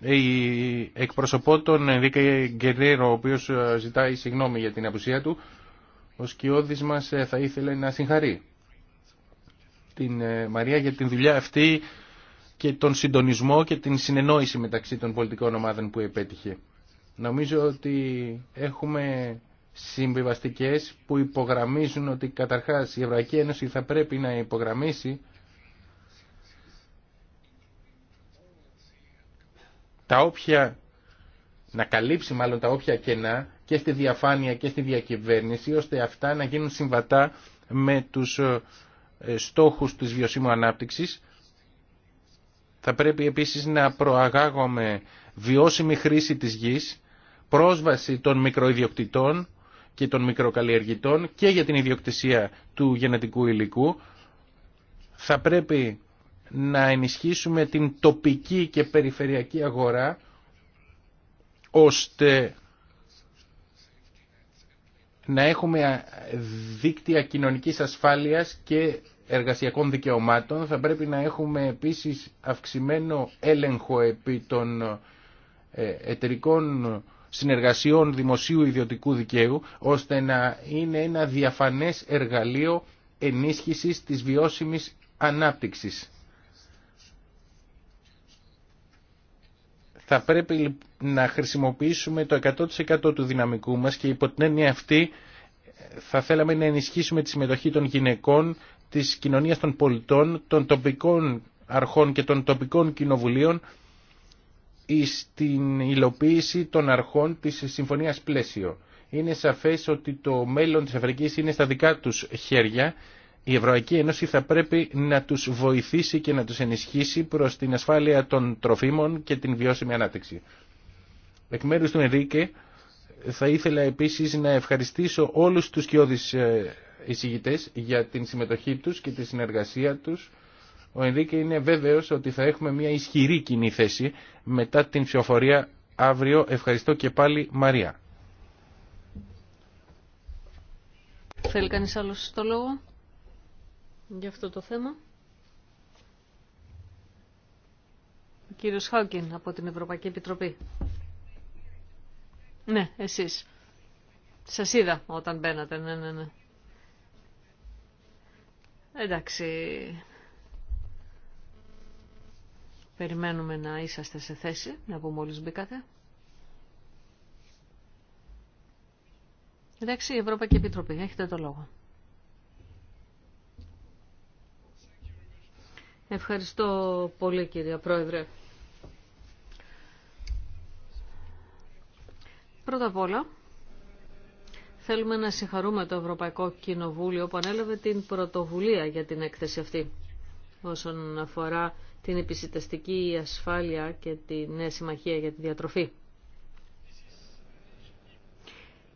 Ε, η εκπροσωπώ των, Δίκα ο οποίος ε, ζητάει συγγνώμη για την απουσία του. Ο σκιώδης μας θα ήθελε να συγχαρεί την Μαρία για την δουλειά αυτή και τον συντονισμό και την συνεννόηση μεταξύ των πολιτικών ομάδων που επέτυχε. Νομίζω ότι έχουμε συμβιβαστικές που υπογραμμίζουν ότι καταρχάς η Ευρωπαϊκή Ένωση θα πρέπει να υπογραμμίσει τα όποια, να καλύψει μάλλον τα όποια κενά και στη διαφάνεια και στη διακυβέρνηση ώστε αυτά να γίνουν συμβατά με τους ε, στόχους της βιωσίμου ανάπτυξης θα πρέπει επίσης να προαγάγουμε βιώσιμη χρήση της γης, πρόσβαση των μικροϊδιοκτητών και των μικροκαλλιεργητών και για την ιδιοκτησία του γενετικού υλικού. Θα πρέπει να ενισχύσουμε την τοπική και περιφερειακή αγορά ώστε να έχουμε δίκτυα κοινωνικής ασφάλειας και εργασιακών δικαιωμάτων θα πρέπει να έχουμε επίσης αυξημένο έλεγχο επί των ε, εταιρικών συνεργασιών δημοσίου ιδιωτικού δικαίου ώστε να είναι ένα διαφανές εργαλείο ενίσχυσης της βιώσιμης ανάπτυξης. Θα πρέπει να χρησιμοποιήσουμε το 100% του δυναμικού μας και υπό την έννοια αυτή ε, θα θέλαμε να ενισχύσουμε τη συμμετοχή των γυναικών της κοινωνίας των πολιτών, των τοπικών αρχών και των τοπικών κοινοβουλίων στην υλοποίηση των αρχών της συμφωνίας πλαίσιο. Είναι σαφές ότι το μέλλον της Αφρικής είναι στα δικά τους χέρια. Η Ευρωπαϊκή Ένωση θα πρέπει να τους βοηθήσει και να τους ενισχύσει προς την ασφάλεια των τροφίμων και την βιώσιμη ανάπτυξη. Εκ μέρους του Ενρίκε θα ήθελα επίσης να ευχαριστήσω όλους τους κοιόδης εισηγητές για την συμμετοχή τους και τη συνεργασία τους. Ο Ενρίκε είναι βέβαιος ότι θα έχουμε μια ισχυρή κοινή θέση μετά την ψηφοφορία αύριο. Ευχαριστώ και πάλι Μαρία. Θέλει κανείς άλλος το λόγο για αυτό το θέμα. Κύριο κύριος από την Ευρωπαϊκή Επιτροπή. Ναι, εσείς. Σας είδα όταν μπαίνατε, ναι, ναι, ναι. Εντάξει, περιμένουμε να είσαστε σε θέση, να πω μόλις μπήκατε. Εντάξει, η Ευρωπαϊκή Επιτροπή, έχετε το λόγο. Ευχαριστώ πολύ κυρία Πρόεδρε. Πρώτα απ' όλα, Θέλουμε να συγχαρούμε το Ευρωπαϊκό Κοινοβούλιο που ανέλαβε την πρωτοβουλία για την έκθεση αυτή όσον αφορά την επισυταστική ασφάλεια και τη νέα συμμαχία για τη διατροφή.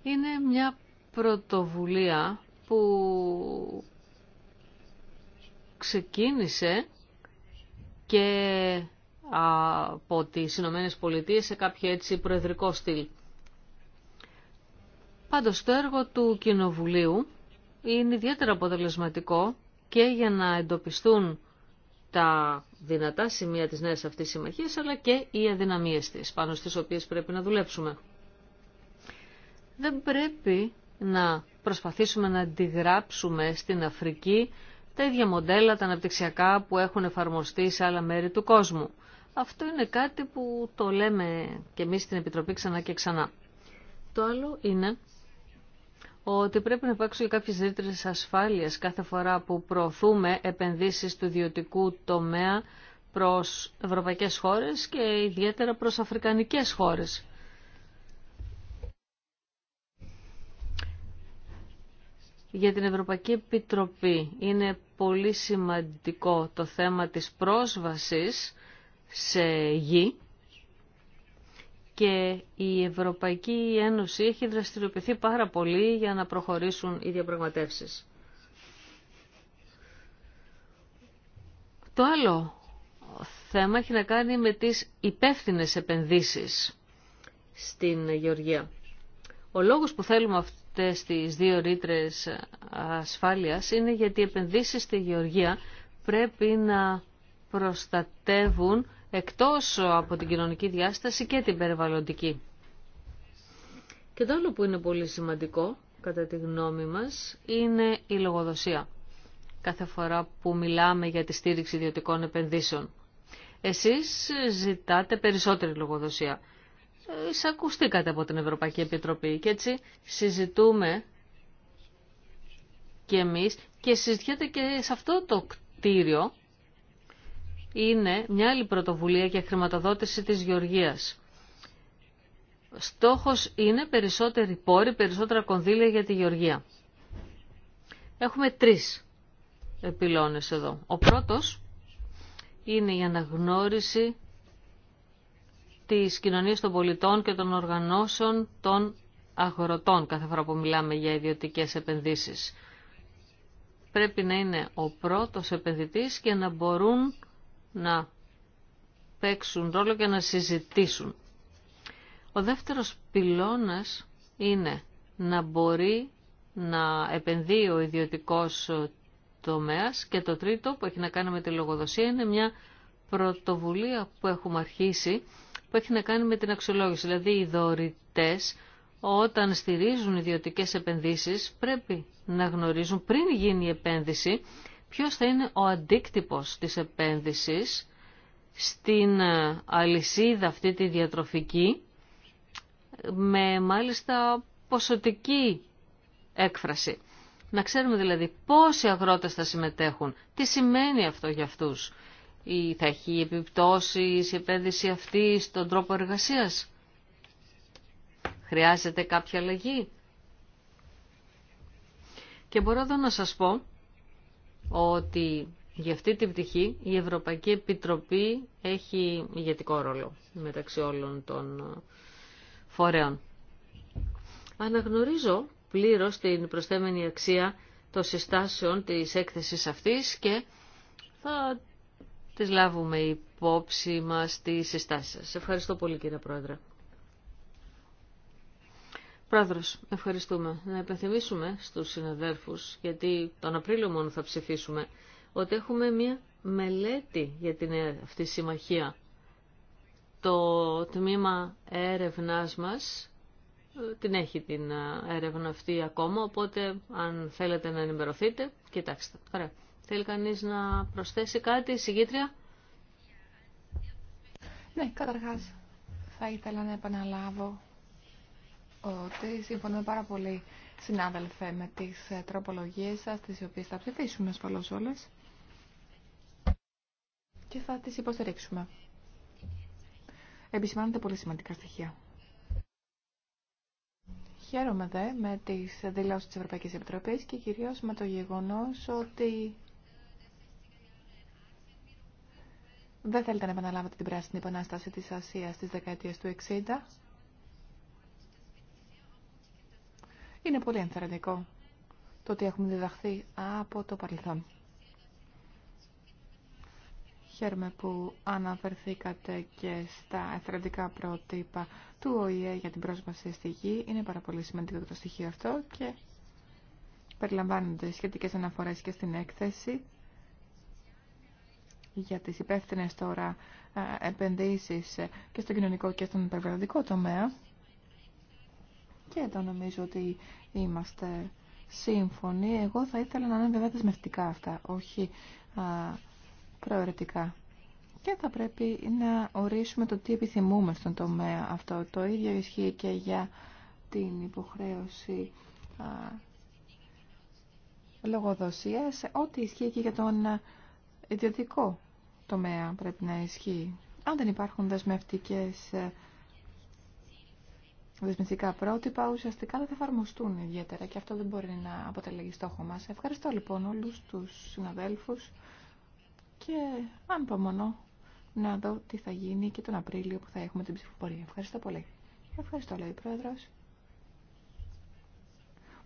Είναι μια πρωτοβουλία που ξεκίνησε και από τις Ηνωμένε Πολιτείες σε κάποιο έτσι προεδρικό στυλ. Πάντως το έργο του Κοινοβουλίου είναι ιδιαίτερα αποτελεσματικό και για να εντοπιστούν τα δυνατά σημεία της νέας αυτής συμμαχίας, αλλά και οι αδυναμίες της, πάνω στις οποίες πρέπει να δουλέψουμε. Δεν πρέπει να προσπαθήσουμε να αντιγράψουμε στην Αφρική τα ίδια μοντέλα, τα αναπτυξιακά που έχουν εφαρμοστεί σε άλλα μέρη του κόσμου. Αυτό είναι κάτι που το λέμε και εμείς στην Επιτροπή ξανά και ξανά. Το άλλο είναι ότι πρέπει να υπάρξουν κάποιες ρήτρες ασφάλειες κάθε φορά που προωθούμε επενδύσεις του ιδιωτικού τομέα προς ευρωπαϊκές χώρες και ιδιαίτερα προς αφρικανικές χώρες. Για την Ευρωπαϊκή Επιτροπή είναι πολύ σημαντικό το θέμα της πρόσβασης σε γη και η Ευρωπαϊκή Ένωση έχει δραστηριοποιηθεί πάρα πολύ για να προχωρήσουν οι διαπραγματεύσεις. Το άλλο θέμα έχει να κάνει με τις υπεύθυνες επενδύσεις στην Γεωργία. Ο λόγος που θέλουμε αυτές τις δύο ρήτρε ασφάλειας είναι γιατί οι επενδύσεις στη Γεωργία πρέπει να προστατεύουν εκτός από την κοινωνική διάσταση και την περιβαλλοντική. Και το άλλο που είναι πολύ σημαντικό, κατά τη γνώμη μας, είναι η λογοδοσία. Κάθε φορά που μιλάμε για τη στήριξη ιδιωτικών επενδύσεων. Εσείς ζητάτε περισσότερη λογοδοσία. Εισακουστήκατε από την Ευρωπαϊκή Επιτροπή και έτσι συζητούμε και εμείς και συζητιέται και σε αυτό το κτίριο είναι μια άλλη πρωτοβουλία για χρηματοδότηση της γεωργίας. Στόχος είναι περισσότεροι πόροι, περισσότερα κονδύλια για τη γεωργία. Έχουμε τρεις επιλόνες εδώ. Ο πρώτος είναι η αναγνώριση της κοινωνίας των πολιτών και των οργανώσεων των αγροτών κάθε φορά που μιλάμε για ιδιωτικές επενδύσεις. Πρέπει να είναι ο πρώτος επενδυτής και να μπορούν να παίξουν ρόλο και να συζητήσουν. Ο δεύτερος πυλώνας είναι να μπορεί να επενδύει ο ιδιωτικός τομέας και το τρίτο που έχει να κάνει με τη λογοδοσία είναι μια πρωτοβουλία που έχουμε αρχίσει που έχει να κάνει με την αξιολόγηση. Δηλαδή οι δωρητές όταν στηρίζουν ιδιωτικές επενδύσεις πρέπει να γνωρίζουν πριν γίνει η επένδυση ποιος θα είναι ο αντίκτυπος της επένδυσης στην ε, αλυσίδα αυτή τη διατροφική με μάλιστα ποσοτική έκφραση. Να ξέρουμε δηλαδή πόσοι αγρότες θα συμμετέχουν, τι σημαίνει αυτό για αυτούς. Ή θα έχει επιπτώσεις η επένδυση αυτή στον τρόπο εργασίας. Χρειάζεται κάποια αλλαγή. Και μπορώ εδώ να σας πω ότι για αυτή την πτυχή η Ευρωπαϊκή Επιτροπή έχει ηγετικό ρόλο μεταξύ όλων των φορέων. Αναγνωρίζω πλήρως την προσθέμενη αξία των συστάσεων της έκθεσης αυτής και θα τις λάβουμε υπόψη μας τις συστάσεις σας. Ευχαριστώ πολύ κύριε Πρόεδρε. Πρόεδρος, ευχαριστούμε. Να υπενθυμίσουμε στους συναδέρφους, γιατί τον Απρίλιο μόνο θα ψηφίσουμε, ότι έχουμε μία μελέτη για την ε, αυτή συμμαχία. Το τμήμα έρευνάς μας ε, την έχει την ε, έρευνα αυτή ακόμα, οπότε αν θέλετε να ενημερωθείτε, κοιτάξτε. Ωραία. Θέλει κανείς να προσθέσει κάτι, συγκήτρια. Ναι, καταρχάς θα ήθελα να επαναλάβω ότι συμφωνούμε πάρα πολύ, συνάδελφε, με τις ε, τροπολογίες σας, τις οποίες θα ψηφίσουμε ασφαλώς όλες και θα τις υποστηρίξουμε. Επισημάνονται πολύ σημαντικά στοιχεία. Χαίρομαι δε με τις δηλώσεις της Ευρωπαϊκής Επιτροπής και κυρίως με το γεγονός ότι δεν θέλετε να επαναλάβετε την πράσινη επανάσταση της Ασίας στις δεκαετίες του 60 Είναι πολύ ενθαρρυντικό το ότι έχουμε διδαχθεί από το παρελθόν. Χαίρομαι που αναφερθήκατε και στα ενθαρρυντικά πρότυπα του ΟΗΕ για την πρόσβαση στη γη. Είναι πάρα πολύ σημαντικό το στοιχείο αυτό και περιλαμβάνονται σχετικές αναφορές και στην έκθεση για τις υπεύθυνε τώρα ε, επενδύσεις και στο κοινωνικό και στον περιβαλλοντικό τομέα. Και εδώ νομίζω ότι είμαστε σύμφωνοι. Εγώ θα ήθελα να είναι βέβαια δεσμευτικά αυτά, όχι α, προαιρετικά. Και θα πρέπει να ορίσουμε το τι επιθυμούμε στον τομέα αυτό. Το ίδιο ισχύει και για την υποχρέωση α, λογοδοσίας, ό,τι ισχύει και για τον ιδιωτικό τομέα πρέπει να ισχύει. Αν δεν υπάρχουν δεσμευτικές ε, δεσμευτικά πρότυπα ουσιαστικά δεν θα εφαρμοστούν ιδιαίτερα και αυτό δεν μπορεί να αποτελεί στόχο μας. Ευχαριστώ λοιπόν όλους τους συναδέλφους και αν υπομονώ να δω τι θα γίνει και τον Απρίλιο που θα έχουμε την ψηφοφορία. Ευχαριστώ πολύ. Ευχαριστώ λέει η Πρόεδρος.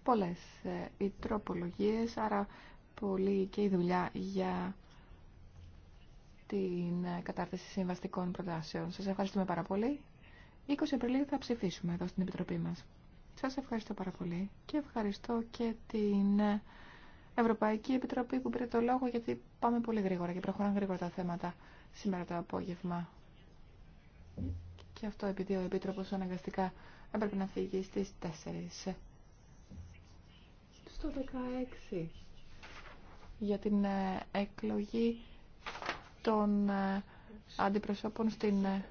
Πολλές ε, οι τροπολογίες, άρα πολύ και η δουλειά για την ε, κατάρτιση συμβαστικών προτάσεων. Σας ευχαριστούμε πάρα πολύ. 20 Απριλίου θα ψηφίσουμε εδώ στην Επιτροπή μας. Σας ευχαριστώ πάρα πολύ και ευχαριστώ και την Ευρωπαϊκή Επιτροπή που πήρε το λόγο γιατί πάμε πολύ γρήγορα και προχωράνε γρήγορα τα θέματα σήμερα το απόγευμα. Και αυτό επειδή ο Επίτροπος αναγκαστικά έπρεπε να φύγει στις 4. Στο 16 για την ε, εκλογή των ε, αντιπροσώπων στην ε,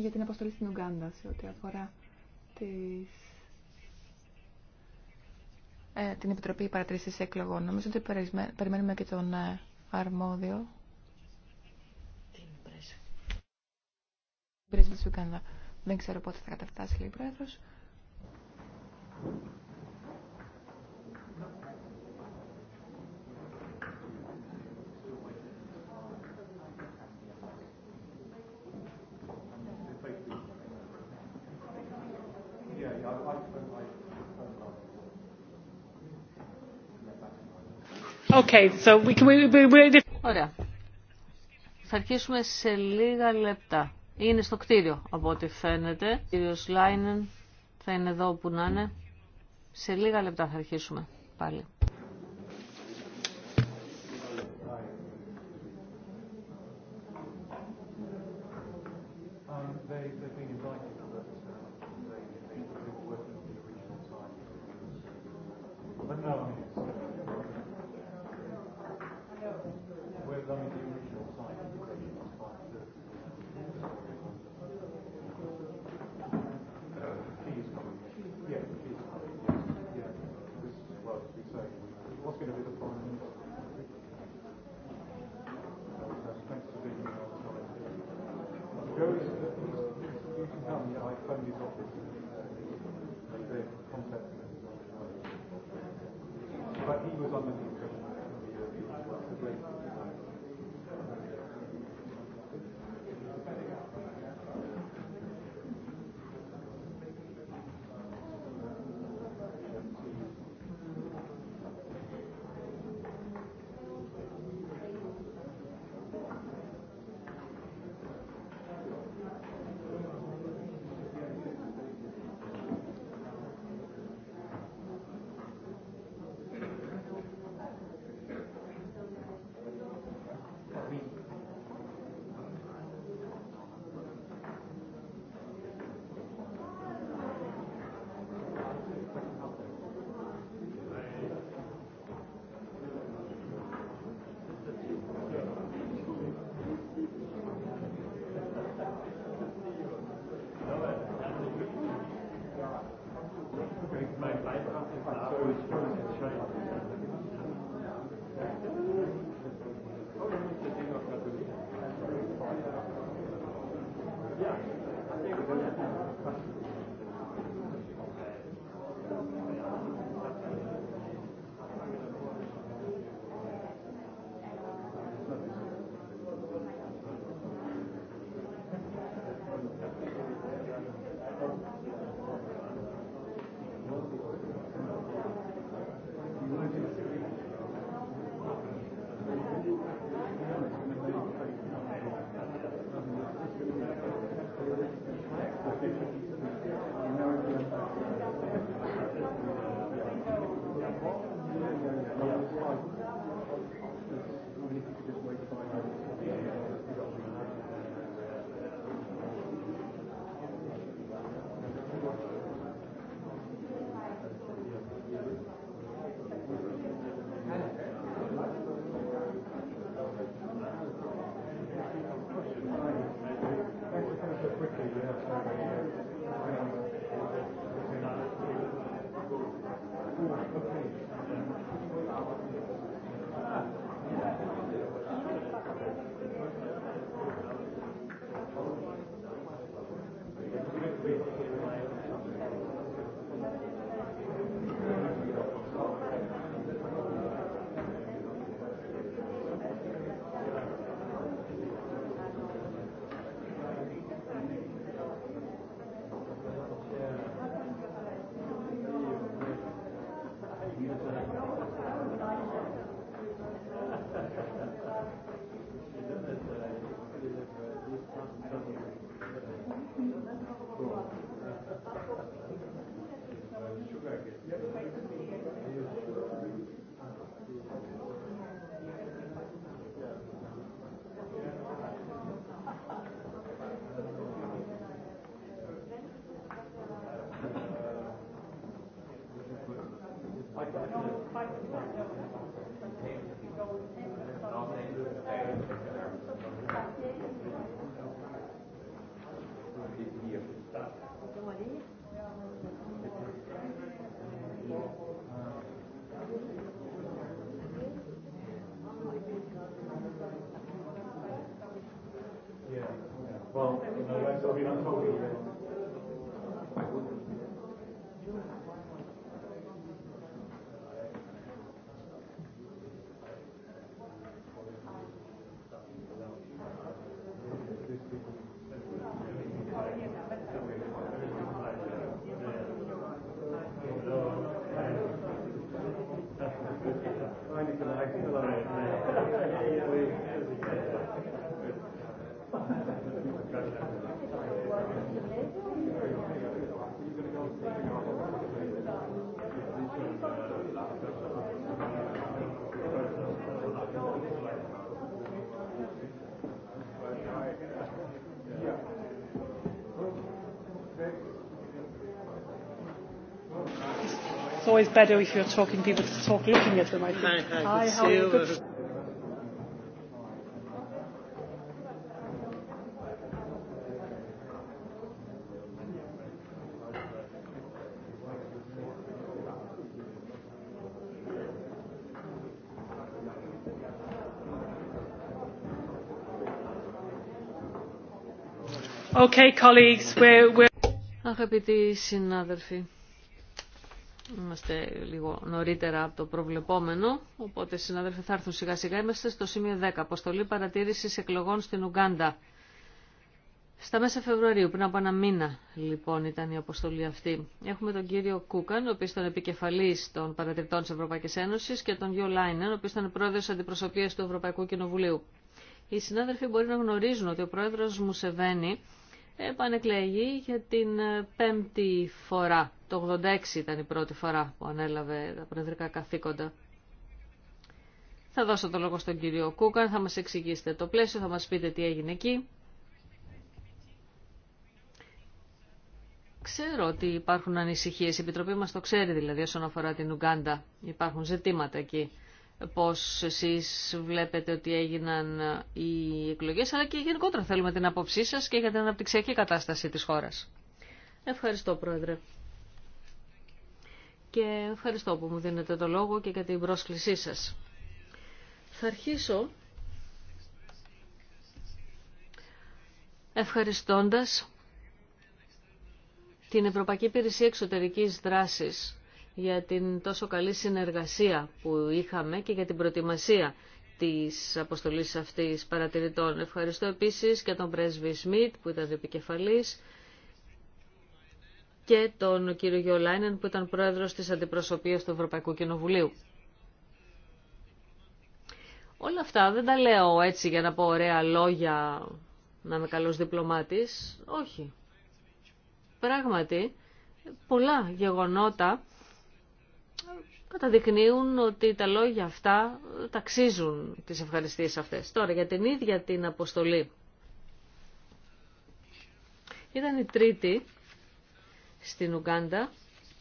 για την αποστολή στην Ουγγάντα σε ό,τι αφορά τις... ε, την Επιτροπή Παρατήρησης Εκλογών. Νομίζω ότι περιμένουμε και τον ε, αρμόδιο. Την πρέσβη. της Ουγγάντα. Δεν ξέρω πότε θα καταφτάσει, λέει η Πρόεδρος. Ωραία. Θα αρχίσουμε σε λίγα λεπτά. Είναι στο κτίριο από ό,τι φαίνεται. Ο κύριος Λάινεν θα είναι εδώ όπου να είναι. Σε λίγα λεπτά θα αρχίσουμε πάλι. always better if you're talking people to talk looking at them, I think. Hi, how are you? Okay, colleagues, we're, we're... Αγαπητοί συνάδελφοι, είμαστε λίγο νωρίτερα από το προβλεπόμενο, οπότε συνάδελφοι θα έρθουν σιγά σιγά. Είμαστε στο σημείο 10, αποστολή παρατήρησης εκλογών στην Ουγγάντα. Στα μέσα Φεβρουαρίου, πριν από ένα μήνα, λοιπόν, ήταν η αποστολή αυτή. Έχουμε τον κύριο Κούκαν, ο οποίο ήταν επικεφαλή των παρατηρητών τη Ευρωπαϊκή Ένωση, και τον Γιώ Λάινεν, ο οποίο ήταν πρόεδρο αντιπροσωπεία του Ευρωπαϊκού Κοινοβουλίου. Οι συνάδελφοι μπορεί να γνωρίζουν ότι ο πρόεδρο Μουσεβένη επανεκλέγει για την ε, πέμπτη φορά το 86 ήταν η πρώτη φορά που ανέλαβε τα προεδρικά καθήκοντα. Θα δώσω το λόγο στον κύριο Κούκαν, θα μας εξηγήσετε το πλαίσιο, θα μας πείτε τι έγινε εκεί. Ξέρω ότι υπάρχουν ανησυχίες, η Επιτροπή μας το ξέρει δηλαδή όσον αφορά την Ουγκάντα. Υπάρχουν ζητήματα εκεί, πώς εσείς βλέπετε ότι έγιναν οι εκλογές, αλλά και γενικότερα θέλουμε την άποψή σας και για την αναπτυξιακή κατάσταση της χώρας. Ευχαριστώ Πρόεδρε και ευχαριστώ που μου δίνετε το λόγο και για την πρόσκλησή σας. Θα αρχίσω ευχαριστώντας την Ευρωπαϊκή Υπηρεσία Εξωτερικής Δράσης για την τόσο καλή συνεργασία που είχαμε και για την προετοιμασία της αποστολής αυτής παρατηρητών. Ευχαριστώ επίσης και τον πρέσβη Σμιτ που ήταν επικεφαλής και τον κύριο Γιολάινεν που ήταν πρόεδρος της Αντιπροσωπείας του Ευρωπαϊκού Κοινοβουλίου. Όλα αυτά δεν τα λέω έτσι για να πω ωραία λόγια, να είμαι καλός διπλωμάτης. Όχι. Πράγματι, πολλά γεγονότα καταδεικνύουν ότι τα λόγια αυτά ταξίζουν τις ευχαριστίες αυτές. Τώρα, για την ίδια την αποστολή. Ήταν η τρίτη στην Ουγκάντα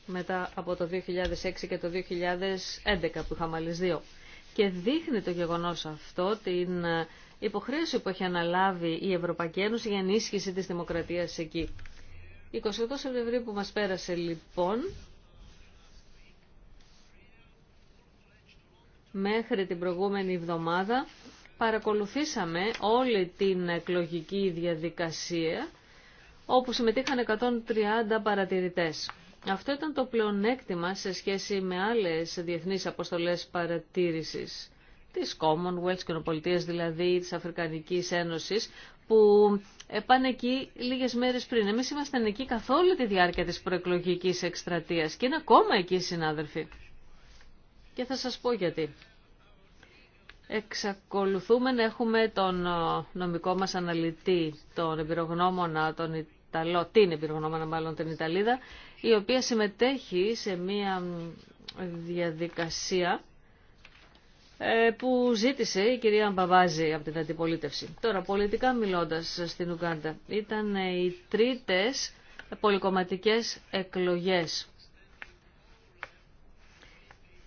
μετά από το 2006 και το 2011 που είχαμε άλλες δύο. Και δείχνει το γεγονός αυτό την ε, υποχρέωση που έχει αναλάβει η Ευρωπαϊκή Ένωση για ενίσχυση της δημοκρατίας εκεί. 28 Σεπτεμβρίου που μας πέρασε λοιπόν, μέχρι την προηγούμενη εβδομάδα, παρακολουθήσαμε όλη την εκλογική διαδικασία όπου συμμετείχαν 130 παρατηρητές. Αυτό ήταν το πλεονέκτημα σε σχέση με άλλες διεθνείς αποστολές παρατήρησης της Commonwealth, κοινοπολιτείας δηλαδή, της Αφρικανικής Ένωσης, που πάνε εκεί λίγες μέρες πριν. Εμείς ήμασταν εκεί καθόλου τη διάρκεια της προεκλογικής εκστρατείας και είναι ακόμα εκεί συνάδελφοι. Και θα σας πω γιατί. Εξακολουθούμε να έχουμε τον ε, νομικό μας αναλυτή, τον εμπειρογνώμονα, τον τα την εμπειρογνώμανα μάλλον την Ιταλίδα, η οποία συμμετέχει σε μία διαδικασία ε, που ζήτησε η κυρία Μπαβάζη από την αντιπολίτευση. Τώρα, πολιτικά μιλώντας στην Ουγκάντα, ήταν οι τρίτες πολυκομματικές εκλογές.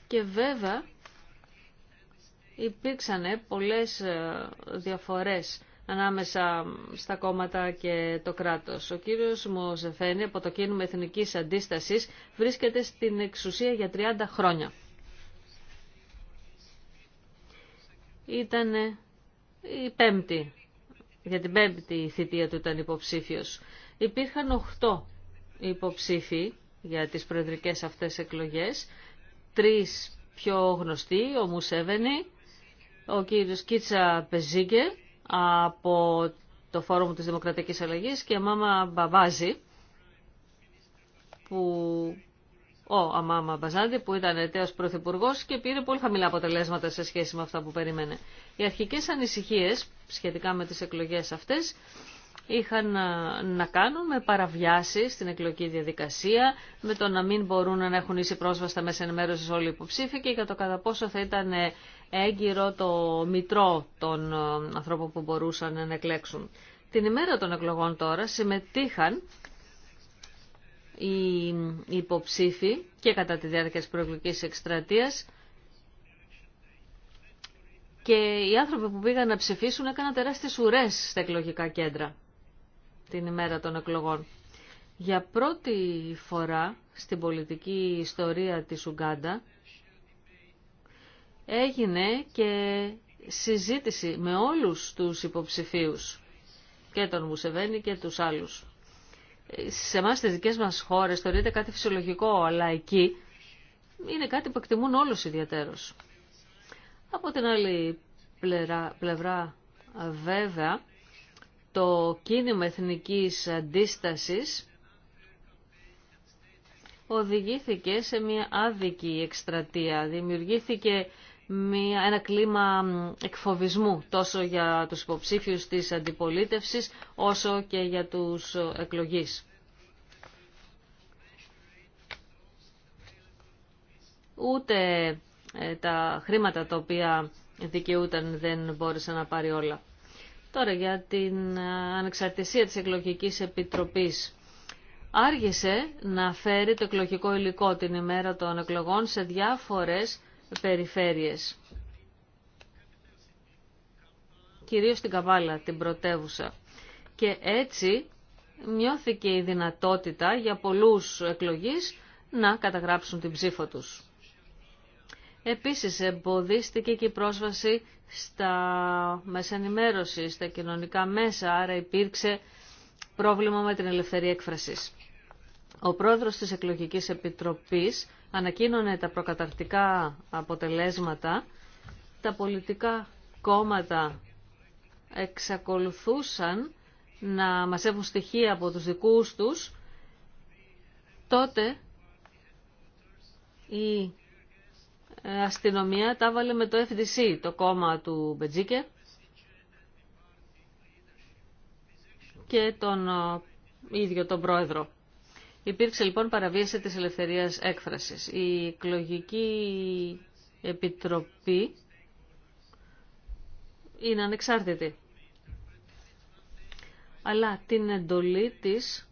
Και βέβαια υπήρξαν πολλές ε, διαφορές ανάμεσα στα κόμματα και το κράτος. Ο κύριος Μοζεφένη από το κίνημα Εθνικής Αντίστασης βρίσκεται στην εξουσία για 30 χρόνια. Ήταν η πέμπτη, για την πέμπτη θητεία του ήταν υποψήφιος. Υπήρχαν 8 υποψήφοι για τις προεδρικές αυτές εκλογές, τρεις πιο γνωστοί, ο Μουσέβενη, ο κύριος Κίτσα Πεζίγκε από το Φόρουμ της Δημοκρατικής Αλλαγής και η Αμάμα Μπαμπάζη, που... ο Αμάμα Μπαζάντη, που ήταν εταίος πρωθυπουργός και πήρε πολύ χαμηλά αποτελέσματα σε σχέση με αυτά που περίμενε. Οι αρχικές ανησυχίες σχετικά με τις εκλογές αυτές είχαν ε, να κάνουν με παραβιάσεις στην εκλογική διαδικασία, με το να μην μπορούν να έχουν ίση πρόσβαση στα μέσα ενημέρωση όλοι οι υποψήφοι και για το κατά πόσο θα ήταν ε, έγκυρο το μητρό των ε, ανθρώπων που μπορούσαν να εκλέξουν. Την ημέρα των εκλογών τώρα συμμετείχαν οι υποψήφοι και κατά τη διάρκεια της προεκλογικής εκστρατείας και οι άνθρωποι που πήγαν να ψηφίσουν έκαναν τεράστιες ουρές στα εκλογικά κέντρα την ημέρα των εκλογών. Για πρώτη φορά στην πολιτική ιστορία της Ουγκάντα έγινε και συζήτηση με όλους τους υποψηφίους και τον Μουσεβένη και τους άλλους. Σε εμά στις δικές μας χώρες θεωρείται κάτι φυσιολογικό, αλλά εκεί είναι κάτι που εκτιμούν όλους ιδιαίτερος. Από την άλλη πλευρά, πλευρά βέβαια, το κίνημα εθνικής αντίστασης οδηγήθηκε σε μια άδικη εκστρατεία. Δημιουργήθηκε μια, ένα κλίμα εκφοβισμού τόσο για τους υποψήφιους της αντιπολίτευσης όσο και για τους εκλογείς. Ούτε ε, τα χρήματα τα οποία δικαιούταν δεν μπόρεσαν να πάρει όλα. Τώρα για την ε, ανεξαρτησία της εκλογικής επιτροπής. Άργησε να φέρει το εκλογικό υλικό την ημέρα των εκλογών σε διάφορες περιφέρειες. Κυρίως στην Καβάλα, την πρωτεύουσα. Και έτσι μειώθηκε η δυνατότητα για πολλούς εκλογείς να καταγράψουν την ψήφο τους. Επίσης εμποδίστηκε και η πρόσβαση στα μέσα ενημέρωση, στα κοινωνικά μέσα, άρα υπήρξε πρόβλημα με την ελευθερία έκφρασης. Ο πρόεδρος της Εκλογικής Επιτροπής ανακοίνωνε τα προκαταρτικά αποτελέσματα. Τα πολιτικά κόμματα εξακολουθούσαν να μαζεύουν στοιχεία από τους δικούς τους. Τότε η ε, αστυνομία τα βάλε με το FDC, το κόμμα του Μπετζίκε και τον ε, ίδιο τον πρόεδρο. Υπήρξε λοιπόν παραβίαση της ελευθερίας έκφρασης. Η εκλογική επιτροπή είναι ανεξάρτητη. Αλλά την εντολή της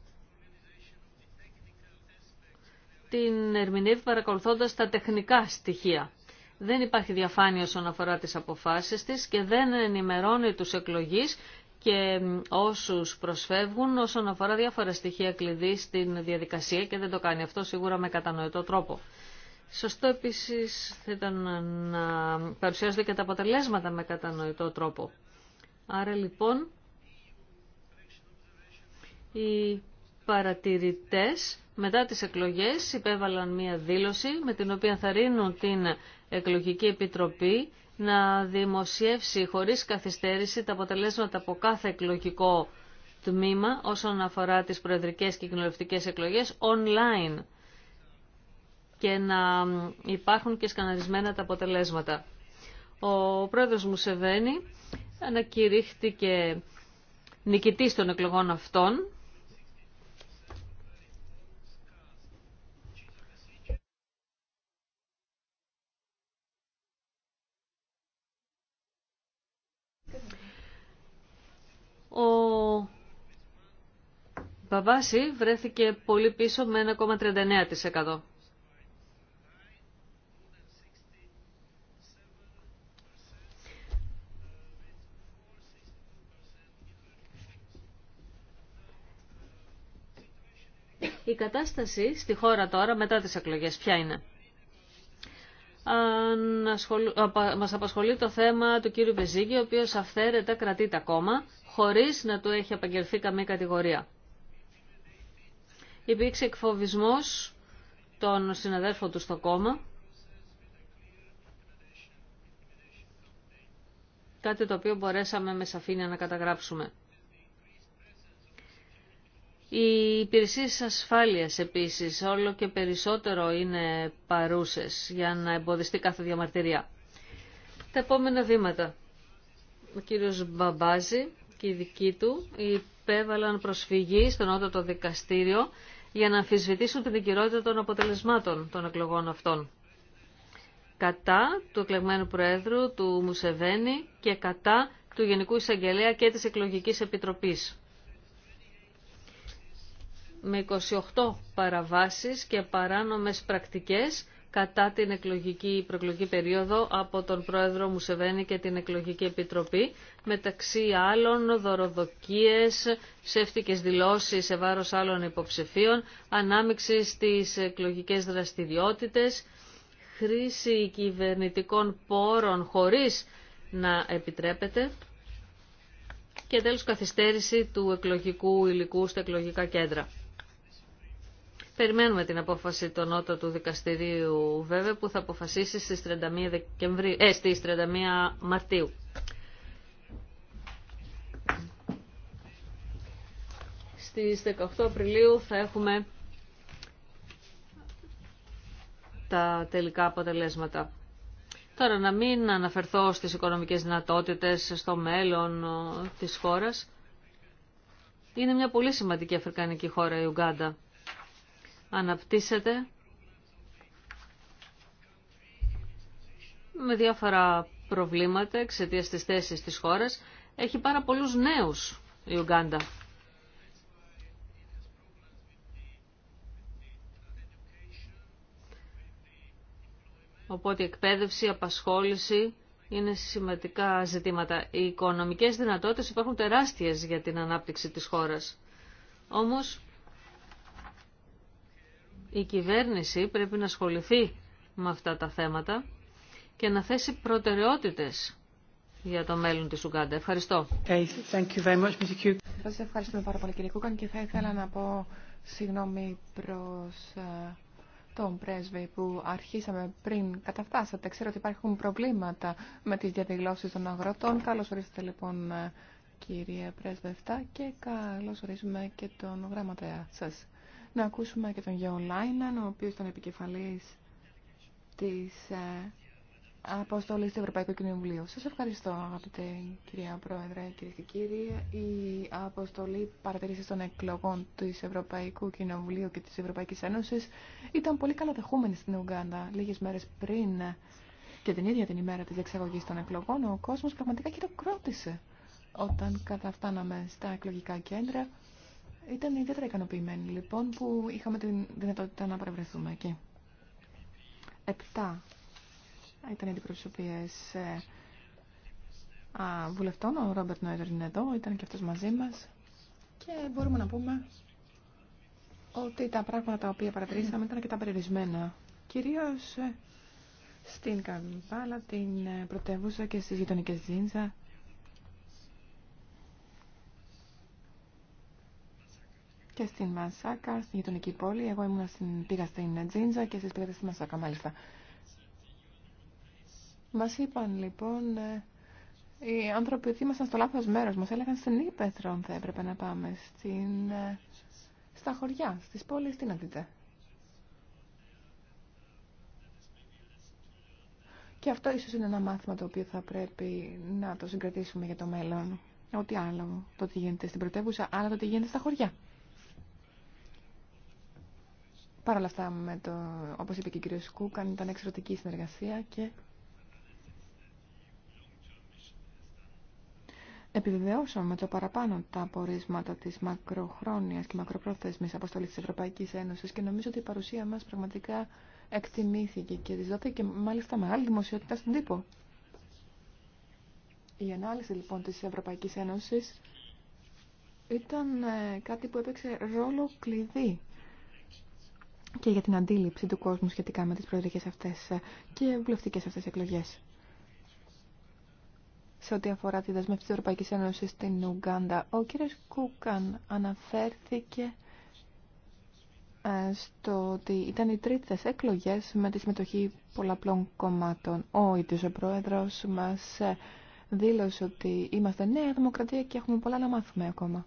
την ερμηνεύει παρακολουθώντας τα τεχνικά στοιχεία. Δεν υπάρχει διαφάνεια όσον αφορά τις αποφάσεις της και δεν ενημερώνει τους εκλογείς και όσους προσφεύγουν όσον αφορά διάφορα στοιχεία κλειδί στην διαδικασία και δεν το κάνει αυτό σίγουρα με κατανοητό τρόπο. Σωστό επίσης θα ήταν να παρουσιάζονται και τα αποτελέσματα με κατανοητό τρόπο. Άρα λοιπόν οι παρατηρητές μετά τις εκλογές υπέβαλαν μία δήλωση με την οποία θα την εκλογική επιτροπή να δημοσιεύσει χωρίς καθυστέρηση τα αποτελέσματα από κάθε εκλογικό τμήμα όσον αφορά τις προεδρικές και κοινοβουλευτικές εκλογές online και να υπάρχουν και σκαναρισμένα τα αποτελέσματα. Ο πρόεδρος Μουσεβένη ανακηρύχθηκε νικητής των εκλογών αυτών Ο Μπαμπάση βρέθηκε πολύ πίσω με 1,39%. Η κατάσταση στη χώρα τώρα μετά τις εκλογές ποια είναι. Μα απασχολεί το θέμα του κύριου Βεζίγκη, ο οποίο αυθαίρετα κρατεί τα κόμμα, χωρίς να του έχει απαγγελθεί καμία κατηγορία. Υπήρξε εκφοβισμό των συναδέλφων του στο κόμμα, κάτι το οποίο μπορέσαμε με σαφήνεια να καταγράψουμε. Οι υπηρεσίες ασφάλειας επίσης όλο και περισσότερο είναι παρούσες για να εμποδιστεί κάθε διαμαρτυρία. Τα επόμενα βήματα. Ο κύριος Μπαμπάζη και οι δικοί του υπέβαλαν προσφυγή στον το δικαστήριο για να αμφισβητήσουν την δικαιότητα των αποτελεσμάτων των εκλογών αυτών. Κατά του εκλεγμένου Προέδρου, του Μουσεβένη και κατά του Γενικού Εισαγγελέα και της Εκλογικής Επιτροπής με 28 παραβάσεις και παράνομες πρακτικές κατά την εκλογική προεκλογική περίοδο από τον πρόεδρο Μουσεβένη και την εκλογική επιτροπή, μεταξύ άλλων δωροδοκίες, ψεύτικες δηλώσεις σε βάρος άλλων υποψηφίων, ανάμειξη στις εκλογικές δραστηριότητες, χρήση κυβερνητικών πόρων χωρίς να επιτρέπεται και τέλος καθυστέρηση του εκλογικού υλικού στα εκλογικά κέντρα. Περιμένουμε την απόφαση των νότο του δικαστηρίου βέβαια που θα αποφασίσει στις 31, ε, στις 31 Μαρτίου. Στις 18 Απριλίου θα έχουμε τα τελικά αποτελέσματα. Τώρα να μην αναφερθώ στις οικονομικές δυνατότητες, στο μέλλον ε, της χώρας. Είναι μια πολύ σημαντική αφρικανική χώρα η Ουγγάντα αναπτύσσεται με διάφορα προβλήματα εξαιτία της θέσης της χώρας. Έχει πάρα πολλούς νέους η Ουγγάντα. Οπότε η εκπαίδευση, η απασχόληση είναι σημαντικά ζητήματα. Οι οικονομικές δυνατότητες υπάρχουν τεράστιες για την ανάπτυξη της χώρας. Όμως η κυβέρνηση πρέπει να ασχοληθεί με αυτά τα θέματα και να θέσει προτεραιότητες για το μέλλον της Ουγκάντα. Ευχαριστώ. Okay, thank Σας ευχαριστούμε πάρα πολύ κύριε Κούκαν και θα ήθελα να πω συγγνώμη προς ε, τον πρέσβη που αρχίσαμε πριν καταφτάσατε. Ξέρω ότι υπάρχουν προβλήματα με τις διαδηλώσεις των αγροτών. Καλώς ορίσατε λοιπόν ε, κύριε πρέσβευτα και καλώς ορίζουμε και τον γραμματέα σας να ακούσουμε και τον Γιώργο Λάιναν, ο οποίος ήταν επικεφαλής της ε, Αποστολής του Ευρωπαϊκού Κοινοβουλίου. Σας ευχαριστώ, αγαπητέ κυρία Πρόεδρε, κυρίε και κύριοι. Η Αποστολή παρατηρήσεις των Εκλογών της Ευρωπαϊκού Κοινοβουλίου και της Ευρωπαϊκής Ένωσης ήταν πολύ καλατεχούμενη στην Ουγγάντα λίγες μέρες πριν και την ίδια την ημέρα της εξαγωγής των εκλογών. Ο κόσμος πραγματικά χειροκρότησε όταν καταφτάναμε στα εκλογικά κέντρα ήταν ιδιαίτερα ικανοποιημένοι λοιπόν που είχαμε την δυνατότητα να παρευρεθούμε εκεί. Επτά ήταν οι αντιπροσωπείες ε, βουλευτών. Ο Ρόμπερτ Νόιτερ είναι εδώ, ήταν και αυτός μαζί μας. Και μπορούμε να πούμε ότι τα πράγματα τα οποία παρατηρήσαμε ήταν και τα περιορισμένα. Κυρίως ε, στην Καμπάλα, την ε, πρωτεύουσα και στις γειτονικές Τζίντζα και στην Μασάκα, στην γειτονική πόλη. Εγώ ήμουν στην, πήγα στην Τζίντζα και εσείς πήγατε στη Μασάκα, μάλιστα. Μας είπαν λοιπόν ε, οι άνθρωποι ότι ήμασταν στο λάθος μέρος. Μας έλεγαν στην Ήπεθρο θα έπρεπε να πάμε, στην, ε, στα χωριά, στις πόλεις, τι να δείτε. Και αυτό ίσως είναι ένα μάθημα το οποίο θα πρέπει να το συγκρατήσουμε για το μέλλον. Ό,τι άλλο το τι γίνεται στην πρωτεύουσα, αλλά το τι γίνεται στα χωριά. Παρ' όλα αυτά, με το, όπως είπε και ο κ. Σκούκαν, ήταν εξαιρετική συνεργασία και επιβεβαιώσαμε το παραπάνω τα απορίσματα της μακροχρόνιας και μακροπρόθεσμης αποστολής της Ευρωπαϊκής Ένωσης και νομίζω ότι η παρουσία μας πραγματικά εκτιμήθηκε και της δόθηκε μάλιστα μεγάλη δημοσιότητα στον τύπο. Η ανάλυση λοιπόν της Ευρωπαϊκής Ένωσης ήταν ε, κάτι που έπαιξε ρόλο κλειδί και για την αντίληψη του κόσμου σχετικά με τις προεδρικές αυτές ε, και βουλευτικές αυτές εκλογές. Σε ό,τι αφορά τη δεσμεύση της Ευρωπαϊκής Ένωσης στην Ουγγάντα, ο κ. Κούκαν αναφέρθηκε ε, στο ότι ήταν οι τρίτες εκλογές με τη συμμετοχή πολλαπλών κομμάτων. Ο ίδιος ο Πρόεδρος μας ε, δήλωσε ότι είμαστε νέα δημοκρατία και έχουμε πολλά να μάθουμε ακόμα.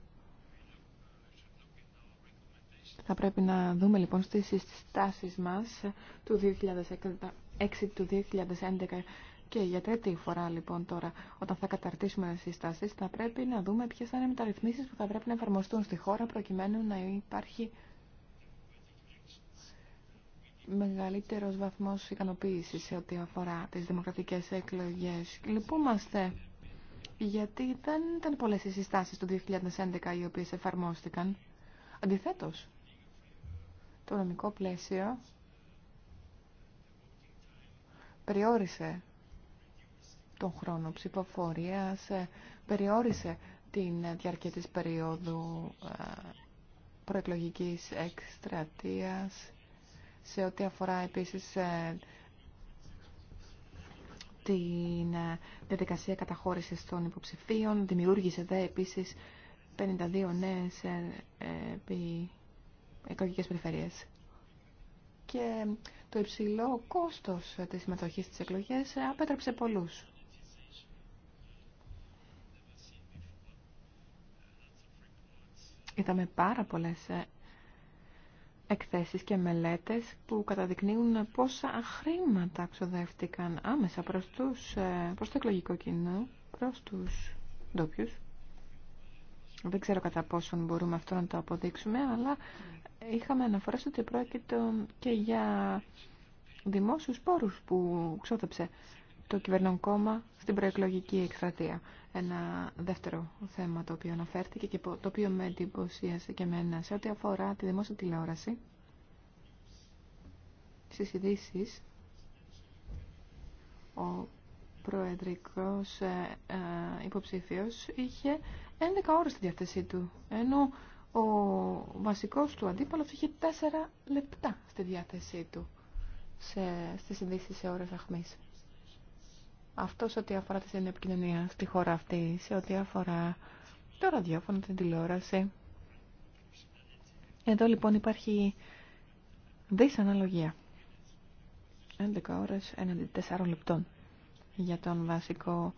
Θα πρέπει να δούμε λοιπόν στις συστάσεις μας του 2006 του 2011 και για τρίτη φορά λοιπόν τώρα όταν θα καταρτήσουμε συστάσεις θα πρέπει να δούμε ποιες θα είναι οι μεταρρυθμίσεις που θα πρέπει να εφαρμοστούν στη χώρα προκειμένου να υπάρχει μεγαλύτερος βαθμός ικανοποίησης σε ό,τι αφορά τις δημοκρατικές εκλογές. Λυπούμαστε γιατί δεν ήταν πολλές οι συστάσεις του 2011 οι οποίες εφαρμόστηκαν. Αντιθέτως, το νομικό πλαίσιο περιόρισε τον χρόνο ψηφοφορίας, ε, περιόρισε την διάρκεια της περίοδου ε, προεκλογικής εκστρατείας σε ό,τι αφορά επίσης ε, την διαδικασία καταχώρησης των υποψηφίων. Δημιούργησε δε επίσης 52 νέες επί εκλογικές περιφερειές. Και το υψηλό κόστος της συμμετοχής στις εκλογές απέτρεψε πολλούς. Είδαμε πάρα πολλές ε, εκθέσεις και μελέτες που καταδεικνύουν πόσα χρήματα ξοδεύτηκαν άμεσα προς, τους, ε, προς το εκλογικό κοινό, προς τους ντόπιου. Δεν ξέρω κατά πόσον μπορούμε αυτό να το αποδείξουμε, αλλά είχαμε στο ότι πρόκειται και για δημόσιους πόρους που ξόδεψε το κυβερνόν κόμμα στην προεκλογική εκστρατεία. Ένα δεύτερο θέμα το οποίο αναφέρθηκε και το οποίο με εντυπωσίασε και εμένα σε ό,τι αφορά τη δημόσια τηλεόραση στις ειδήσει ο προεδρικός ε, ε, υποψήφιος είχε 11 ώρες στη διάθεσή του ενώ ο βασικός του αντίπαλος είχε τέσσερα λεπτά στη διάθεσή του σε, στις ειδήσεις σε ώρες αχμής. Αυτό σε ό,τι αφορά τη επικοινωνία στη χώρα αυτή, σε ό,τι αφορά το ραδιόφωνο, την τηλεόραση. Εδώ λοιπόν υπάρχει δυσαναλογία. 11 ώρες έναντι 4 λεπτών για τον βασικό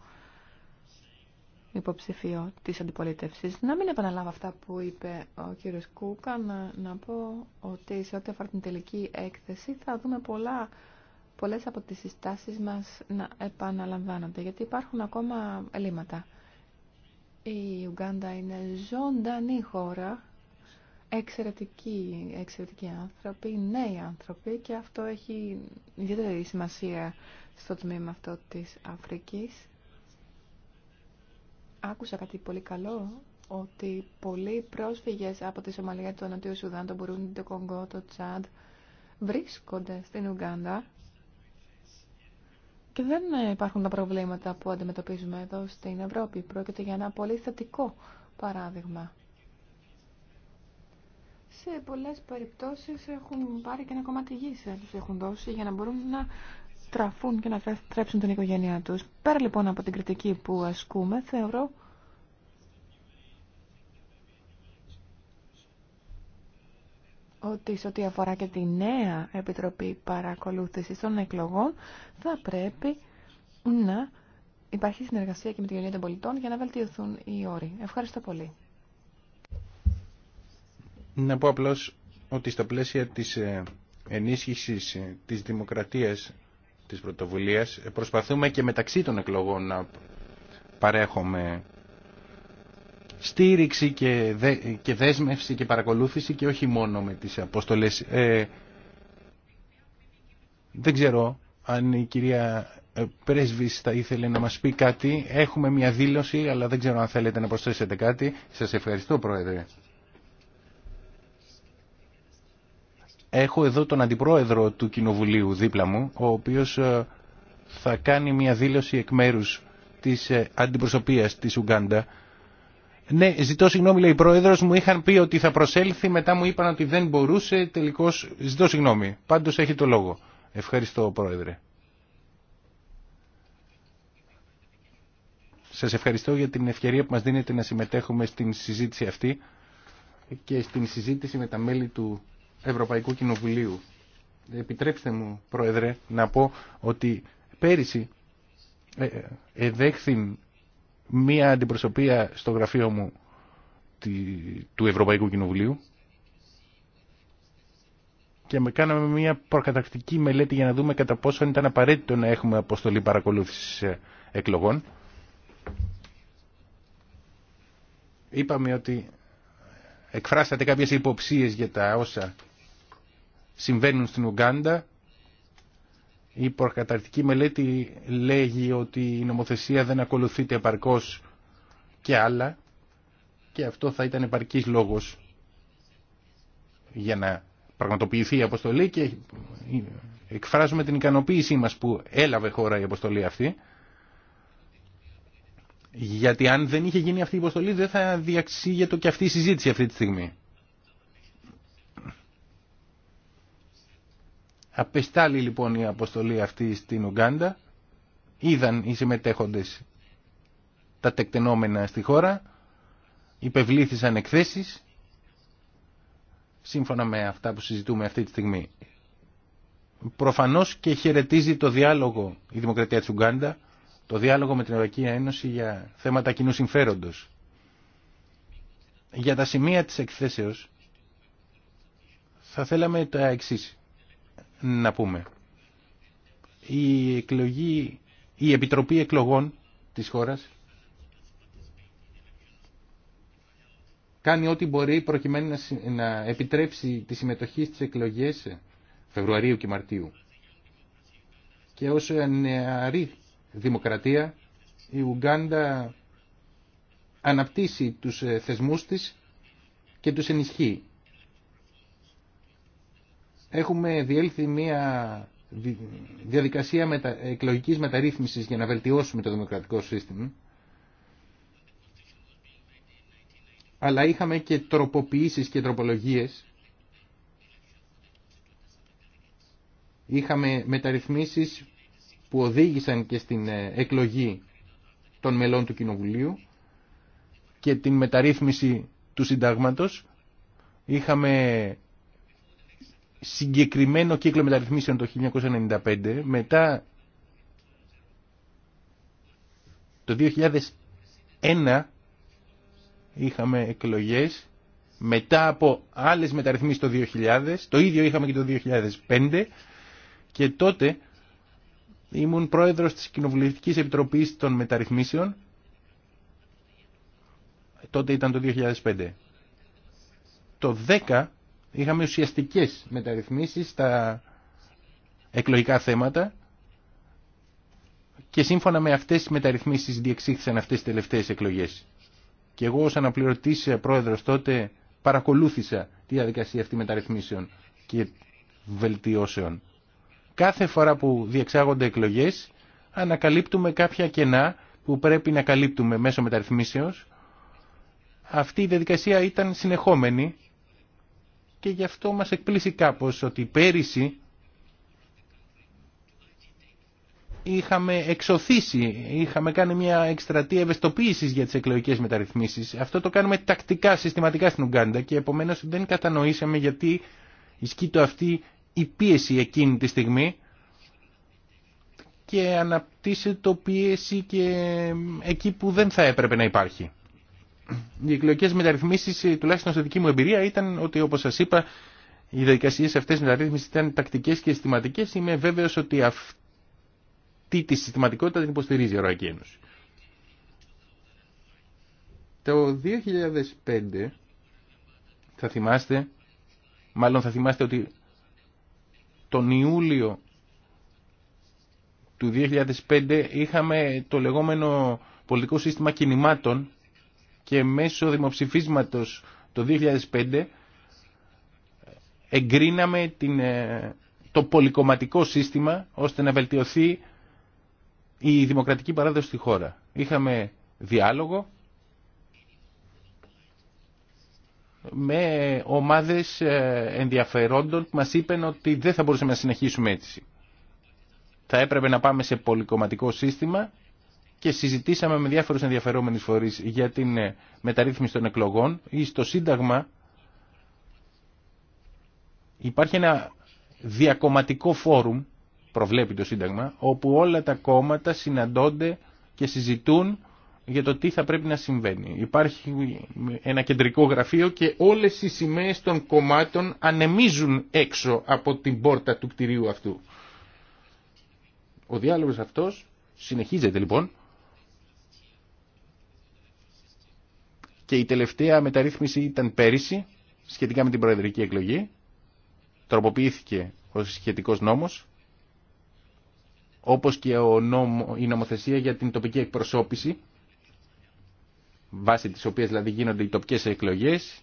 υποψηφίο της αντιπολίτευσης. Να μην επαναλάβω αυτά που είπε ο κύριος Κούκα, να, να πω ότι σε ό,τι αφορά την τελική έκθεση θα δούμε πολλά, πολλές από τις συστάσεις μας να επαναλαμβάνονται, γιατί υπάρχουν ακόμα ελλείμματα. Η Ουγγάντα είναι ζωντανή χώρα, εξαιρετικοί, εξαιρετικοί άνθρωποι, νέοι άνθρωποι και αυτό έχει ιδιαίτερη σημασία στο τμήμα αυτό της Αφρικής Άκουσα κάτι πολύ καλό, ότι πολλοί πρόσφυγες από τη Σομαλία, το Νοτιό Σουδάν, το Μπουρούντι, το Κονγκό, το Τσάντ βρίσκονται στην Ουγγάντα και δεν υπάρχουν τα προβλήματα που αντιμετωπίζουμε εδώ στην Ευρώπη. Πρόκειται για ένα πολύ θετικό παράδειγμα. Σε πολλές περιπτώσεις έχουν πάρει και ένα κομμάτι γης, έχουν δώσει για να μπορούν να στραφούν και να τρέψουν την οικογένειά τους. Πέρα λοιπόν από την κριτική που ασκούμε, θεωρώ ότι σε ό,τι αφορά και τη νέα Επιτροπή Παρακολούθησης των Εκλογών θα πρέπει να υπάρχει συνεργασία και με την κοινωνία των πολιτών για να βελτιωθούν οι όροι. Ευχαριστώ πολύ. Να πω απλώς ότι στα πλαίσια της ε, ενίσχυσης ε, της δημοκρατίας της πρωτοβουλίας. Προσπαθούμε και μεταξύ των εκλογών να παρέχουμε στήριξη και, δέσμευση και παρακολούθηση και όχι μόνο με τις αποστολές. Ε, δεν ξέρω αν η κυρία ε, Πρέσβης θα ήθελε να μας πει κάτι. Έχουμε μια δήλωση, αλλά δεν ξέρω αν θέλετε να προσθέσετε κάτι. Σας ευχαριστώ, Πρόεδρε. Έχω εδώ τον αντιπρόεδρο του Κοινοβουλίου δίπλα μου, ο οποίος ε, θα κάνει μια δήλωση εκ μέρους της ε, αντιπροσωπείας της Ουγκάντα. Ναι, ζητώ συγγνώμη, λέει ο πρόεδρος, μου είχαν πει ότι θα προσέλθει, μετά μου είπαν ότι δεν μπορούσε, τελικώς ζητώ συγγνώμη. Πάντως έχει το λόγο. Ευχαριστώ, πρόεδρε. Σας ευχαριστώ για την ευκαιρία που μας δίνετε να συμμετέχουμε στην συζήτηση αυτή και στην συζήτηση με τα μέλη του Ευρωπαϊκού Κοινοβουλίου. Επιτρέψτε μου, Πρόεδρε, να πω ότι πέρυσι ε, ε, εδέχθη μία αντιπροσωπεία στο γραφείο μου του Ευρωπαϊκού Κοινοβουλίου και με κάναμε μία προκατακτική μελέτη για να δούμε κατά πόσο ήταν απαραίτητο να έχουμε αποστολή παρακολούθησης ε, εκλογών. Είπαμε ότι εκφράσατε κάποιες υποψίες για τα όσα συμβαίνουν στην Ουγκάντα. Η προκαταρτική μελέτη λέγει ότι η νομοθεσία δεν ακολουθείται επαρκώς και άλλα και αυτό θα ήταν επαρκής λόγος για να πραγματοποιηθεί η αποστολή και εκφράζουμε την ικανοποίησή μας που έλαβε χώρα η αποστολή αυτή γιατί αν δεν είχε γίνει αυτή η αποστολή δεν θα διαξήγεται και αυτή η συζήτηση αυτή τη στιγμή. Απεστάλλει λοιπόν η αποστολή αυτή στην Ουγκάντα. Είδαν οι συμμετέχοντες τα τεκτενόμενα στη χώρα. Υπευλήθησαν εκθέσεις σύμφωνα με αυτά που συζητούμε αυτή τη στιγμή. Προφανώς και χαιρετίζει το διάλογο η Δημοκρατία της Ουγκάντα, το διάλογο με την Ευρωπαϊκή Ένωση για θέματα κοινού συμφέροντος. Για τα σημεία της εκθέσεως θα θέλαμε τα εξή να πούμε. Η, εκλογή, η Επιτροπή Εκλογών της χώρας κάνει ό,τι μπορεί προκειμένου να, επιτρέψει τη συμμετοχή στις εκλογές Φεβρουαρίου και Μαρτίου. Και ως νεαρή δημοκρατία η Ουγγάντα αναπτύσσει τους θεσμούς της και τους ενισχύει. Έχουμε διέλθει μια διαδικασία μετα... εκλογικής μεταρρύθμισης για να βελτιώσουμε το δημοκρατικό σύστημα. Αλλά είχαμε και τροποποιήσεις και τροπολογίες. Είχαμε μεταρρυθμίσεις που οδήγησαν και στην ε, εκλογή των μελών του Κοινοβουλίου και την μεταρρύθμιση του συντάγματος. Είχαμε συγκεκριμένο κύκλο μεταρρυθμίσεων το 1995, μετά το 2001 είχαμε εκλογές, μετά από άλλες μεταρρυθμίσεις το 2000, το ίδιο είχαμε και το 2005 και τότε ήμουν πρόεδρος της Κοινοβουλευτικής Επιτροπής των Μεταρρυθμίσεων, τότε ήταν το 2005. Το 10 είχαμε ουσιαστικές μεταρρυθμίσεις στα εκλογικά θέματα και σύμφωνα με αυτές τις μεταρρυθμίσεις διεξήχθησαν αυτές τις τελευταίες εκλογές. Και εγώ ως αναπληρωτής πρόεδρος τότε παρακολούθησα τη διαδικασία αυτή μεταρρυθμίσεων και βελτιώσεων. Κάθε φορά που διεξάγονται εκλογές ανακαλύπτουμε κάποια κενά που πρέπει να καλύπτουμε μέσω μεταρρυθμίσεως. Αυτή η διαδικασία ήταν συνεχόμενη και γι' αυτό μας εκπλήσει κάπως ότι πέρυσι είχαμε εξωθήσει, είχαμε κάνει μια εκστρατεία ευαισθητοποίησης για τις εκλογικές μεταρρυθμίσεις. Αυτό το κάνουμε τακτικά, συστηματικά στην Ουγγάντα και επομένως δεν κατανοήσαμε γιατί ισχύει το αυτή η πίεση εκείνη τη στιγμή και αναπτύσσεται το πίεση και εκεί που δεν θα έπρεπε να υπάρχει οι εκλογικέ μεταρρυθμίσει, ε, τουλάχιστον στη δική μου εμπειρία, ήταν ότι όπω σα είπα, οι διαδικασίε αυτέ μεταρρύθμιση ήταν τακτικέ και συστηματικέ. Είμαι βέβαιο ότι αυτή τη συστηματικότητα την υποστηρίζει η Ευρωπαϊκή Ένωση. Το 2005 θα θυμάστε, μάλλον θα θυμάστε ότι τον Ιούλιο του 2005 είχαμε το λεγόμενο πολιτικό σύστημα κινημάτων και μέσω δημοψηφίσματος το 2005 εγκρίναμε την, ε, το πολυκομματικό σύστημα ώστε να βελτιωθεί η δημοκρατική παράδοση στη χώρα. Είχαμε διάλογο με ομάδες ε, ενδιαφερόντων που μας είπαν ότι δεν θα μπορούσαμε να συνεχίσουμε έτσι. Θα έπρεπε να πάμε σε πολυκομματικό σύστημα και συζητήσαμε με διάφορους ενδιαφερόμενους φορείς για την ε, μεταρρύθμιση των εκλογών ή στο Σύνταγμα υπάρχει ένα διακομματικό φόρουμ, προβλέπει το Σύνταγμα, όπου όλα τα κόμματα συναντώνται και συζητούν για το τι θα πρέπει να συμβαίνει. Υπάρχει ένα κεντρικό γραφείο και όλες οι σημαίες των κομμάτων ανεμίζουν έξω από την πόρτα του κτηρίου αυτού. Ο διάλογος αυτός συνεχίζεται λοιπόν και η τελευταία μεταρρύθμιση ήταν πέρυσι σχετικά με την προεδρική εκλογή. Τροποποιήθηκε ο σχετικός νόμος όπως και ο νόμο, η νομοθεσία για την τοπική εκπροσώπηση βάσει της οποίας δηλαδή γίνονται οι τοπικές εκλογές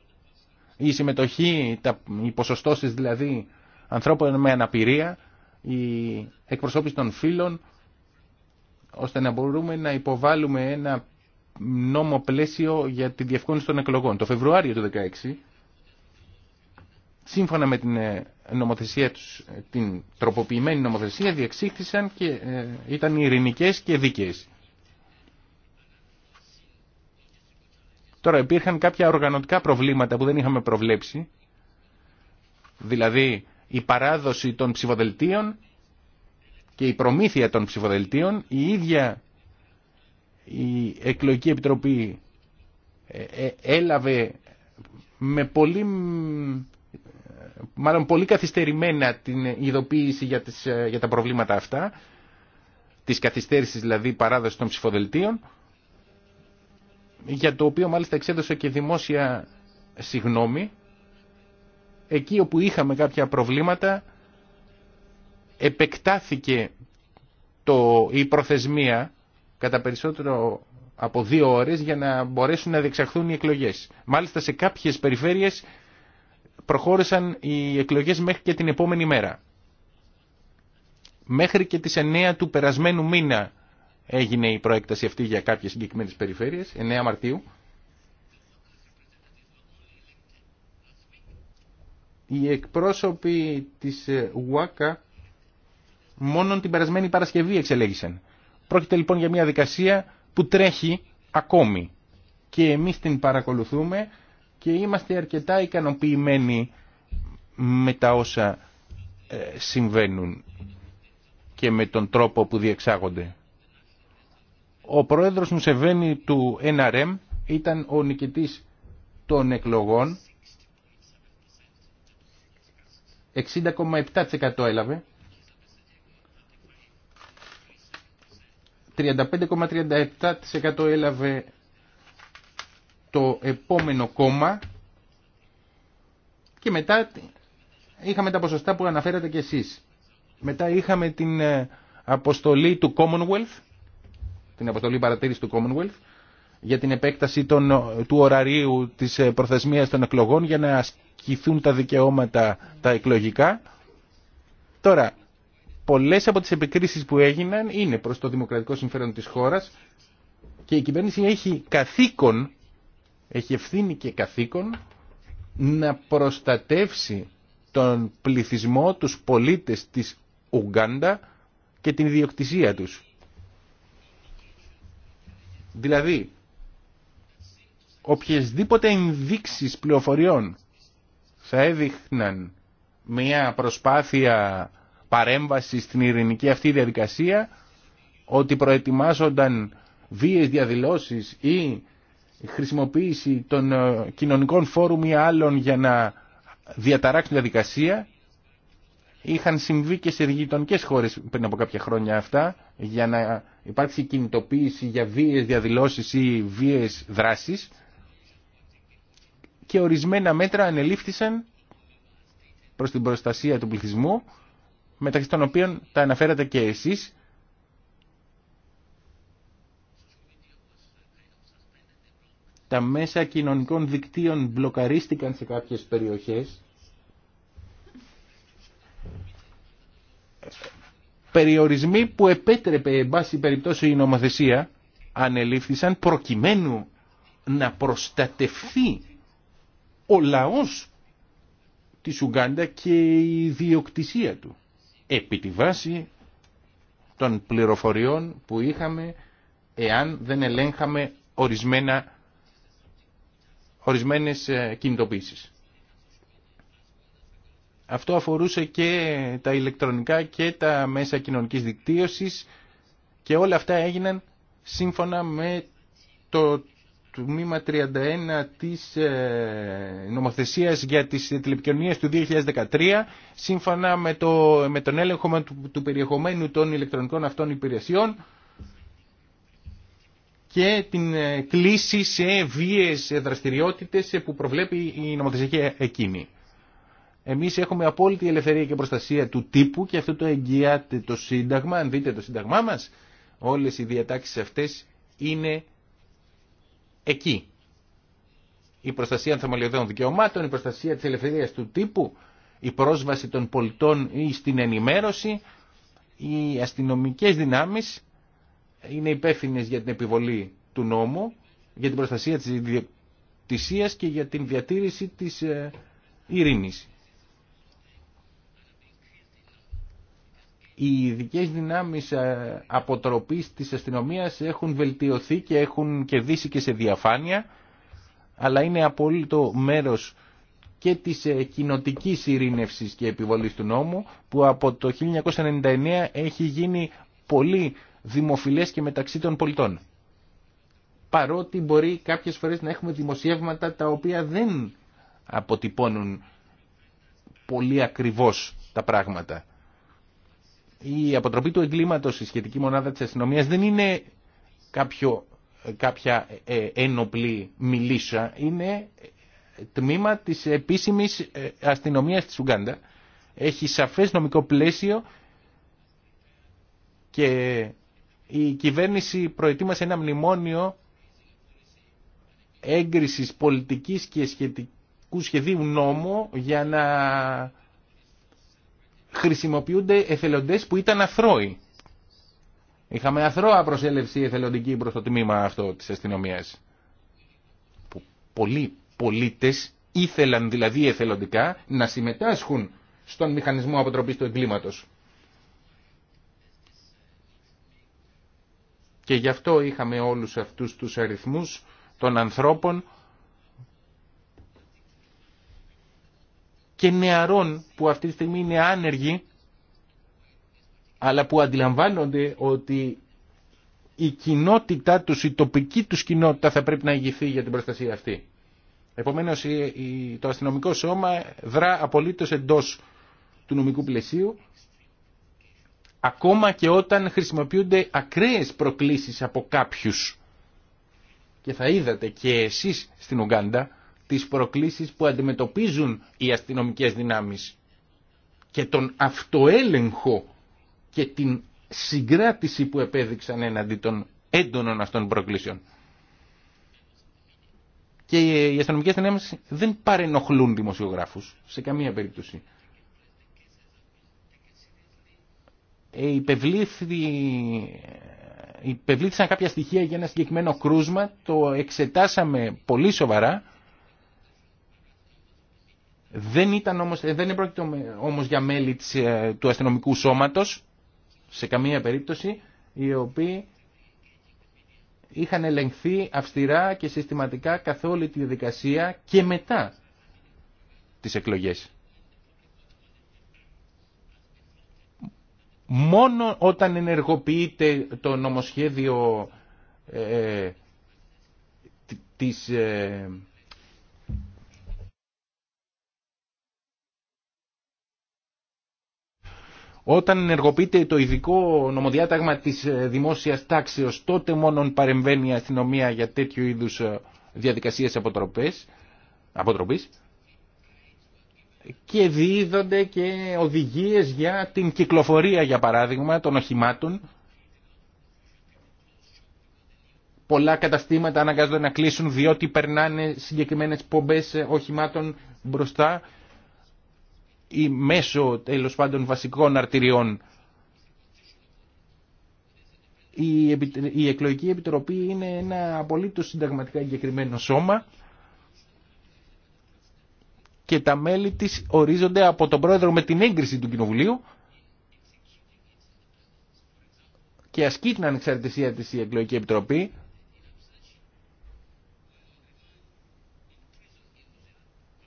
η συμμετοχή, τα, οι ποσοστώσεις δηλαδή ανθρώπων με αναπηρία η εκπροσώπηση των φύλων ώστε να μπορούμε να υποβάλουμε ένα νόμο πλαίσιο για τη διευκόνηση των εκλογών. Το Φεβρουάριο του 2016, σύμφωνα με την ε, νομοθεσία τους, ε, την τροποποιημένη νομοθεσία, διεξήχθησαν και ε, ήταν ειρηνικές και δίκαιες. Τώρα υπήρχαν κάποια οργανωτικά προβλήματα που δεν είχαμε προβλέψει, δηλαδή η παράδοση των ψηφοδελτίων και η προμήθεια των ψηφοδελτίων, η ίδια η εκλογική επιτροπή ε, ε, έλαβε με πολύ μάλλον πολύ καθυστερημένα την ειδοποίηση για, ε, για τα προβλήματα αυτά της καθυστέρησης δηλαδή παράδοση των ψηφοδελτίων για το οποίο μάλιστα εξέδωσε και δημόσια συγνώμη εκεί όπου είχαμε κάποια προβλήματα επεκτάθηκε το, η προθεσμία κατά περισσότερο από δύο ώρες για να μπορέσουν να διεξαχθούν οι εκλογές. Μάλιστα σε κάποιες περιφέρειες προχώρησαν οι εκλογές μέχρι και την επόμενη μέρα. Μέχρι και τις 9 του περασμένου μήνα έγινε η προέκταση αυτή για κάποιες συγκεκριμένες περιφέρειες, 9 Μαρτίου. Οι εκπρόσωποι της ΟΑΚΑ μόνον την περασμένη Παρασκευή εξελέγησαν. Πρόκειται λοιπόν για μια δικασία που τρέχει ακόμη και εμείς την παρακολουθούμε και είμαστε αρκετά ικανοποιημένοι με τα όσα ε, συμβαίνουν και με τον τρόπο που διεξάγονται. Ο πρόεδρος Σεβένη του NRM ήταν ο νικητής των εκλογών 60,7% έλαβε 35,37% έλαβε το επόμενο κόμμα και μετά είχαμε τα ποσοστά που αναφέρατε κι εσείς. Μετά είχαμε την ε, αποστολή του Commonwealth, την αποστολή παρατήρηση του Commonwealth, για την επέκταση των, του ωραρίου της ε, προθεσμίας των εκλογών για να ασκηθούν τα δικαιώματα τα εκλογικά. Τώρα, πολλές από τις επικρίσεις που έγιναν είναι προς το δημοκρατικό συμφέρον της χώρας και η κυβέρνηση έχει καθήκον, έχει ευθύνη και καθήκον να προστατεύσει τον πληθυσμό, τους πολίτες της Ουγκάντα και την ιδιοκτησία τους. Δηλαδή, οποιασδήποτε ενδείξεις πληροφοριών θα έδειχναν μια προσπάθεια παρέμβαση στην ειρηνική αυτή διαδικασία ότι προετοιμάζονταν βίες διαδηλώσεις ή χρησιμοποίηση των ε, κοινωνικών φόρουμ ή άλλων για να διαταράξουν τη διαδικασία είχαν συμβεί και σε γειτονικέ χώρες πριν από κάποια χρόνια αυτά για να υπάρξει κινητοποίηση για βίες διαδηλώσεις ή βίες δράσεις και ορισμένα μέτρα ανελήφθησαν προς την προστασία του πληθυσμού μεταξύ των οποίων τα αναφέρατε και εσείς, τα μέσα κοινωνικών δικτύων μπλοκαρίστηκαν σε κάποιες περιοχές, περιορισμοί που επέτρεπε εν πάση περιπτώσει η νομοθεσία ανελήφθησαν προκειμένου να προστατευθεί ο λαός της Ουγκάντα και η διοκτησία του επί τη βάση των πληροφοριών που είχαμε εάν δεν ελέγχαμε ορισμένα, ορισμένες ε, κινητοποίησεις. Αυτό αφορούσε και τα ηλεκτρονικά και τα μέσα κοινωνικής δικτύωσης και όλα αυτά έγιναν σύμφωνα με το του μήμα 31 της ε, νομοθεσίας για τις τηλεπικοινωνίες του 2013 σύμφωνα με, το, με τον έλεγχο του, του περιεχομένου των ηλεκτρονικών αυτών υπηρεσιών και την ε, κλίση σε βίες δραστηριότητες που προβλέπει η νομοθεσία εκείνη. Εμείς έχουμε απόλυτη ελευθερία και προστασία του τύπου και αυτό το εγγυάται το Σύνταγμα, αν δείτε το Σύνταγμά μας, όλες οι διατάξεις αυτές είναι εκεί. Η προστασία των θεμελιωδών δικαιωμάτων, η προστασία της ελευθερίας του τύπου, η πρόσβαση των πολιτών ή στην ενημέρωση, οι αστυνομικές δυνάμεις είναι υπεύθυνε για την επιβολή του νόμου, για την προστασία της ιδιοκτησίας και για την διατήρηση της ε, ειρήνης. οι ειδικέ δυνάμεις ε, αποτροπής της αστυνομίας έχουν βελτιωθεί και έχουν κερδίσει και σε διαφάνεια, αλλά είναι απόλυτο μέρος και της ε, κοινοτική ειρήνευσης και επιβολής του νόμου, που από το 1999 έχει γίνει πολύ δημοφιλές και μεταξύ των πολιτών. Παρότι μπορεί κάποιες φορές να έχουμε δημοσιεύματα τα οποία δεν αποτυπώνουν πολύ ακριβώς τα πράγματα η αποτροπή του εγκλήματος, η σχετική μονάδα της αστυνομίας δεν είναι κάποιο, κάποια ένοπλη ε, μιλίσσα. είναι τμήμα της επίσημης ε, αστυνομίας της Ουγκάντα. Έχει σαφές νομικό πλαίσιο και η κυβέρνηση προετοίμασε ένα μνημόνιο έγκρισης πολιτικής και σχετικού σχεδίου νόμου για να χρησιμοποιούνται εθελοντές που ήταν αθρώοι. Είχαμε αθρώα προσέλευση εθελοντική προς το τμήμα αυτό της αστυνομίας. Που πολλοί πολίτες ήθελαν δηλαδή εθελοντικά να συμμετάσχουν στον μηχανισμό αποτροπής του εγκλήματος. Και γι' αυτό είχαμε όλους αυτούς τους αριθμούς των ανθρώπων και νεαρών που αυτή τη στιγμή είναι άνεργοι αλλά που αντιλαμβάνονται ότι η κοινότητά τους, η τοπική τους κοινότητα θα πρέπει να ηγηθεί για την προστασία αυτή. Επομένως το αστυνομικό σώμα δρά απολύτως εντός του νομικού πλαισίου ακόμα και όταν χρησιμοποιούνται ακραίες προκλήσεις από κάποιους. Και θα είδατε και εσείς στην Ουγγάντα τις προκλήσεις που αντιμετωπίζουν οι αστυνομικές δυνάμεις και τον αυτοέλεγχο και την συγκράτηση που επέδειξαν έναντι των έντονων αυτών προκλήσεων. Και οι αστυνομικές δυνάμεις δεν παρενοχλούν δημοσιογράφους σε καμία περίπτωση. Ε, υπευλήθη, ε, υπευλήθησαν κάποια στοιχεία για ένα συγκεκριμένο κρούσμα, το εξετάσαμε πολύ σοβαρά δεν, ήταν όμως, ε, δεν πρόκειται όμως για μέλη ε, του αστυνομικού σώματος, σε καμία περίπτωση, οι οποίοι είχαν ελεγχθεί αυστηρά και συστηματικά καθ' όλη τη διαδικασία και μετά τις εκλογές. Μόνο όταν ενεργοποιείται το νομοσχέδιο ε, της... Όταν ενεργοποιείται το ειδικό νομοδιάταγμα της ε, δημόσιας τάξεως, τότε μόνον παρεμβαίνει η αστυνομία για τέτοιου είδους ε, διαδικασίες αποτροπές, αποτροπής και δίδονται και οδηγίες για την κυκλοφορία, για παράδειγμα, των οχημάτων. Πολλά καταστήματα αναγκάζονται να κλείσουν διότι περνάνε συγκεκριμένες πομπές ε, οχημάτων μπροστά ή μέσω τέλο πάντων βασικών αρτηριών. Η, η εκλογική επιτροπή είναι ένα απολύτως συνταγματικά εγκεκριμένο σώμα και τα μέλη της ορίζονται από τον πρόεδρο με την έγκριση του Κοινοβουλίου και ασκεί την ανεξαρτησία της η εκλογική επιτροπή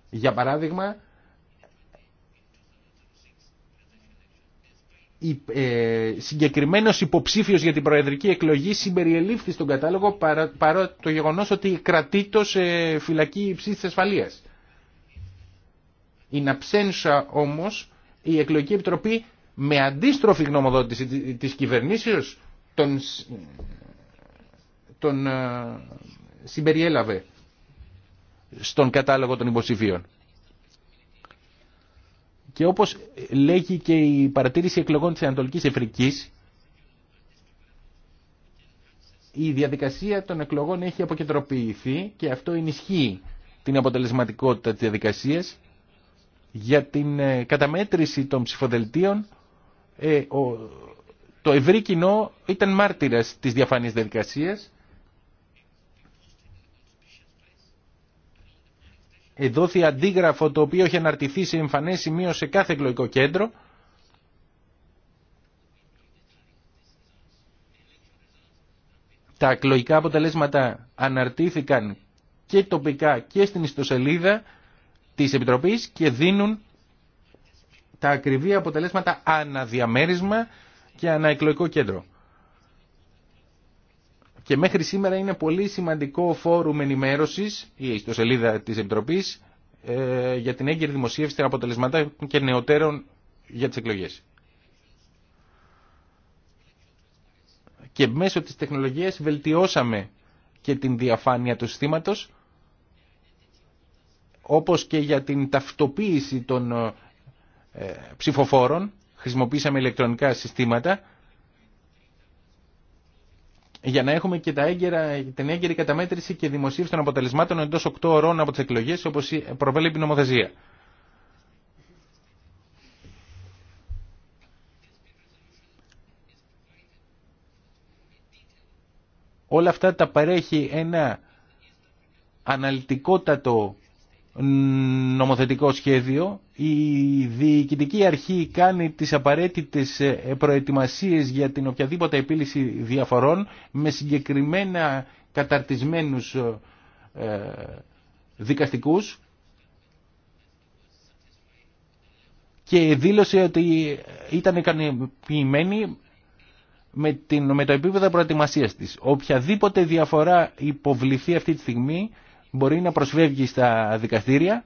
για παράδειγμα Ε, συγκεκριμένος υποψήφιος για την προεδρική εκλογή συμπεριελήφθη στον κατάλογο παρά, το γεγονός ότι κρατείτο σε φυλακή υψής της ασφαλείας. Η ναψένσα όμως η εκλογική επιτροπή με αντίστροφη γνωμοδότηση της κυβερνήσεως τον, τον ε, συμπεριέλαβε στον κατάλογο των υποψηφίων. Και όπως λέγει και η παρατήρηση εκλογών της Ανατολικής Αφρικής, η διαδικασία των εκλογών έχει αποκεντροποιηθεί και αυτό ενισχύει την αποτελεσματικότητα της διαδικασίας για την ε, καταμέτρηση των ψηφοδελτίων ε, το ευρύ κοινό ήταν μάρτυρας της διαφανής διαδικασίας εδόθη αντίγραφο το οποίο είχε αναρτηθεί σε εμφανές σημείο σε κάθε εκλογικό κέντρο τα εκλογικά αποτελέσματα αναρτήθηκαν και τοπικά και στην ιστοσελίδα της Επιτροπής και δίνουν τα ακριβή αποτελέσματα αναδιαμέρισμα και αναεκλογικό κέντρο και μέχρι σήμερα είναι πολύ σημαντικό φόρουμ ενημέρωσης, η ιστοσελίδα της Επιτροπής, ε, για την έγκαιρη δημοσίευση των αποτελεσμάτων και νεωτέρων για τις εκλογές. Και μέσω της τεχνολογίας βελτιώσαμε και την διαφάνεια του συστήματος, όπως και για την ταυτοποίηση των ε, ψηφοφόρων, χρησιμοποίησαμε ηλεκτρονικά συστήματα για να έχουμε και τα έγκαιρα, την έγκαιρη καταμέτρηση και δημοσίευση των αποτελεσμάτων εντό οκτώ ώρων από τι εκλογέ, όπω προβλέπει η νομοθεσία. Όλα αυτά τα παρέχει ένα αναλυτικότατο νομοθετικό σχέδιο. Η διοικητική αρχή κάνει τις απαραίτητες ε, προετοιμασίες για την οποιαδήποτε επίλυση διαφορών με συγκεκριμένα καταρτισμένους ε, ε, δικαστικούς και δήλωσε ότι ήταν ικανοποιημένη με, την, το επίπεδο προετοιμασίας της. Οποιαδήποτε διαφορά υποβληθεί αυτή τη στιγμή μπορεί να προσφεύγει στα δικαστήρια.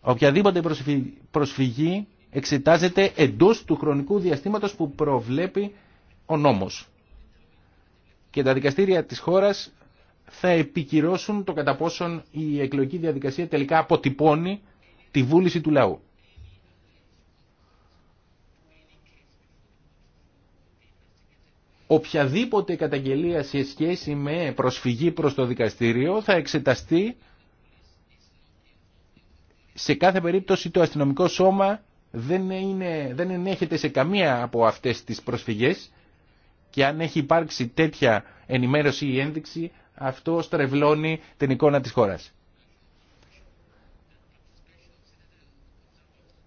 Οποιαδήποτε προσφυγή εξετάζεται εντός του χρονικού διαστήματος που προβλέπει ο νόμος. Και τα δικαστήρια της χώρας θα επικυρώσουν το κατά πόσον η εκλογική διαδικασία τελικά αποτυπώνει τη βούληση του λαού. οποιαδήποτε καταγγελία σε σχέση με προσφυγή προς το δικαστήριο θα εξεταστεί σε κάθε περίπτωση το αστυνομικό σώμα δεν, είναι, δεν ενέχεται σε καμία από αυτές τις προσφυγές και αν έχει υπάρξει τέτοια ενημέρωση ή ένδειξη αυτό στρεβλώνει την εικόνα της χώρας.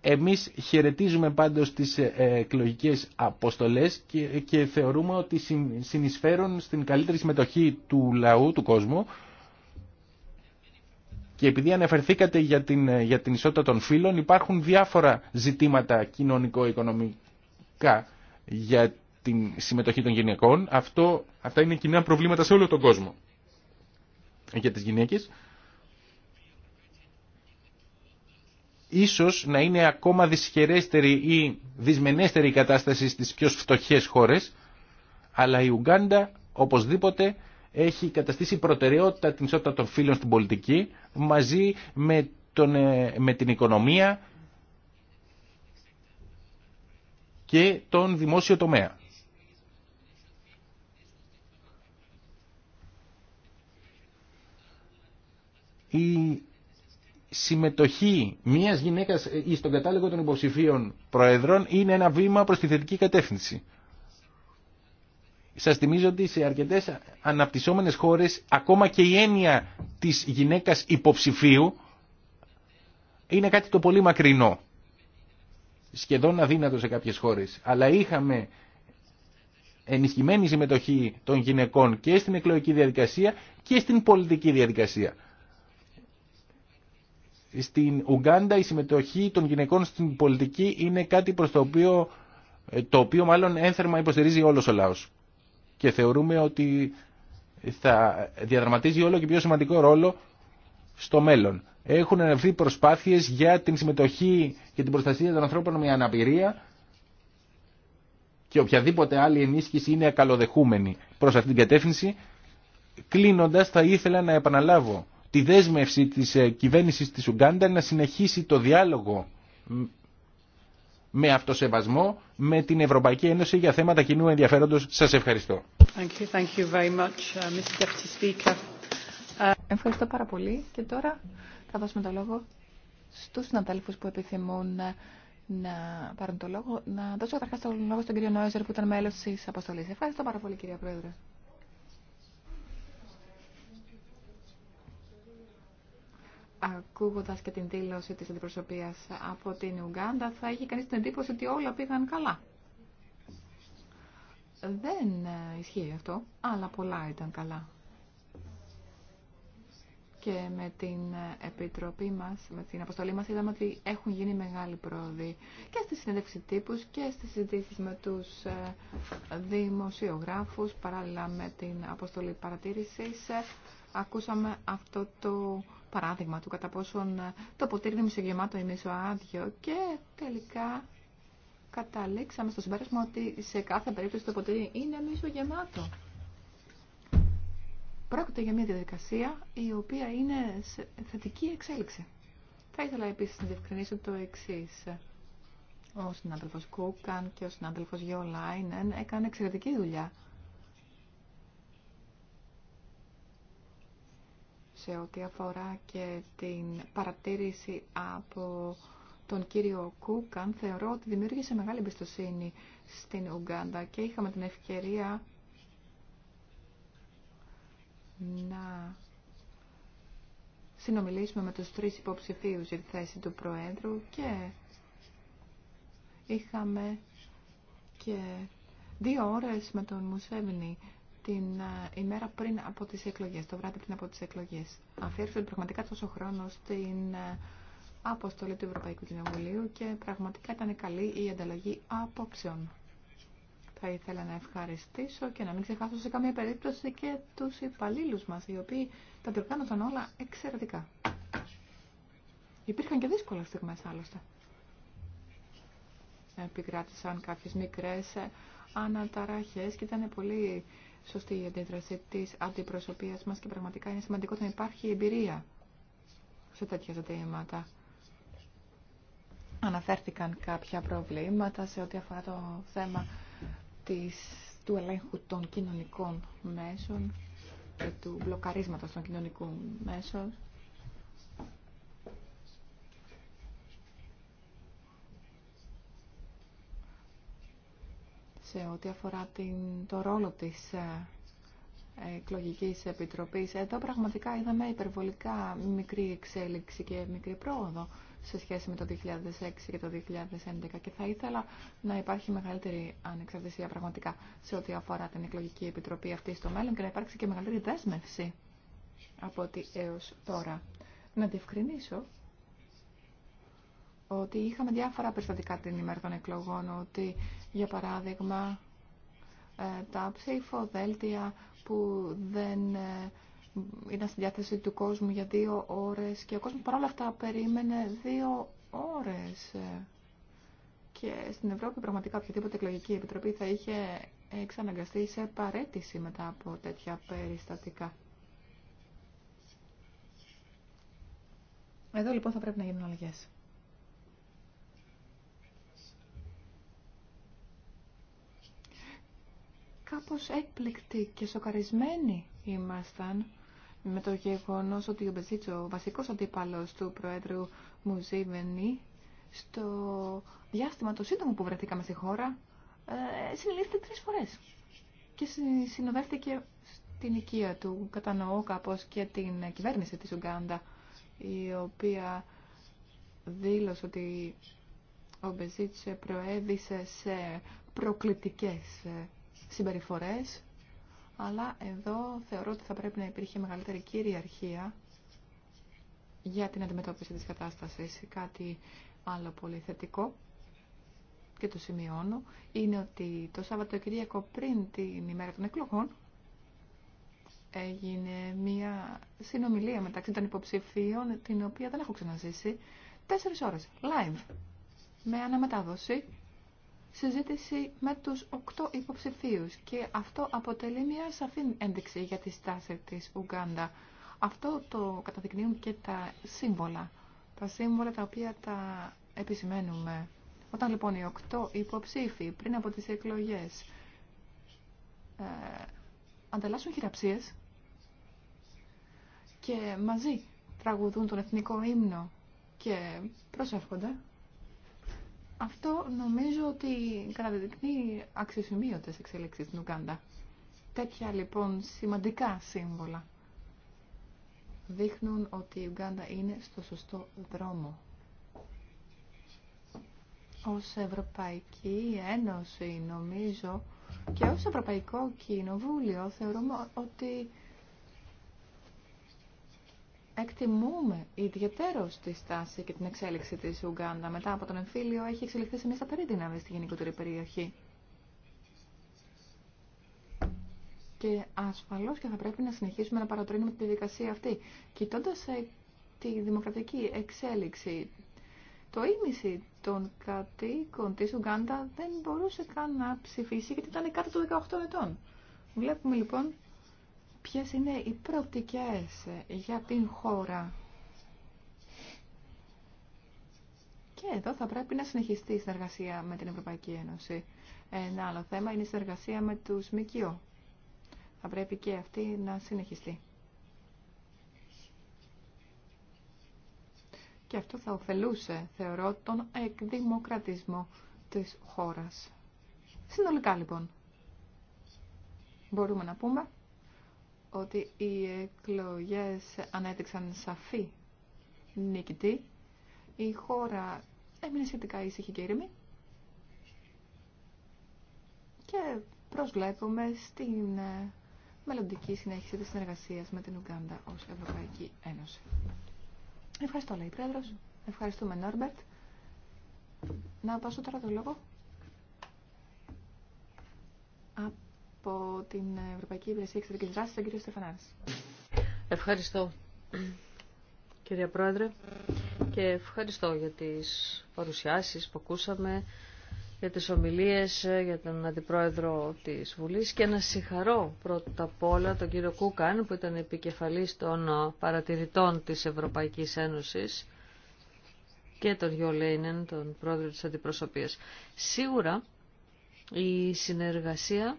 Εμείς χαιρετίζουμε πάντως τις ε, ε, εκλογικέ αποστολές και θεωρούμε ότι συνεισφέρουν στην καλύτερη συμμετοχή του λαού, του κόσμου. Και επειδή αναφερθήκατε για την, ε, για την ισότητα των φύλων, υπάρχουν διάφορα ζητήματα κοινωνικο-οικονομικά για την συμμετοχή των γυναικών. Αυτό, αυτά είναι κοινά προβλήματα σε όλο τον κόσμο για τις γυναίκες. ίσως να είναι ακόμα δυσχερέστερη ή δυσμενέστερη η κατάσταση στις πιο φτωχές χώρες, αλλά η Ουγγάντα οπωσδήποτε έχει καταστήσει προτεραιότητα την ισότητα των φίλων στην πολιτική μαζί με, τον, ε, με την οικονομία και τον δημόσιο τομέα. Η συμμετοχή μιας γυναίκας ε, στον κατάλογο των υποψηφίων προεδρών είναι ένα βήμα προς τη θετική κατεύθυνση. Σας θυμίζω ότι σε αρκετές αναπτυσσόμενες χώρες ακόμα και η έννοια της γυναίκας υποψηφίου είναι κάτι το πολύ μακρινό. Σχεδόν αδύνατο σε κάποιες χώρες. Αλλά είχαμε ενισχυμένη συμμετοχή των γυναικών και στην εκλογική διαδικασία και στην πολιτική διαδικασία. Στην Ουγκάντα η συμμετοχή των γυναικών στην πολιτική είναι κάτι προς το οποίο, ε, το οποίο μάλλον ένθερμα υποστηρίζει όλος ο λαός. Και θεωρούμε ότι θα διαδραματίζει όλο και πιο σημαντικό ρόλο στο μέλλον. Έχουν ανεβεί προσπάθειες για την συμμετοχή και την προστασία των ανθρώπων με αναπηρία και οποιαδήποτε άλλη ενίσχυση είναι ακαλοδεχούμενη προς αυτήν την κατεύθυνση. Κλείνοντας θα ήθελα να επαναλάβω τη δέσμευση της ε, κυβέρνησης της Ουγκάντα να συνεχίσει το διάλογο με αυτοσεβασμό με την Ευρωπαϊκή Ένωση για θέματα κοινού ενδιαφέροντος. Σας ευχαριστώ. Uh, uh, ευχαριστώ πάρα πολύ και τώρα θα δώσουμε το λόγο στους συναδέλφους που επιθυμούν ε, να πάρουν το λόγο. Να δώσω καταρχάς το λόγο στον κύριο Νόιζερ που ήταν μέλος της αποστολής. Ευχαριστώ πάρα πολύ κυρία Πρόεδρε. Ακούγοντα και την δήλωση τη αντιπροσωπεία από την Ουγγάντα, θα είχε κανεί την εντύπωση ότι όλα πήγαν καλά. Δεν ε, ισχύει αυτό, αλλά πολλά ήταν καλά. Και με την ε, επιτροπή μας, με την αποστολή μας, είδαμε ότι έχουν γίνει μεγάλη πρόοδοι και στη συνέντευξη τύπους και στις συζητήσει με τους ε, δημοσιογράφους, παράλληλα με την αποστολή παρατήρησης. Ακούσαμε αυτό το παράδειγμα του κατά πόσον ε, το ποτήρι είναι μισογεμάτο ή μισοάδιο και τελικά καταλήξαμε στο συμπέρασμα ότι σε κάθε περίπτωση το ποτήρι είναι μισογεμάτο. Πρόκειται για μια διαδικασία η οποία είναι σε θετική εξέλιξη. Θα ήθελα επίσης να διευκρινίσω το εξή. Ο συνάδελφος Κούκαν και ο συνάδελφος Γεωλάινεν έκανε εξαιρετική δουλειά σε ό,τι αφορά και την παρατήρηση από τον κύριο Κούκαν, θεωρώ ότι δημιούργησε μεγάλη εμπιστοσύνη στην Ουγγάντα και είχαμε την ευκαιρία να συνομιλήσουμε με τους τρεις υποψηφίους για τη θέση του Προέδρου και είχαμε και δύο ώρες με τον Μουσέβνη την ε, ημέρα πριν από τις εκλογές, το βράδυ πριν από τις εκλογές. Αφιέρωσε πραγματικά τόσο χρόνο στην ε, αποστολή του Ευρωπαϊκού Κοινοβουλίου και πραγματικά ήταν καλή η ανταλλαγή απόψεων. Θα ήθελα να ευχαριστήσω και να μην ξεχάσω σε καμία περίπτωση και τους υπαλλήλους μας, οι οποίοι τα διοργάνωσαν όλα εξαιρετικά. Υπήρχαν και δύσκολα στιγμές άλλωστε. Επικράτησαν κάποιες μικρές ε, αναταραχές και ήταν πολύ σωστή η αντίδραση τη αντιπροσωπείας μας και πραγματικά είναι σημαντικό να υπάρχει εμπειρία σε τέτοια ζητήματα. Αναφέρθηκαν κάποια προβλήματα σε ό,τι αφορά το θέμα της, του ελέγχου των κοινωνικών μέσων και του μπλοκαρίσματος των κοινωνικών μέσων. σε ό,τι αφορά την, το ρόλο της ε, εκλογική επιτροπής. Εδώ πραγματικά είδαμε υπερβολικά μικρή εξέλιξη και μικρή πρόοδο σε σχέση με το 2006 και το 2011 και θα ήθελα να υπάρχει μεγαλύτερη ανεξαρτησία πραγματικά σε ό,τι αφορά την εκλογική επιτροπή αυτή στο μέλλον και να υπάρξει και μεγαλύτερη δέσμευση από ό,τι έως τώρα. Να διευκρινίσω ότι είχαμε διάφορα περιστατικά την ημέρα των εκλογών, ότι για παράδειγμα ε, τα ψηφοδέλτια που δεν ε, ήταν στη διάθεση του κόσμου για δύο ώρες και ο κόσμος παρόλα αυτά περίμενε δύο ώρες. Και στην Ευρώπη πραγματικά οποιαδήποτε εκλογική επιτροπή θα είχε εξαναγκαστεί σε παρέτηση μετά από τέτοια περιστατικά. Εδώ λοιπόν θα πρέπει να γίνουν αλλαγές. κάπως έκπληκτοι και σοκαρισμένοι ήμασταν με το γεγονός ότι ο Μπεζίτσο, ο βασικός αντίπαλος του Προέδρου Μουζίβενη, στο διάστημα το σύντομο που βρεθήκαμε στη χώρα, ε, συνελήφθη τρεις φορές και συνοδεύτηκε στην οικία του, κατανοώ κάπως και την κυβέρνηση της Ουγκάντα, η οποία δήλωσε ότι ο Μπεζίτσο προέδισε σε προκλητικές ε, συμπεριφορές, αλλά εδώ θεωρώ ότι θα πρέπει να υπήρχε μεγαλύτερη κυριαρχία για την αντιμετώπιση της κατάστασης. Κάτι άλλο πολύ θετικό και το σημειώνω είναι ότι το Σαββατοκυριακό πριν την ημέρα των εκλογών έγινε μια συνομιλία μεταξύ των υποψηφίων την οποία δεν έχω ξαναζήσει τέσσερις ώρες live με αναμετάδοση συζήτηση με τους οκτώ υποψηφίους και αυτό αποτελεί μια σαφή ένδειξη για τη στάση της Ουγκάντα. Αυτό το καταδεικνύουν και τα σύμβολα, τα σύμβολα τα οποία τα επισημαίνουμε. Όταν λοιπόν οι οκτώ υποψήφοι πριν από τις εκλογές ε, ανταλλάσσουν χειραψίες και μαζί τραγουδούν τον εθνικό ύμνο και προσεύχονται, αυτό νομίζω ότι καταδεικνύει αξιοσημείωτε εξελίξει στην Ουγγάντα. Τέτοια λοιπόν σημαντικά σύμβολα δείχνουν ότι η Ουγγάντα είναι στο σωστό δρόμο. Ως Ευρωπαϊκή Ένωση νομίζω και ως Ευρωπαϊκό Κοινοβούλιο θεωρούμε ότι εκτιμούμε ιδιαίτερο τη στάση και την εξέλιξη της Ουγγάντα. Μετά από τον εμφύλιο έχει εξελιχθεί σε μια σταθερή δύναμη στη γενικότερη περιοχή. Και ασφαλώς και θα πρέπει να συνεχίσουμε να παρατρύνουμε τη διαδικασία αυτή. Κοιτώντα ε, τη δημοκρατική εξέλιξη, το ίμιση των κατοίκων τη Ουγγάντα δεν μπορούσε καν να ψηφίσει γιατί ήταν κάτω των 18 ετών. Βλέπουμε λοιπόν ποιες είναι οι προοπτικές για την χώρα. Και εδώ θα πρέπει να συνεχιστεί η συνεργασία με την Ευρωπαϊκή Ένωση. Ένα άλλο θέμα είναι η συνεργασία με τους ΜΚΙΟ. Θα πρέπει και αυτή να συνεχιστεί. Και αυτό θα ωφελούσε, θεωρώ, τον εκδημοκρατισμό της χώρας. Συνολικά, λοιπόν, μπορούμε να πούμε ότι οι εκλογές ανέδειξαν σαφή νικητή. Η χώρα έμεινε σχετικά ήσυχη και ήρεμη. Και προσβλέπουμε στην ε, μελλοντική συνέχιση της συνεργασίας με την Ουγκάντα ως Ευρωπαϊκή Ένωση. Ευχαριστώ, λέει η Πρόεδρος. Ευχαριστούμε, Νόρμπερτ. Να πάσω τώρα το λόγο από την Ευρωπαϊκή Υπηρεσία Εξωτερικής Δράσης, τον κύριο Στεφανάρης. Ευχαριστώ, κυρία Πρόεδρε, και ευχαριστώ για τις παρουσιάσεις που ακούσαμε, για τις ομιλίες για τον Αντιπρόεδρο της Βουλής και να συγχαρώ πρώτα απ' όλα τον κύριο Κούκαν που ήταν επικεφαλής των παρατηρητών της Ευρωπαϊκής Ένωσης και τον Γιώ Λέινεν, τον πρόεδρο της Αντιπροσωπείας. Σίγουρα η συνεργασία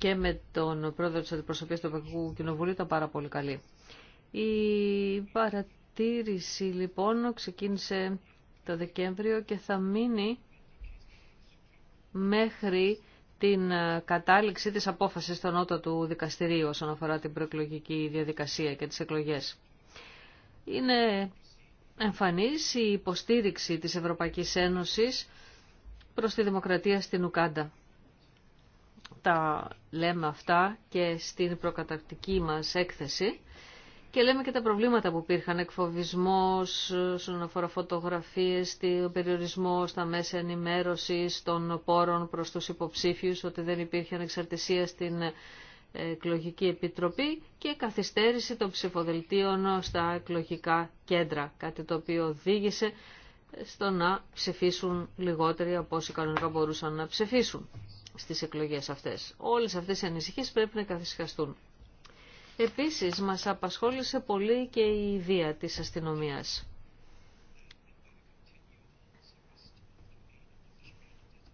και με τον πρόεδρο της αντιπροσωπείας του Ευρωπαϊκού Κοινοβουλίου ήταν πάρα πολύ καλή. Η παρατήρηση λοιπόν ξεκίνησε το Δεκέμβριο και θα μείνει μέχρι την ε, κατάληξη της απόφασης στον νότο του δικαστηρίου όσον αφορά την προεκλογική διαδικασία και τις εκλογές. Είναι εμφανής η υποστήριξη της Ευρωπαϊκής Ένωσης προς τη δημοκρατία στην Ουκάντα τα λέμε αυτά και στην προκαταρκτική μας έκθεση και λέμε και τα προβλήματα που υπήρχαν, εκφοβισμός, ε, στον αφορά φωτογραφίες, περιορισμό στα μέσα ενημέρωσης των πόρων προς τους υποψήφιους, ότι δεν υπήρχε ανεξαρτησία στην ε, εκλογική επιτροπή και καθυστέρηση των ψηφοδελτίων στα εκλογικά κέντρα, κάτι το οποίο οδήγησε ε, στο να ψηφίσουν λιγότεροι από όσοι κανονικά μπορούσαν να ψηφίσουν στις εκλογές αυτές. Όλες αυτές οι ανησυχίες πρέπει να καθισχαστούν. Επίσης, μας απασχόλησε πολύ και η ιδέα της αστυνομίας.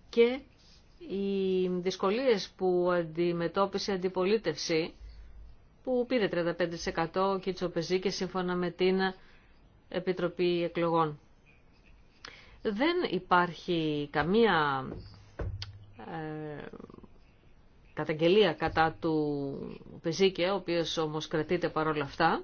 Και οι δυσκολίες που αντιμετώπισε η αντιπολίτευση, που πήρε 35% και τσοπεζή και σύμφωνα με την Επιτροπή Εκλογών. Δεν υπάρχει καμία ε, καταγγελία κατά του Πεζίκε, ο οποίος όμως κρατείται παρόλα αυτά.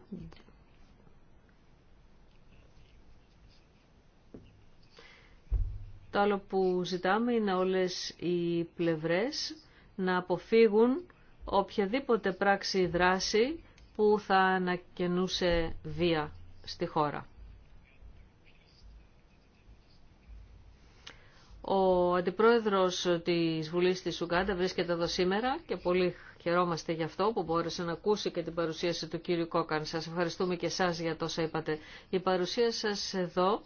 Το άλλο που ζητάμε είναι όλες οι πλευρές να αποφύγουν οποιαδήποτε πράξη ή δράση που θα ανακαινούσε βία στη χώρα. Ο αντιπρόεδρος της Βουλής της Ουγκάντα βρίσκεται εδώ σήμερα και πολύ χαιρόμαστε γι' αυτό που μπόρεσε να ακούσει και την παρουσίαση του κύριου Κόκαν. Σας ευχαριστούμε και εσάς για τόσα είπατε. Η παρουσία σας εδώ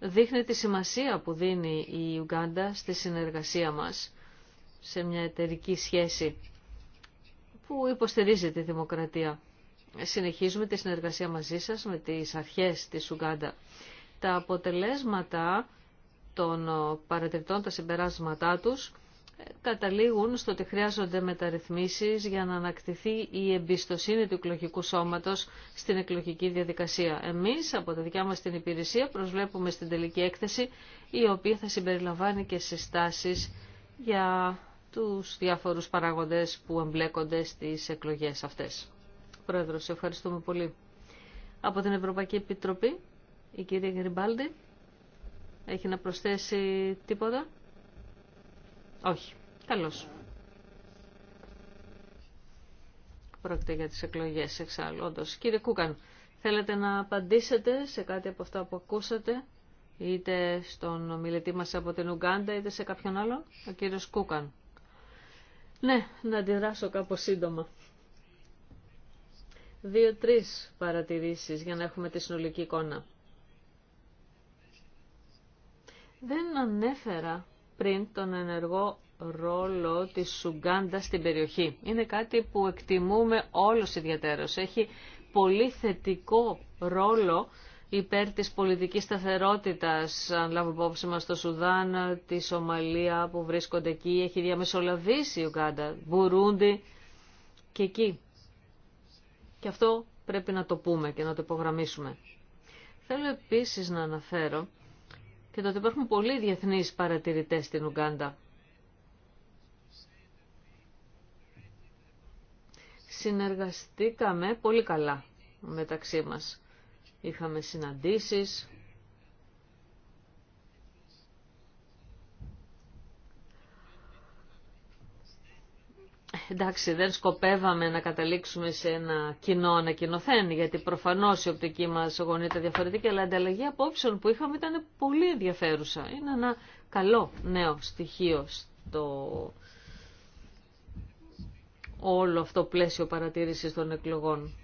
δείχνει τη σημασία που δίνει η Ουγκάντα στη συνεργασία μας σε μια εταιρική σχέση που υποστηρίζει τη δημοκρατία. Συνεχίζουμε τη συνεργασία μαζί σας με τις αρχές της Ουγκάντα. Τα αποτελέσματα των ε, παρατηρητών, τα συμπεράσματά τους, ε, καταλήγουν στο ότι χρειάζονται μεταρρυθμίσεις για να ανακτηθεί η εμπιστοσύνη του εκλογικού σώματος στην εκλογική διαδικασία. Εμείς από τη δικιά μας την υπηρεσία προσβλέπουμε στην τελική έκθεση η οποία θα συμπεριλαμβάνει και συστάσεις για τους διάφορους παράγοντες που εμπλέκονται στις εκλογές αυτές. Πρόεδρος, ευχαριστούμε πολύ. Από την Ευρωπαϊκή Επιτροπή, η κυρία έχει να προσθέσει τίποτα. Όχι. Καλώς. Πρόκειται για τις εκλογές εξάλλου, όντως. Κύριε Κούκαν, θέλετε να απαντήσετε σε κάτι από αυτά που ακούσατε, είτε στον ομιλητή μας από την Ουγκάντα, είτε σε κάποιον άλλον, ο κύριος Κούκαν. Ναι, να αντιδράσω κάπως σύντομα. Δύο-τρεις παρατηρήσεις για να έχουμε τη συνολική εικόνα. Δεν ανέφερα πριν τον ενεργό ρόλο της Σουγκάντα στην περιοχή. Είναι κάτι που εκτιμούμε όλος ιδιαίτερος. Έχει πολύ θετικό ρόλο υπέρ της πολιτικής σταθερότητας, αν λάβουμε υπόψη μας στο Σουδάν, τη Σομαλία που βρίσκονται εκεί, έχει διαμεσολαβήσει η Ουγκάντα, Μπουρούντι και εκεί. Και αυτό πρέπει να το πούμε και να το υπογραμμίσουμε. Θέλω επίσης να αναφέρω και τότε υπάρχουν πολλοί διεθνείς παρατηρητές στην Ουγκάντα. Συνεργαστήκαμε πολύ καλά μεταξύ μας. Είχαμε συναντήσεις, εντάξει δεν σκοπεύαμε να καταλήξουμε σε ένα κοινό ανακοινοθέν γιατί προφανώ η οπτική μας γονείται διαφορετική αλλά η ανταλλαγή απόψεων που είχαμε ήταν πολύ ενδιαφέρουσα. Είναι ένα καλό νέο στοιχείο στο όλο αυτό πλαίσιο παρατήρησης των εκλογών.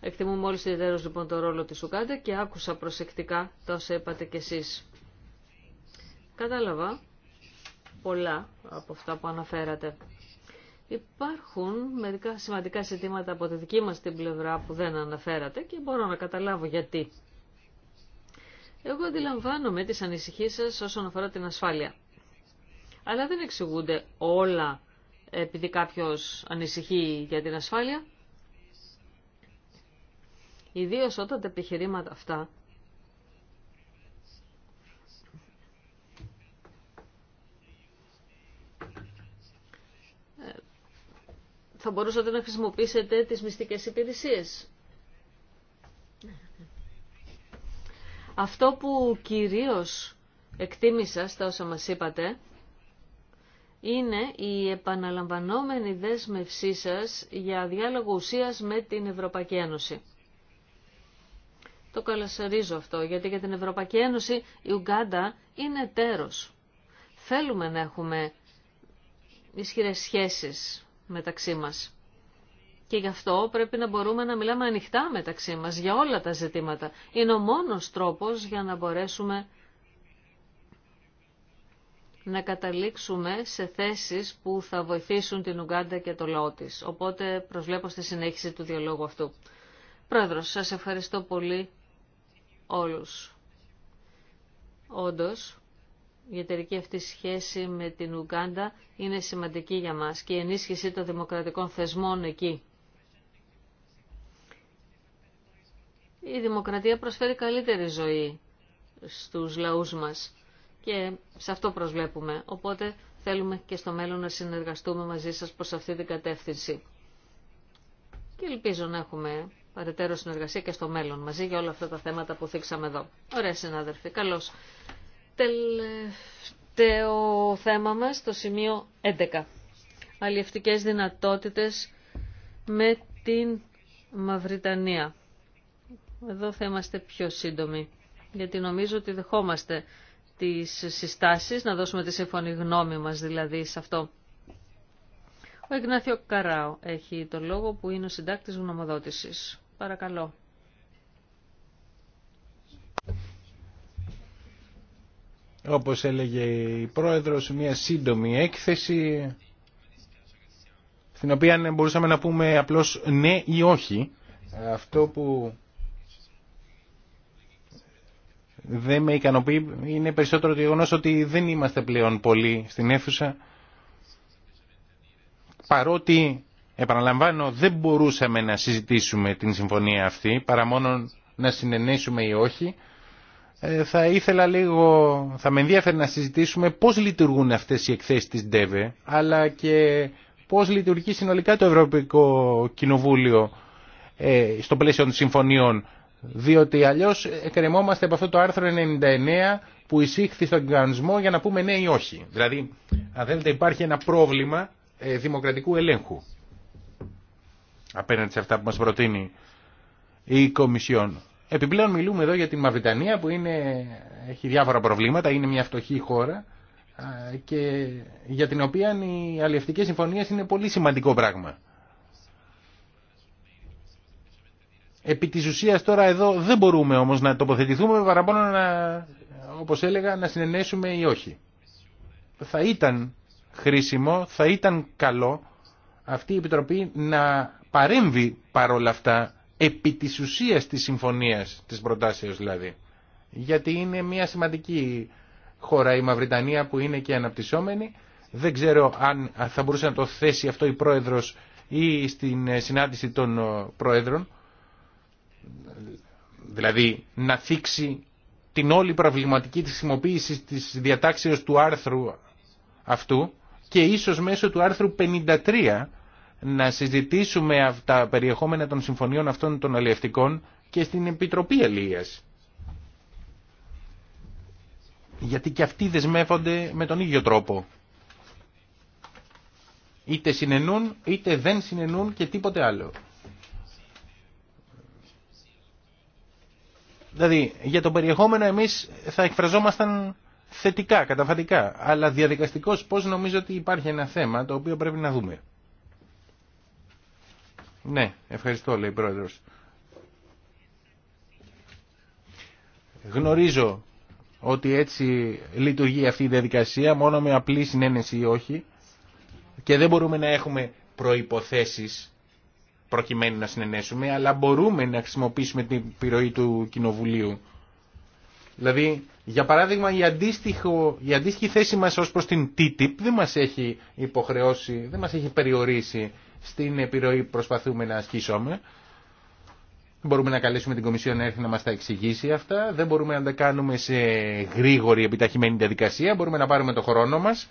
Εκτιμούμε όλους ιδιαίτερως λοιπόν το ρόλο της Ουκάντα και άκουσα προσεκτικά το είπατε κι εσείς. Κατάλαβα πολλά από αυτά που αναφέρατε. Υπάρχουν μερικά σημαντικά ζητήματα από τη δική μας την πλευρά που δεν αναφέρατε και μπορώ να καταλάβω γιατί. Εγώ αντιλαμβάνομαι τις ανησυχίες σας όσον αφορά την ασφάλεια. Αλλά δεν εξηγούνται όλα επειδή κάποιος ανησυχεί για την ασφάλεια. Ιδίω όταν τα επιχειρήματα αυτά θα μπορούσατε να χρησιμοποιήσετε τις μυστικές υπηρεσίες. Αυτό που κυρίως εκτίμησα στα όσα μας είπατε είναι η επαναλαμβανόμενη δέσμευσή σας για διάλογο ουσίας με την Ευρωπαϊκή Ένωση. Το καλασαρίζω αυτό, γιατί για την Ευρωπαϊκή Ένωση η Ουγκάντα είναι τέρος. Θέλουμε να έχουμε ισχυρές σχέσεις μεταξύ μας. Και γι' αυτό πρέπει να μπορούμε να μιλάμε ανοιχτά μεταξύ μας για όλα τα ζητήματα. Είναι ο μόνος τρόπος για να μπορέσουμε να καταλήξουμε σε θέσεις που θα βοηθήσουν την Ουγκάντα και το λαό της. Οπότε προσβλέπω στη συνέχιση του διαλόγου αυτού. Πρόεδρος, σας ευχαριστώ πολύ όλους. Όντως, η εταιρική αυτή σχέση με την Ουγκάντα είναι σημαντική για μας και η ενίσχυση των δημοκρατικών θεσμών εκεί. Η δημοκρατία προσφέρει καλύτερη ζωή στους λαούς μας και σε αυτό προσβλέπουμε. Οπότε θέλουμε και στο μέλλον να συνεργαστούμε μαζί σας προς αυτή την κατεύθυνση. Και ελπίζω να έχουμε παρετέρω συνεργασία και στο μέλλον μαζί για όλα αυτά τα θέματα που θίξαμε εδώ. Ωραία συνάδελφοι, καλώς. Τελευταίο θέμα μας, το σημείο 11. Αλλιευτικές δυνατότητες με την Μαυριτανία. Εδώ θα είμαστε πιο σύντομοι, γιατί νομίζω ότι δεχόμαστε τις συστάσεις, να δώσουμε τη σύμφωνη γνώμη μας δηλαδή σε αυτό. Ο Εγνάθιο Καράου έχει το λόγο που είναι ο συντάκτης γνωμοδότησης. Παρακαλώ. όπως έλεγε η πρόεδρος, μια σύντομη έκθεση στην οποία μπορούσαμε να πούμε απλώς ναι ή όχι. Αυτό που δεν με ικανοποιεί είναι περισσότερο το γεγονό ότι δεν είμαστε πλέον πολύ στην αίθουσα παρότι επαναλαμβάνω δεν μπορούσαμε να συζητήσουμε την συμφωνία αυτή παρά μόνο να συνενέσουμε ή όχι ε, θα ήθελα λίγο, θα με ενδιαφέρει να συζητήσουμε πώς λειτουργούν αυτές οι εκθέσεις της ΔΕΒΕ, αλλά και πώς λειτουργεί συνολικά το Ευρωπαϊκό Κοινοβούλιο ε, στο πλαίσιο των συμφωνιών. Διότι αλλιώς εκκρεμόμαστε από αυτό το άρθρο 99 που εισήχθη στον κανονισμό για να πούμε ναι ή όχι. Δηλαδή, αν θέλετε, υπάρχει ένα πρόβλημα ε, δημοκρατικού ελέγχου απέναντι σε αυτά που μας προτείνει η Κομισιόν. Επιπλέον μιλούμε εδώ για την Μαυριτανία που είναι, έχει διάφορα προβλήματα, είναι μια φτωχή χώρα και για την οποία οι αλληλευτικές συμφωνίες είναι πολύ σημαντικό πράγμα. Επί της ουσίας τώρα εδώ δεν μπορούμε όμως να τοποθετηθούμε παραπάνω να, όπως έλεγα, να συνενέσουμε ή όχι. Θα ήταν χρήσιμο, θα ήταν καλό αυτή η Επιτροπή να παρέμβει παρόλα αυτά επί της ουσίας της συμφωνίας, της προτάσεως δηλαδή. Γιατί είναι μια σημαντική χώρα η Μαυριτανία που είναι και αναπτυσσόμενη. Δεν ξέρω αν θα μπορούσε να το θέσει αυτό η πρόεδρος ή στην συνάντηση των ε, πρόεδρων. Δηλαδή να θίξει την όλη προβληματική της χρησιμοποίηση της διατάξεως του άρθρου αυτού και ίσως μέσω του άρθρου 53 να συζητήσουμε αυτά περιεχόμενα των συμφωνιών αυτών των αλλιευτικών και στην Επιτροπή Ελίας. Γιατί και αυτοί δεσμεύονται με τον ίδιο τρόπο. Είτε συνενούν, είτε δεν συνενούν και τίποτε άλλο. Δηλαδή, για το περιεχόμενο εμείς θα εκφραζόμασταν θετικά, καταφατικά. Αλλά διαδικαστικώς πώς νομίζω ότι υπάρχει ένα θέμα το οποίο πρέπει να δούμε. Ναι, ευχαριστώ λέει Γνωρίζω ότι έτσι λειτουργεί αυτή η διαδικασία μόνο με απλή συνένεση ή όχι και δεν μπορούμε να έχουμε προϋποθέσεις προκειμένου να συνενέσουμε αλλά μπορούμε να χρησιμοποιήσουμε την επιρροή του Κοινοβουλίου. Δηλαδή, για παράδειγμα, η, αντίστοιχο, η αντίστοιχη θέση μας ως προς την TTIP δεν μας έχει υποχρεώσει, δεν μας έχει περιορίσει στην επιρροή που προσπαθούμε να ασκήσουμε. Μπορούμε να καλέσουμε την Κομισιόν να έρθει να μας τα εξηγήσει αυτά. Δεν μπορούμε να τα κάνουμε σε γρήγορη επιταχυμένη διαδικασία. Μπορούμε να πάρουμε το χρόνο μας.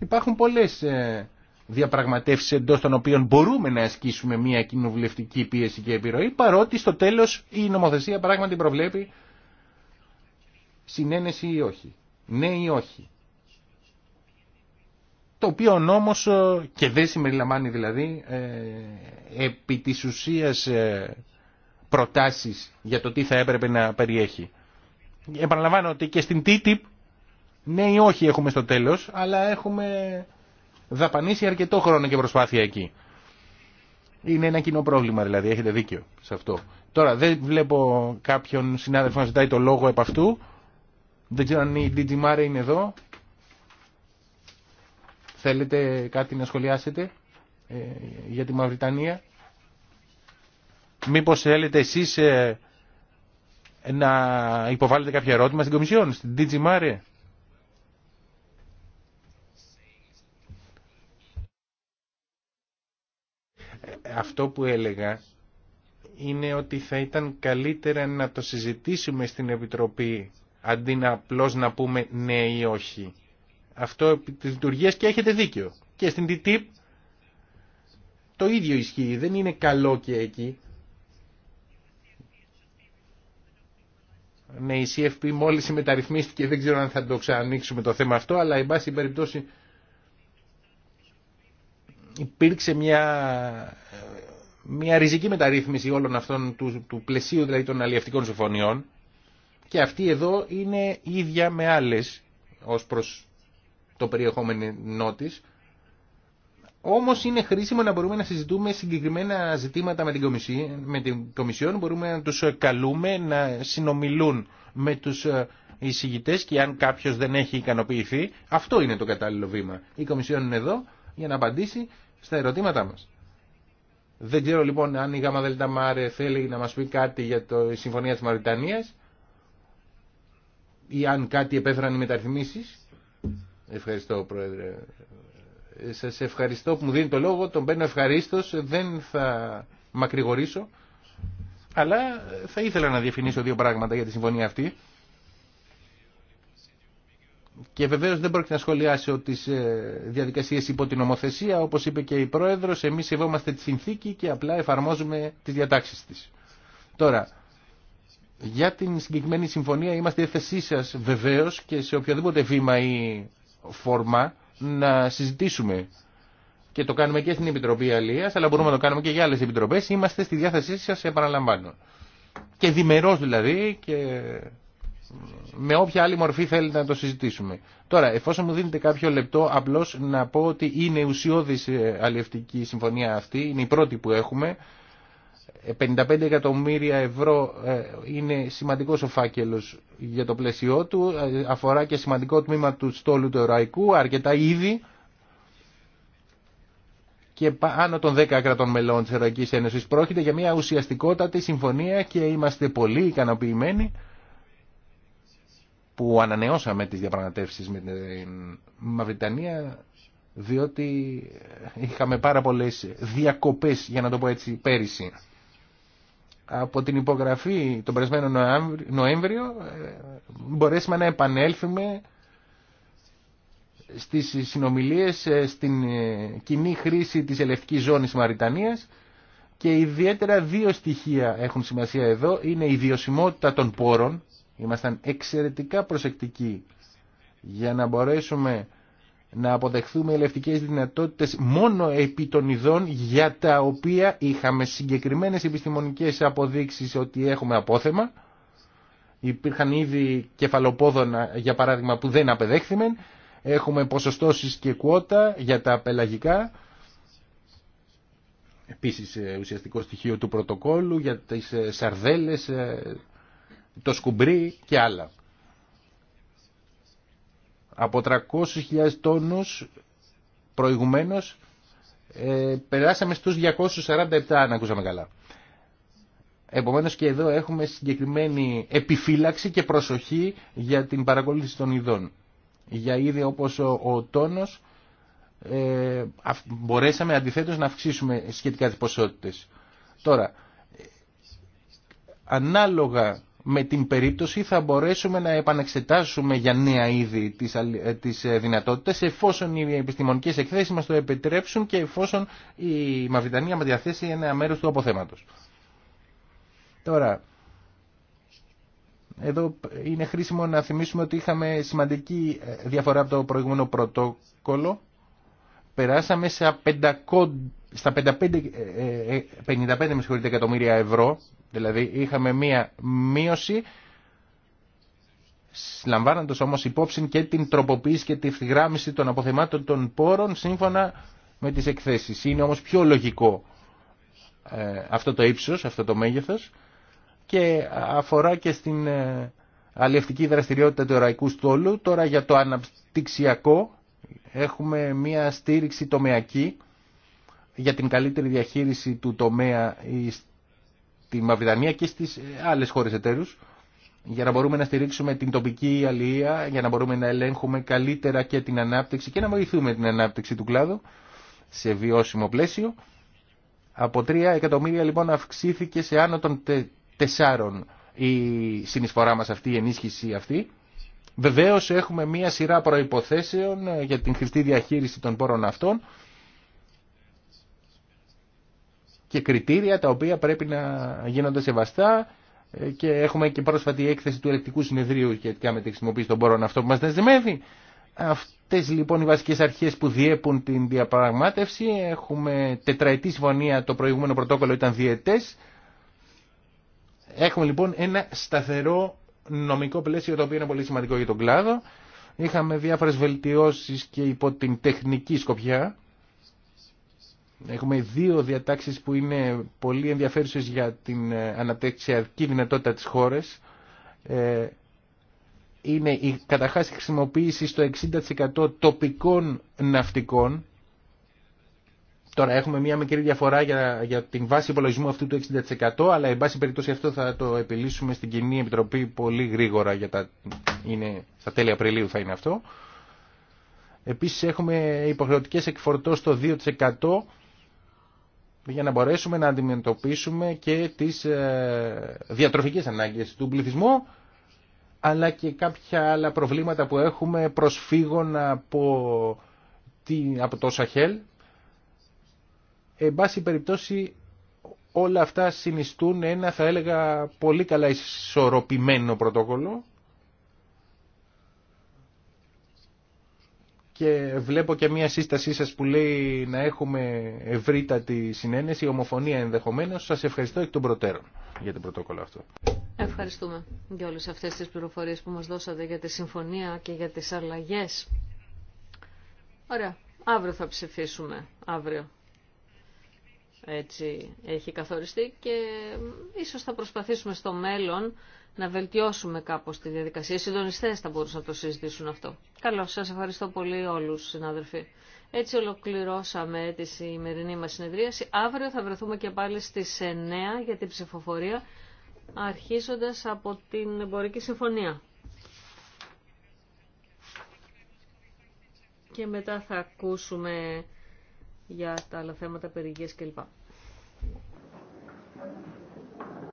Υπάρχουν πολλές ε, διαπραγματεύσεις εντός των οποίων μπορούμε να ασκήσουμε μια κοινοβουλευτική πίεση και επιρροή, παρότι στο τέλος η νομοθεσία πράγματι προβλέπει συνένεση ή όχι, ναι ή όχι το οποίο νόμος ε, και δεν συμπεριλαμβάνει δηλαδή ε, επί της ουσίας ε, προτάσεις για το τι θα έπρεπε να περιέχει. Επαναλαμβάνω ότι και στην TTIP ναι ή όχι έχουμε στο τέλος, αλλά έχουμε δαπανίσει αρκετό χρόνο και προσπάθεια εκεί. Είναι ένα κοινό πρόβλημα δηλαδή, έχετε δίκιο σε αυτό. Τώρα δεν βλέπω κάποιον συνάδελφο να ζητάει το λόγο επ' αυτού. Δεν ξέρω αν η DG είναι εδώ. Θέλετε κάτι να σχολιάσετε ε, για τη Μαυριτανία. Μήπως θέλετε εσείς ε, να υποβάλλετε κάποια ερώτημα στην Κομισιόν, στην DG Mare. Αυτό που έλεγα είναι ότι θα ήταν καλύτερα να το συζητήσουμε στην Επιτροπή αντί να απλώς να πούμε ναι ή όχι αυτό τη λειτουργία και έχετε δίκιο. Και στην TTIP το ίδιο ισχύει, δεν είναι καλό και εκεί. Ναι, η CFP μόλις μεταρρυθμίστηκε, δεν ξέρω αν θα το ξανανοίξουμε το θέμα αυτό, αλλά εν πάση περιπτώσει υπήρξε μια, μια ριζική μεταρρύθμιση όλων αυτών του, του πλαισίου δηλαδή των αλλιευτικών συμφωνιών και αυτή εδώ είναι ίδια με άλλε ως προς το περιεχόμενό της. Όμως είναι χρήσιμο να μπορούμε να συζητούμε συγκεκριμένα ζητήματα με την, Κομισιόν, με την Κομισιόν. Μπορούμε να του καλούμε να συνομιλούν με τους ε, εισηγητέ και αν κάποιο δεν έχει ικανοποιηθεί, αυτό είναι το κατάλληλο βήμα. Η Κομισιόν είναι εδώ για να απαντήσει στα ερωτήματά μα. Δεν ξέρω λοιπόν αν η ΜΑΡΕ θέλει να μα πει κάτι για τη Συμφωνία τη Μαριτανία ή αν κάτι επέφεραν οι μεταρρυθμίσεις. Ευχαριστώ, Πρόεδρε. Σας ευχαριστώ που μου δίνει το λόγο, τον παίρνω ευχαρίστω, δεν θα μακρηγορήσω, αλλά θα ήθελα να διαφημίσω δύο πράγματα για τη συμφωνία αυτή. Και βεβαίω δεν πρόκειται να σχολιάσω τι ε, διαδικασίε υπό την νομοθεσία. Όπω είπε και η Πρόεδρο, εμεί σεβόμαστε τη συνθήκη και απλά εφαρμόζουμε τι διατάξει τη. Τώρα, για την συγκεκριμένη συμφωνία είμαστε θέση σα βεβαίω και σε οποιοδήποτε βήμα ή φόρμα να συζητήσουμε και το κάνουμε και στην Επιτροπή Αλίας, αλλά μπορούμε να το κάνουμε και για άλλες επιτροπές. Είμαστε στη διάθεσή σας, επαναλαμβάνω. Και διμερός δηλαδή και με όποια άλλη μορφή θέλετε να το συζητήσουμε. Τώρα, εφόσον μου δίνετε κάποιο λεπτό, απλώς να πω ότι είναι ουσιώδης ε, αλλιευτική συμφωνία αυτή, είναι η πρώτη που έχουμε 55 εκατομμύρια ευρώ ε, είναι σημαντικός ο φάκελος για το πλαίσιό του, ε, αφορά και σημαντικό τμήμα του στόλου του Εωραϊκού, αρκετά ήδη και πάνω των 10 κρατών μελών της Εωραϊκή Ένωσης πρόκειται για μια ουσιαστικότατη συμφωνία και είμαστε πολύ ικανοποιημένοι που ανανεώσαμε τις διαπραγματεύσεις με την Μαυριτανία διότι είχαμε πάρα πολλές διακοπές, για να το πω έτσι, πέρυσι από την υπογραφή τον περασμένο Νοέμβριο ε, μπορέσουμε να επανέλθουμε στις συνομιλίες ε, στην ε, κοινή χρήση της ελευτικής ζώνης Μαριτανίας και ιδιαίτερα δύο στοιχεία έχουν σημασία εδώ είναι η βιωσιμότητα των πόρων ήμασταν εξαιρετικά προσεκτικοί για να μπορέσουμε να αποδεχθούμε ελευτικές δυνατότητες μόνο επί των ειδών για τα οποία είχαμε συγκεκριμένες επιστημονικές αποδείξεις ότι έχουμε απόθεμα. Υπήρχαν ήδη κεφαλοπόδωνα, για παράδειγμα, που δεν απεδέχθημεν. Έχουμε ποσοστώσεις και κουότα για τα απελαγικά. Επίσης ε, ουσιαστικό στοιχείο του πρωτοκόλου για τις ε, σαρδέλες, ε, το σκουμπρί και άλλα από 300.000 τόνους προηγουμένως ε, περάσαμε στους 247 αν ακούσαμε καλά. Επομένως και εδώ έχουμε συγκεκριμένη επιφύλαξη και προσοχή για την παρακολούθηση των ειδών. Για είδη όπως ο, τόνος ε, μπορέσαμε αντιθέτως να αυξήσουμε σχετικά τις ποσότητες. Τώρα, ε, ανάλογα με την περίπτωση θα μπορέσουμε να επαναξετάσουμε για νέα είδη τις, ε, τις ε, δυνατότητες εφόσον οι επιστημονικές εκθέσεις μας το επιτρέψουν και εφόσον η Μαυριτανία μας διαθέσει ένα μέρος του αποθέματος. Τώρα, εδώ είναι χρήσιμο να θυμίσουμε ότι είχαμε σημαντική ε, διαφορά από το προηγούμενο πρωτόκολλο. Περάσαμε στα 55 εκατομμύρια ευρώ Δηλαδή είχαμε μία μείωση, λαμβάνοντα όμως υπόψη και την τροποποίηση και τη ευθυγράμμιση των αποθεμάτων των πόρων σύμφωνα με τις εκθέσεις. Είναι όμως πιο λογικό ε, αυτό το ύψο, αυτό το μέγεθος και αφορά και στην ε, αλλιευτική δραστηριότητα του οραϊκού στόλου. Τώρα για το αναπτυξιακό έχουμε μία στήριξη τομεακή για την καλύτερη διαχείριση του τομέα στη Μαυριτανία και στις ε, άλλες χώρες εταίρους για να μπορούμε να στηρίξουμε την τοπική αλληλεία, για να μπορούμε να ελέγχουμε καλύτερα και την ανάπτυξη και να βοηθούμε την ανάπτυξη του κλάδου σε βιώσιμο πλαίσιο. Από 3 εκατομμύρια λοιπόν αυξήθηκε σε άνω των 4 η συνεισφορά μας αυτή, η ενίσχυση αυτή. Βεβαίως έχουμε μία σειρά προϋποθέσεων ε, για την χρηστή διαχείριση των πόρων αυτών και κριτήρια τα οποία πρέπει να γίνονται σεβαστά ε, και έχουμε και πρόσφατη έκθεση του ελεκτικού συνεδρίου σχετικά με τη χρησιμοποίηση των πόρων αυτό που μας δεσμεύει. Αυτές λοιπόν οι βασικές αρχές που διέπουν την διαπραγμάτευση έχουμε τετραετή συμφωνία, το προηγούμενο πρωτόκολλο ήταν διετές. Έχουμε λοιπόν ένα σταθερό νομικό πλαίσιο το οποίο είναι πολύ σημαντικό για τον κλάδο. Είχαμε διάφορες βελτιώσεις και υπό την τεχνική σκοπιά Έχουμε δύο διατάξεις που είναι πολύ ενδιαφέρουσες για την ε, αναπτυξιακή δυνατότητα της χώρας. Ε, είναι η καταρχάς χρησιμοποίηση στο 60% τοπικών ναυτικών. Τώρα έχουμε μια μικρή διαφορά για, για την βάση υπολογισμού αυτού του 60% αλλά εν πάση περιπτώσει αυτό θα το επιλύσουμε στην Κοινή Επιτροπή πολύ γρήγορα για τα, είναι, στα τέλη Απριλίου θα είναι αυτό. Επίσης έχουμε υποχρεωτικές εκφορτώσεις στο 2% για να μπορέσουμε να αντιμετωπίσουμε και τις ε, διατροφικές ανάγκες του πληθυσμού αλλά και κάποια άλλα προβλήματα που έχουμε προσφύγων από, από το Σαχέλ. Εν πάση περιπτώσει όλα αυτά συνιστούν ένα θα έλεγα πολύ καλά ισορροπημένο πρωτόκολλο και βλέπω και μία σύστασή σας που λέει να έχουμε ευρύτατη συνένεση, ομοφωνία ενδεχομένως. Σας ευχαριστώ εκ των προτέρων για την πρωτόκολλο αυτό. Ευχαριστούμε για όλες αυτές τις πληροφορίες που μας δώσατε για τη συμφωνία και για τις αλλαγές. Ωραία. Αύριο θα ψηφίσουμε. Αύριο. Έτσι έχει καθοριστεί και ίσως θα προσπαθήσουμε στο μέλλον να βελτιώσουμε κάπως τη διαδικασία. Οι συντονιστές θα μπορούσαν να το συζητήσουν αυτό. Καλώ, σας ευχαριστώ πολύ όλους συνάδελφοι. Έτσι ολοκληρώσαμε τη σημερινή μας συνεδρίαση. Αύριο θα βρεθούμε και πάλι στις 9 για την ψηφοφορία, αρχίζοντας από την εμπορική συμφωνία. Και μετά θα ακούσουμε για τα άλλα θέματα, κλπ.